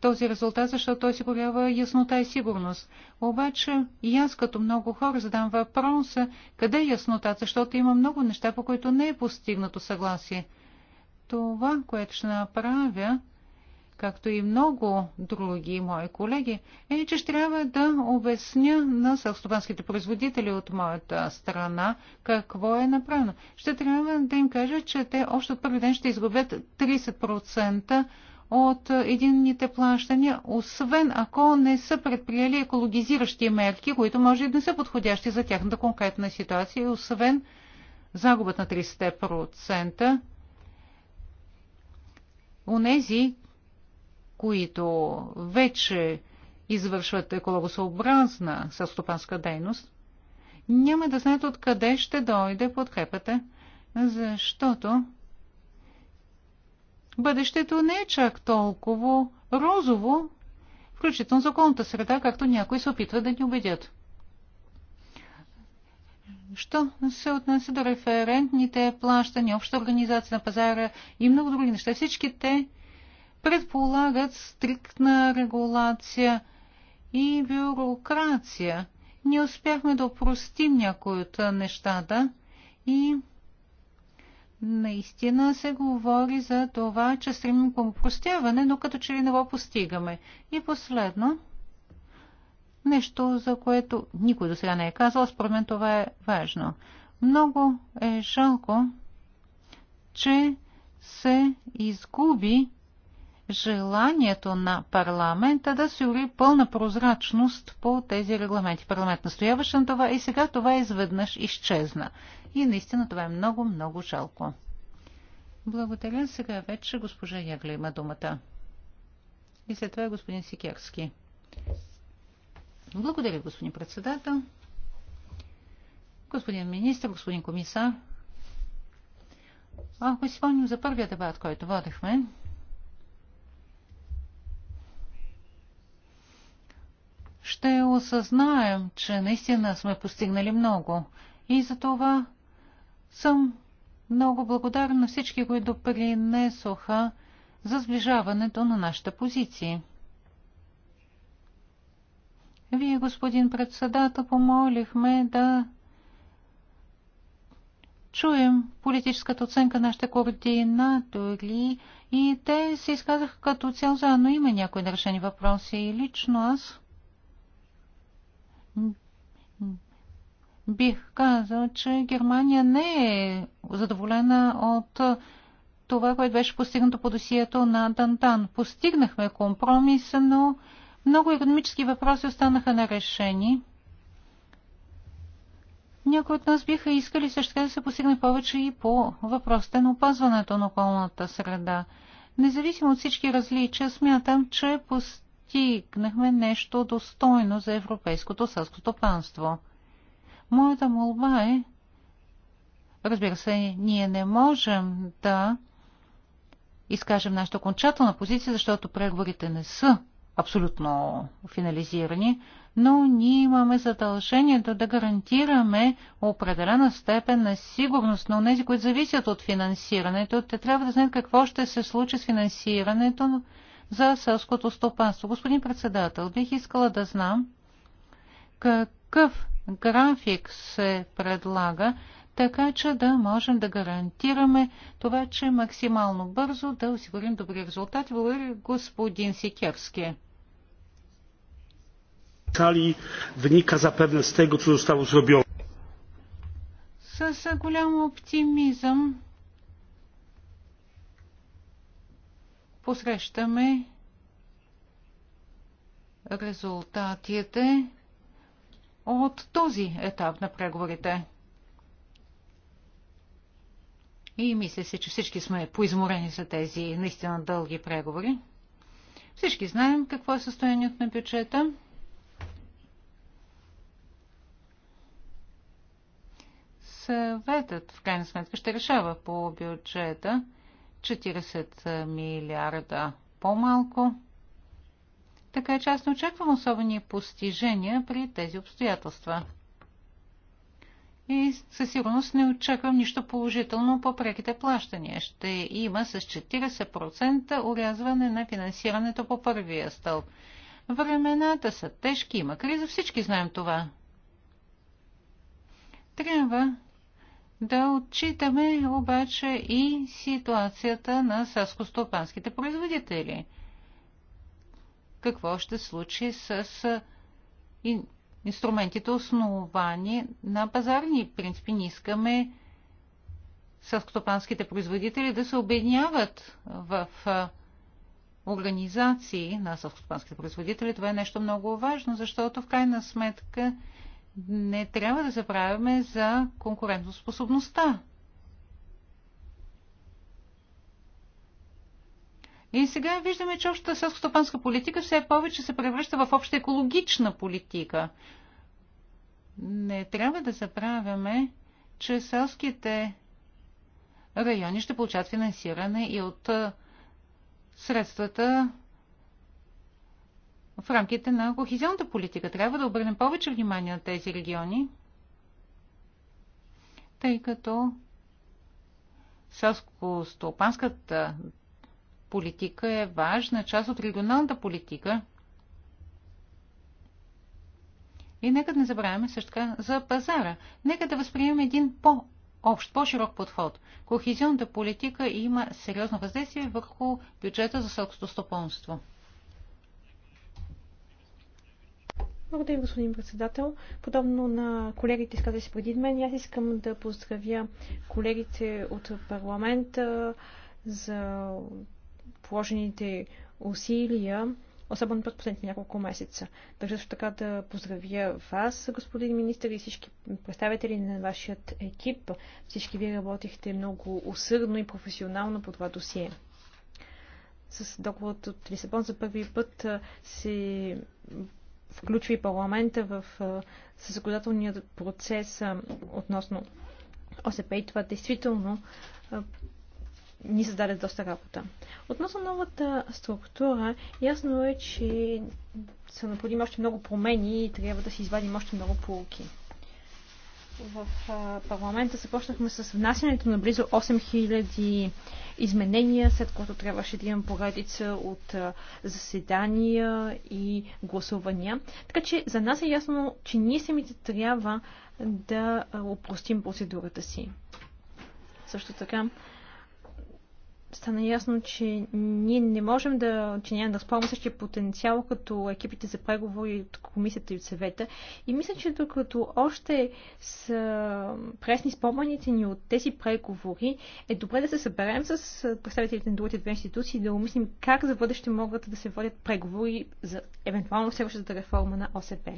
този резултат, защото той осигурява яснота и сигурност. Обаче и аз като много хора задам въпроса, къде е яснотата, защото има много неща, по които не е постигнато съгласие. Това, което ще направя, както и много други мои колеги, е, че ще трябва да обясня на селстопанските производители от моята страна какво е направено. Ще трябва да им кажа, че те още от първи ден ще изгубят 30% от единните плащания, освен ако не са предприели екологизиращи мерки, които може и да не са подходящи за тяхната конкретна ситуация, и освен загубът на 30% у нези, които вече извършват екологосообразна състопанска дейност, няма да знаят откъде ще дойде подкрепата, защото бъдещето не е чак толкова розово, включително за околната среда, както някои се опитват да ни убедят. Що се отнася до референтните плащания, обща организация на пазара и много други неща, всички те предполагат стриктна регулация и бюрокрация. Ние успяхме да опростим някои от нещата и наистина се говори за това, че стремим към простяване, но като че ли не го постигаме. И последно, нещо, за което никой до сега не е казал, според мен това е важно. Много е жалко, че се изгуби желанието на парламента да се ури пълна прозрачност по тези регламенти. Парламент настояваше на това и сега това изведнъж изчезна. И наистина това е много, много жалко. Благодаря. Сега вече госпожа Ягле има думата. И след това е господин Сикерски. Благодаря, господин председател. Господин министр, господин комисар, ако си спомним за първия дебат, който водихме, ще осъзнаем, че наистина сме постигнали много. И за това съм много благодарна на всички, които принесоха за сближаването на нашите позиции. Вие, господин председател, помолихме да чуем политическата оценка на нашите координатори и те се изказаха като цял заедно. Има някои решени въпроси и лично аз бих казал, че Германия не е задоволена от това, което беше постигнато по досието на Дантан. Постигнахме компромис, но много економически въпроси останаха нерешени. Някои от нас биха искали също така да се постигне повече и по въпросите на опазването на околната среда. Независимо от всички различия, смятам, че пост постигнахме нещо достойно за европейското селско панство. Моята молба е, разбира се, ние не можем да изкажем нашата окончателна позиция, защото преговорите не са абсолютно финализирани, но ние имаме задължението да гарантираме определена степен на сигурност на тези, които зависят от финансирането. Те трябва да знаят какво ще се случи с финансирането за селското стопанство. Господин председател, бих искала да знам какъв график се предлага, така че да можем да гарантираме това, че максимално бързо да осигурим добри резултати. Благодаря господин Сикерски. Вника вynика запевне с tego, че zostało С голям оптимизъм посрещаме резултатите от този етап на преговорите. И мисля се, че всички сме поизморени за тези наистина дълги преговори. Всички знаем какво е състоянието на бюджета. Съветът, в крайна сметка, ще решава по бюджета – 40 милиарда по-малко. Така че аз не очаквам особени постижения при тези обстоятелства. И със сигурност не очаквам нищо положително по преките плащания. Ще има с 40% урязване на финансирането по първия стълб. Времената са тежки, има криза, всички знаем това. Трябва да отчитаме обаче и ситуацията на сълскостопанските производители. Какво ще случи с инструментите основани на пазарни принципи? Не искаме сълскостопанските производители да се обедняват в организации на сълскостопанските производители. Това е нещо много важно, защото в крайна сметка – не трябва да забравяме за конкурентоспособността. И сега виждаме, че общата селско-стопанска политика все повече се превръща в обща екологична политика. Не трябва да забравяме, че селските райони ще получат финансиране и от средствата в рамките на кохизионната политика. Трябва да обърнем повече внимание на тези региони, тъй като селско-стопанската политика е важна част от регионалната политика. И нека да не забравяме също така за пазара. Нека да възприемем един по общ, по-широк подход. Кохезионната политика има сериозно въздействие върху бюджета за селското стопонство. Благодаря, господин председател. Подобно на колегите, изказали се преди мен, аз искам да поздравя колегите от парламента за положените усилия, особено през последните няколко месеца. Държа също така да поздравя вас, господин министър, и всички представители на вашият екип. Всички вие работихте много усърдно и професионално по това досие с договорът от Лисабон за първи път се включва и парламента в съзаконодателния процес относно ОСП и това действително ни създаде доста работа. Относно новата структура, ясно е, че са необходими още много промени и трябва да си извадим още много полуки. В парламента започнахме с внасянето на близо 8000 изменения, след което трябваше да имам поредица от заседания и гласувания. Така че за нас е ясно, че ние самите трябва да опростим процедурата си. Също така стана ясно, че ние не можем да, че няма да спомня същия потенциал като екипите за преговори от комисията и от съвета. И мисля, че докато още са пресни спомените ни от тези преговори, е добре да се съберем с представителите на другите две институции да умислим как за бъдеще могат да се водят преговори за евентуално следващата реформа на ОСП.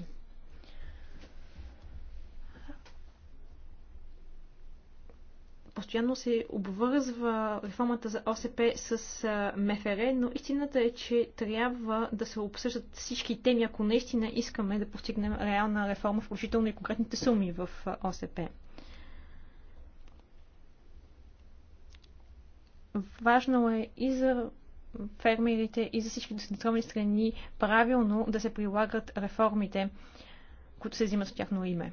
постоянно се обвързва реформата за ОСП с МФР, но истината е, че трябва да се обсъждат всички теми, ако наистина искаме да постигнем реална реформа, включително и конкретните суми в ОСП. Важно е и за фермерите, и за всички децентрални страни правилно да се прилагат реформите, които се взимат от тяхно име.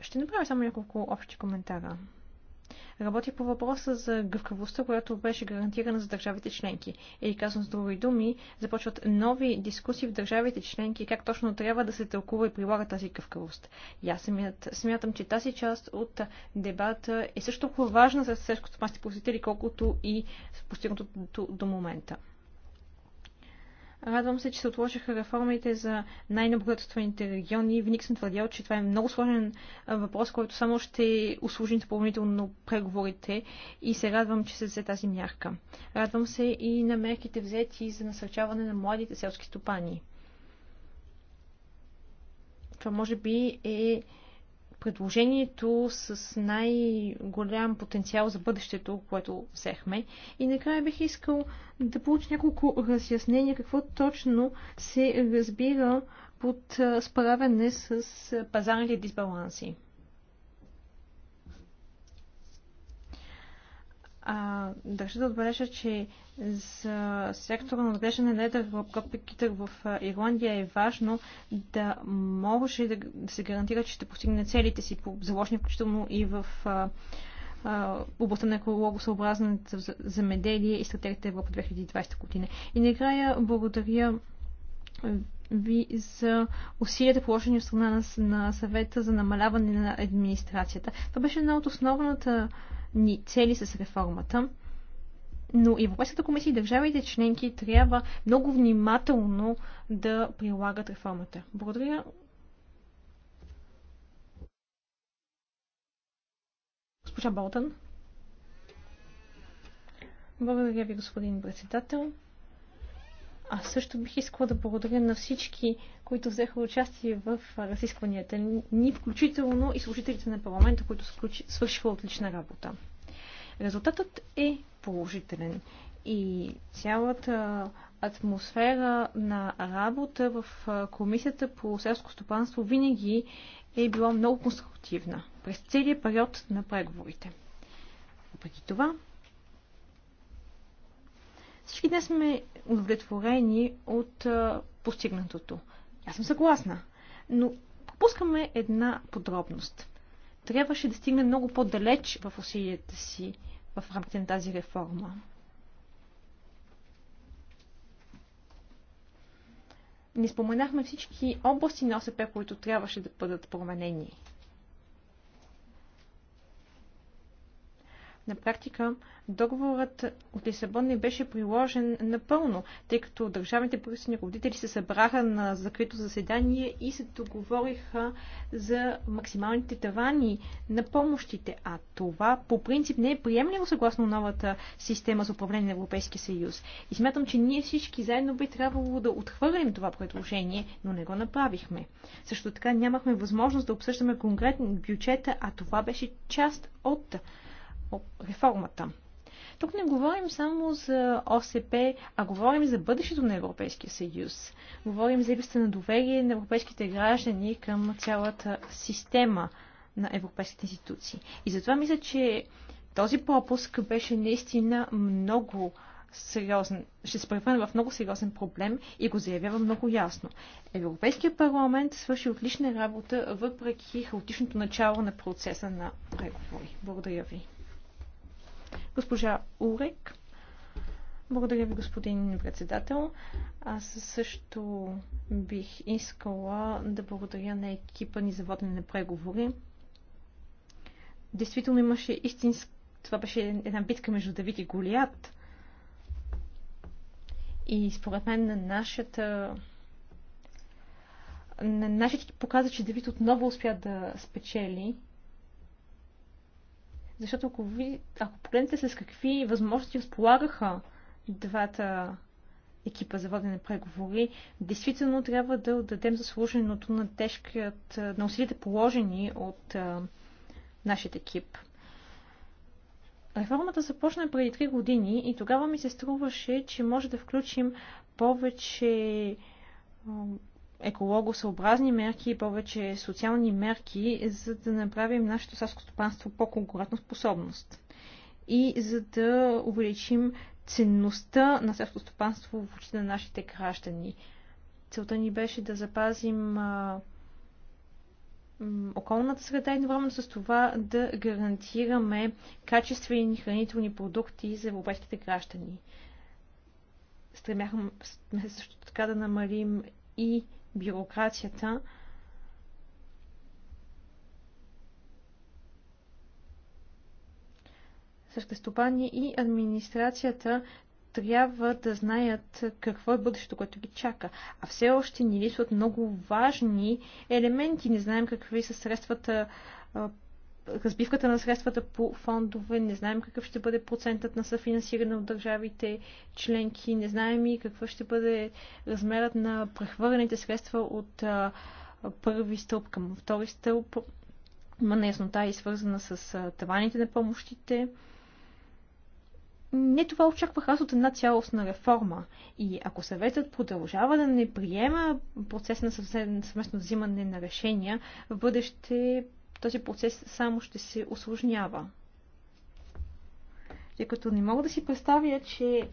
Ще направя само няколко общи коментара. Работих по въпроса за гъвкавостта, която беше гарантирана за държавите членки. Или казвам с други думи, започват нови дискусии в държавите членки как точно трябва да се тълкува и прилага тази гъвкавост. И аз смятам, че тази част от дебата е също толкова важна за селското стопански посетители, колкото и постигнатото до момента. Радвам се, че се отложиха реформите за най-наблагодетелствените региони. Винаги съм твърдял, че това е много сложен въпрос, който само ще услужи допълнително преговорите и се радвам, че се взе тази мярка. Радвам се и на мерките взети за насърчаване на младите селски стопани. Това може би е предложението с най-голям потенциал за бъдещето, което взехме. И накрая бих искал да получа няколко разяснения какво точно се разбира под справяне с пазарните дисбаланси. държа да отбележа, че за сектора на отглеждане на едър копекитър в Ирландия е важно да може да, да се гарантира, че ще постигне целите си, заложни, включително и в а, а, областта на екологосъобразната замеделие и стратегията Европа 2020 година. И накрая благодаря ви за усилията положени от страна на, на съвета за намаляване на администрацията. Това беше една от основната ни цели с реформата. Но Европейската комисия и държавите членки трябва много внимателно да прилагат реформата. Благодаря. Госпожа Болтън. Благодаря ви, господин председател. Аз също бих искала да благодаря на всички, които взеха участие в разискванията ни, включително и служителите на парламента, които свършиха отлична работа. Резултатът е положителен и цялата атмосфера на работа в Комисията по селско стопанство винаги е била много конструктивна през целия период на преговорите. Въпреки това, всички днес сме удовлетворени от а, постигнатото. Аз съм съгласна. Но пропускаме една подробност. Трябваше да стигне много по-далеч в усилията си в рамките на тази реформа. Не споменахме всички области на ОСП, които трябваше да бъдат променени. На практика договорът от Лисабон не беше приложен напълно, тъй като държавните правителствени родители се събраха на закрито заседание и се договориха за максималните тавани на помощите. А това по принцип не е приемливо съгласно новата система за управление на Европейския съюз. И смятам, че ние всички заедно би трябвало да отхвърлим това предложение, но не го направихме. Също така нямахме възможност да обсъждаме конкретно бюджета, а това беше част от реформата. Тук не говорим само за ОСП, а говорим за бъдещето на Европейския съюз. Говорим за липсата на доверие на европейските граждани към цялата система на европейските институции. И затова мисля, че този пропуск беше наистина много сериозен, ще се превърне в много сериозен проблем и го заявява много ясно. Европейския парламент свърши отлична работа въпреки хаотичното начало на процеса на преговори. Благодаря ви. Госпожа Урек. Благодаря ви, господин председател. Аз също бих искала да благодаря на екипа ни за водене на преговори. Действително имаше истинска... Това беше една битка между Давид и Голият. И според мен на нашата... На нашите показа, че Давид отново успя да спечели защото ако, ви, ако погледнете с какви възможности разполагаха двата екипа за водене преговори, действително трябва да отдадем заслуженото на тежкият, на усилите положени от а, нашия екип. Реформата започна преди 3 години и тогава ми се струваше, че може да включим повече екологосъобразни мерки и повече социални мерки, за да направим нашето селско стопанство по-конкурентно способност и за да увеличим ценността на селското стопанство в очите на нашите граждани. Целта ни беше да запазим а, околната среда и едновременно с това да гарантираме качествени хранителни продукти за европейските граждани. Стремяхме също така да намалим и бюрокрацията. Същестопани и администрацията трябва да знаят какво е бъдещето, което ги чака. А все още ни липсват много важни елементи. Не знаем какви са средствата разбивката на средствата по фондове, не знаем какъв ще бъде процентът на съфинансиране от държавите членки, не знаем и какъв ще бъде размерът на прехвърлените средства от а, първи стълб към втори стълб. Има неяснота и свързана с а, таваните на помощите. Не това очаквах аз от една цялостна реформа. И ако съветът продължава да не приема процес на съвместно взимане на решения, в бъдеще този процес само ще се осложнява. Тъй като не мога да си представя, че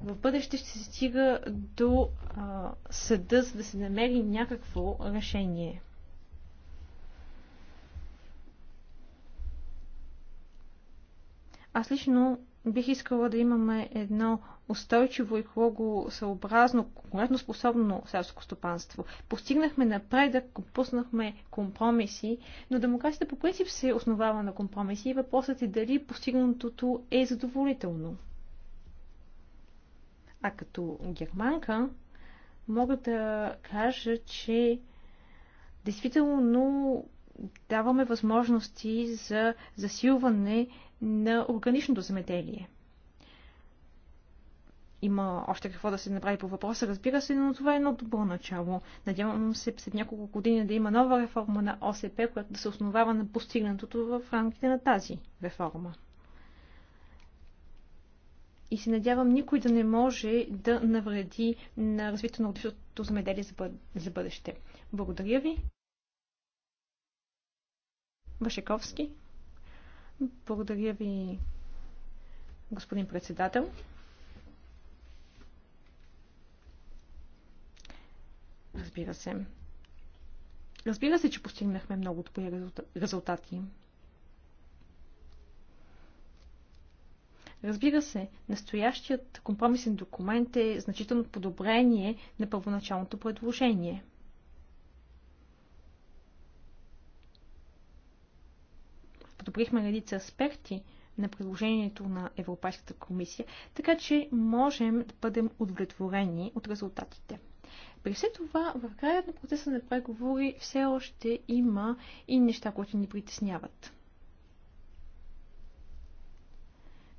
в бъдеще ще се стига до а, съда, за да се намери някакво решение. Аз лично бих искала да имаме едно устойчиво и съобразно, конкретно способно селско стопанство. Постигнахме напредък, пуснахме компромиси, но демокрацията по принцип се основава на компромиси и въпросът е дали постигнатото е задоволително. А като германка мога да кажа, че действително даваме възможности за засилване на органичното земеделие. Има още какво да се направи по въпроса, разбира се, но това е едно добро начало. Надявам се след няколко години да има нова реформа на ОСП, която да се основава на постигнатото в рамките на тази реформа. И се надявам никой да не може да навреди на развитието на родителството замеделие за бъдеще. Благодаря ви. Вашековски. Благодаря ви, господин председател. Разбира се. Разбира се, че постигнахме много добри резултати. Разбира се, настоящият компромисен документ е значително подобрение на първоначалното предложение – подобрихме редица аспекти на предложението на Европейската комисия, така че можем да бъдем удовлетворени от резултатите. При все това, в края на процеса на преговори все още има и неща, които ни притесняват.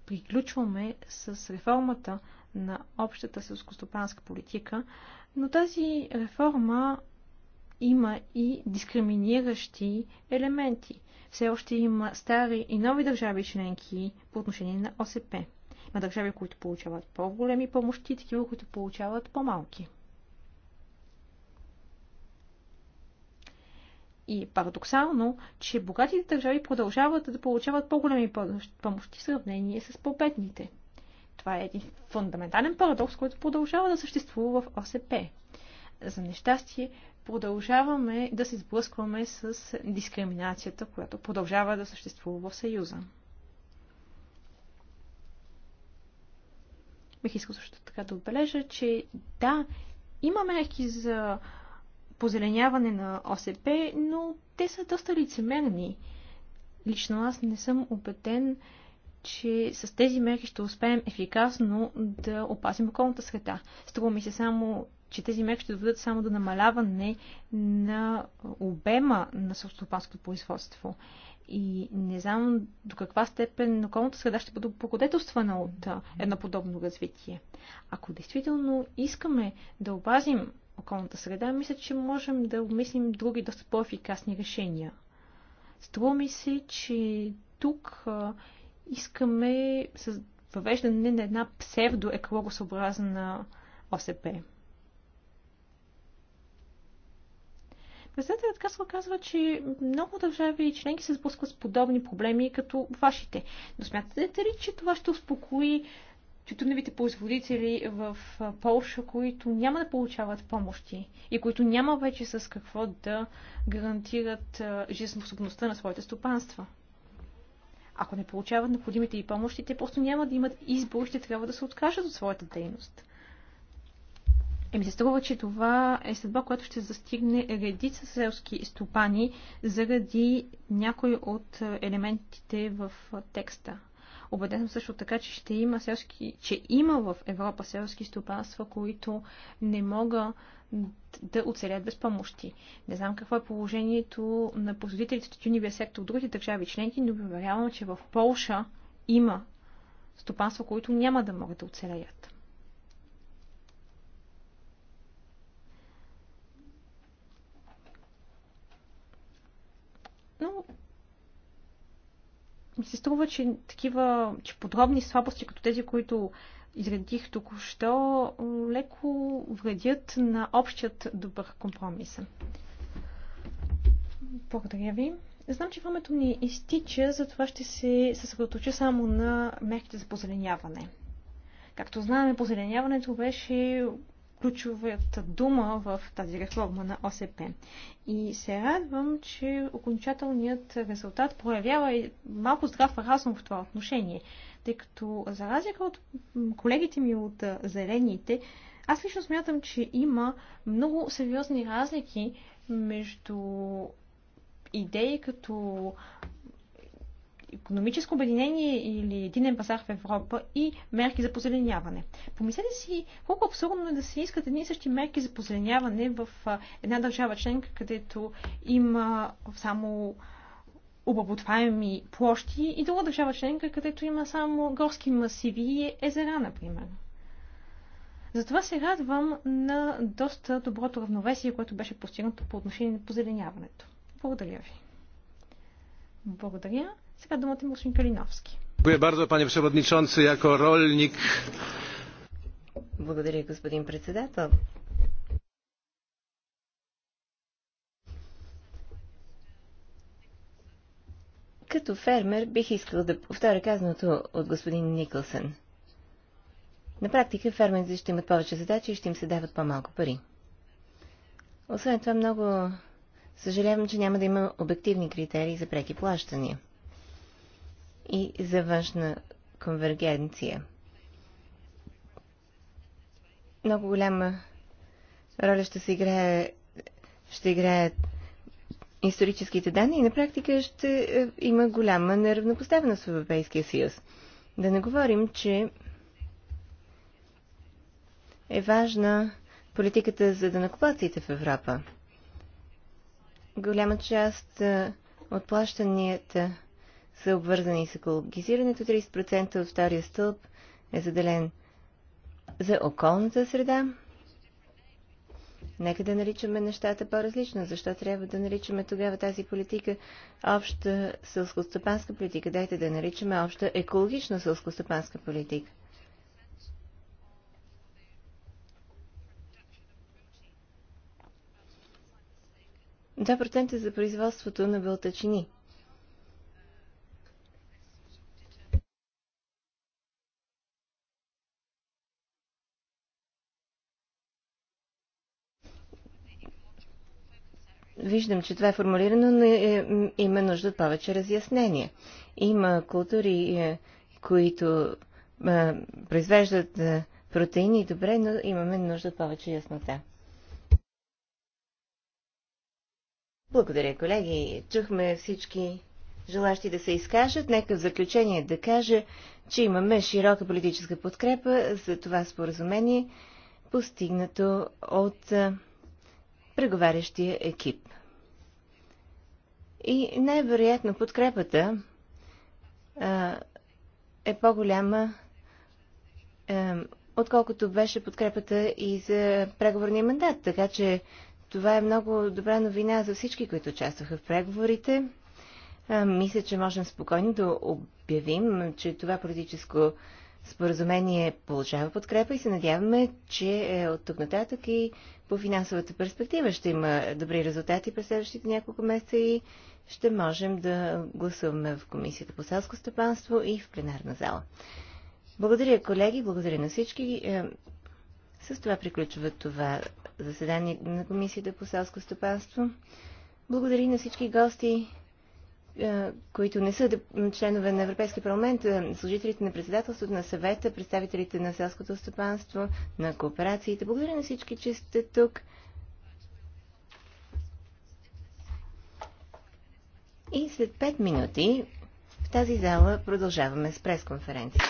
Приключваме с реформата на общата селскостопанска политика, но тази реформа има и дискриминиращи елементи все още има стари и нови държави членки по отношение на ОСП. Има държави, които получават по-големи помощи и такива, които получават по-малки. И парадоксално, че богатите държави продължават да получават по-големи помощи в сравнение с по-бедните. Това е един фундаментален парадокс, който продължава да съществува в ОСП. За нещастие, продължаваме да се сблъскваме с дискриминацията, която продължава да съществува в Съюза. Бих искал също така да отбележа, че да, има мерки за позеленяване на ОСП, но те са доста лицемерни. Лично аз не съм убеден, че с тези мерки ще успеем ефикасно да опазим околната среда. Струва ми се само че тези мерки ще доведат само до намаляване на обема на селстопанското производство. И не знам до каква степен околната среда ще бъде благодетелствана от едно подобно развитие. Ако действително искаме да опазим околната среда, мисля, че можем да обмислим други доста по-ефикасни решения. Струва ми се, че тук искаме с въвеждане на една псевдоекологосъобразна ОСП. Председателят Касъл казва, че много държави и членки се сблъскват с подобни проблеми, като вашите. Но смятате ли, че това ще успокои тютюневите производители в Полша, които няма да получават помощи и които няма вече с какво да гарантират жизнеспособността на своите стопанства? Ако не получават необходимите и помощи, те просто няма да имат избор и ще трябва да се откажат от своята дейност. И ми се струва, че това е съдба, която ще застигне редица селски стопани заради някои от елементите в текста. Обеден съм също така, че ще има селски, че има в Европа селски стопанства, които не могат да оцелят без помощи. Не знам какво е положението на производителите от тюнивия сектор в другите държави членки, но ви уверявам, че в Полша има стопанства, които няма да могат да оцелеят. ми се струва, че такива че подробни слабости, като тези, които изредих току-що, леко вредят на общият добър компромис. Благодаря ви. Знам, че времето ни изтича, затова ще се съсредоточа само на мерките за позеленяване. Както знаем, позеленяването беше ключовата дума в тази реформа на ОСП. И се радвам, че окончателният резултат проявява и малко здрав разум в това отношение, тъй като за разлика от колегите ми от зелените, аз лично смятам, че има много сериозни разлики между идеи като економическо обединение или единен пазар в Европа и мерки за позеленяване. Помислете си колко абсурдно е да се искат едни и същи мерки за позеленяване в една държава членка, където има само обработваеми площи и друга държава членка, където има само горски масиви и езера, например. Затова се радвам на доста доброто равновесие, което беше постигнато по отношение на позеленяването. Благодаря ви. Благодаря. Сега думата е Мушин Благодаря, господин председател. Като фермер бих искал да повторя казаното от господин Никълсън. На практика фермерите ще имат повече задачи и ще им се дават по-малко пари. Освен това много съжалявам, че няма да има обективни критерии за преки плащания и за външна конвергенция. Много голяма роля ще се играе, ще играят историческите данни и на практика ще е, има голяма неравнопоставеност в Европейския съюз. Да не говорим, че е важна политиката за данакоплаците в Европа. Голяма част е, от плащанията са обвързани с екологизирането. 30% от втория стълб е заделен за околната среда. Нека да наричаме нещата по-различно. Защо трябва да наричаме тогава тази политика обща сълскостопанска политика? Дайте да наричаме обща екологична сълскостопанска политика. Два процента за производството на бълтачини – Виждам, че това е формулирано, но е, има нужда от повече разяснение. Има култури, е, които е, произвеждат протеини добре, но имаме нужда от повече яснота. Благодаря, колеги. Чухме всички желащи да се изкажат. Нека в заключение да кажа, че имаме широка политическа подкрепа за това споразумение, постигнато от преговарящия екип. И най-вероятно подкрепата а, е по-голяма, отколкото беше подкрепата и за преговорния мандат. Така че това е много добра новина за всички, които участваха в преговорите. А, мисля, че можем спокойно да обявим, че това политическо споразумение получава подкрепа и се надяваме, че е от тук нататък и по финансовата перспектива ще има добри резултати през следващите няколко месеца и ще можем да гласуваме в Комисията по селско стопанство и в пленарна зала. Благодаря, колеги, благодаря на всички. Е, с това приключва това заседание на Комисията по селско стопанство. Благодаря на всички гости. Е, които не са членове на Европейския парламент, е, служителите на председателството, на съвета, представителите на селското стопанство, на кооперациите. Благодаря на всички, че сте тук. И след 5 минути в тази зала продължаваме с пресконференция.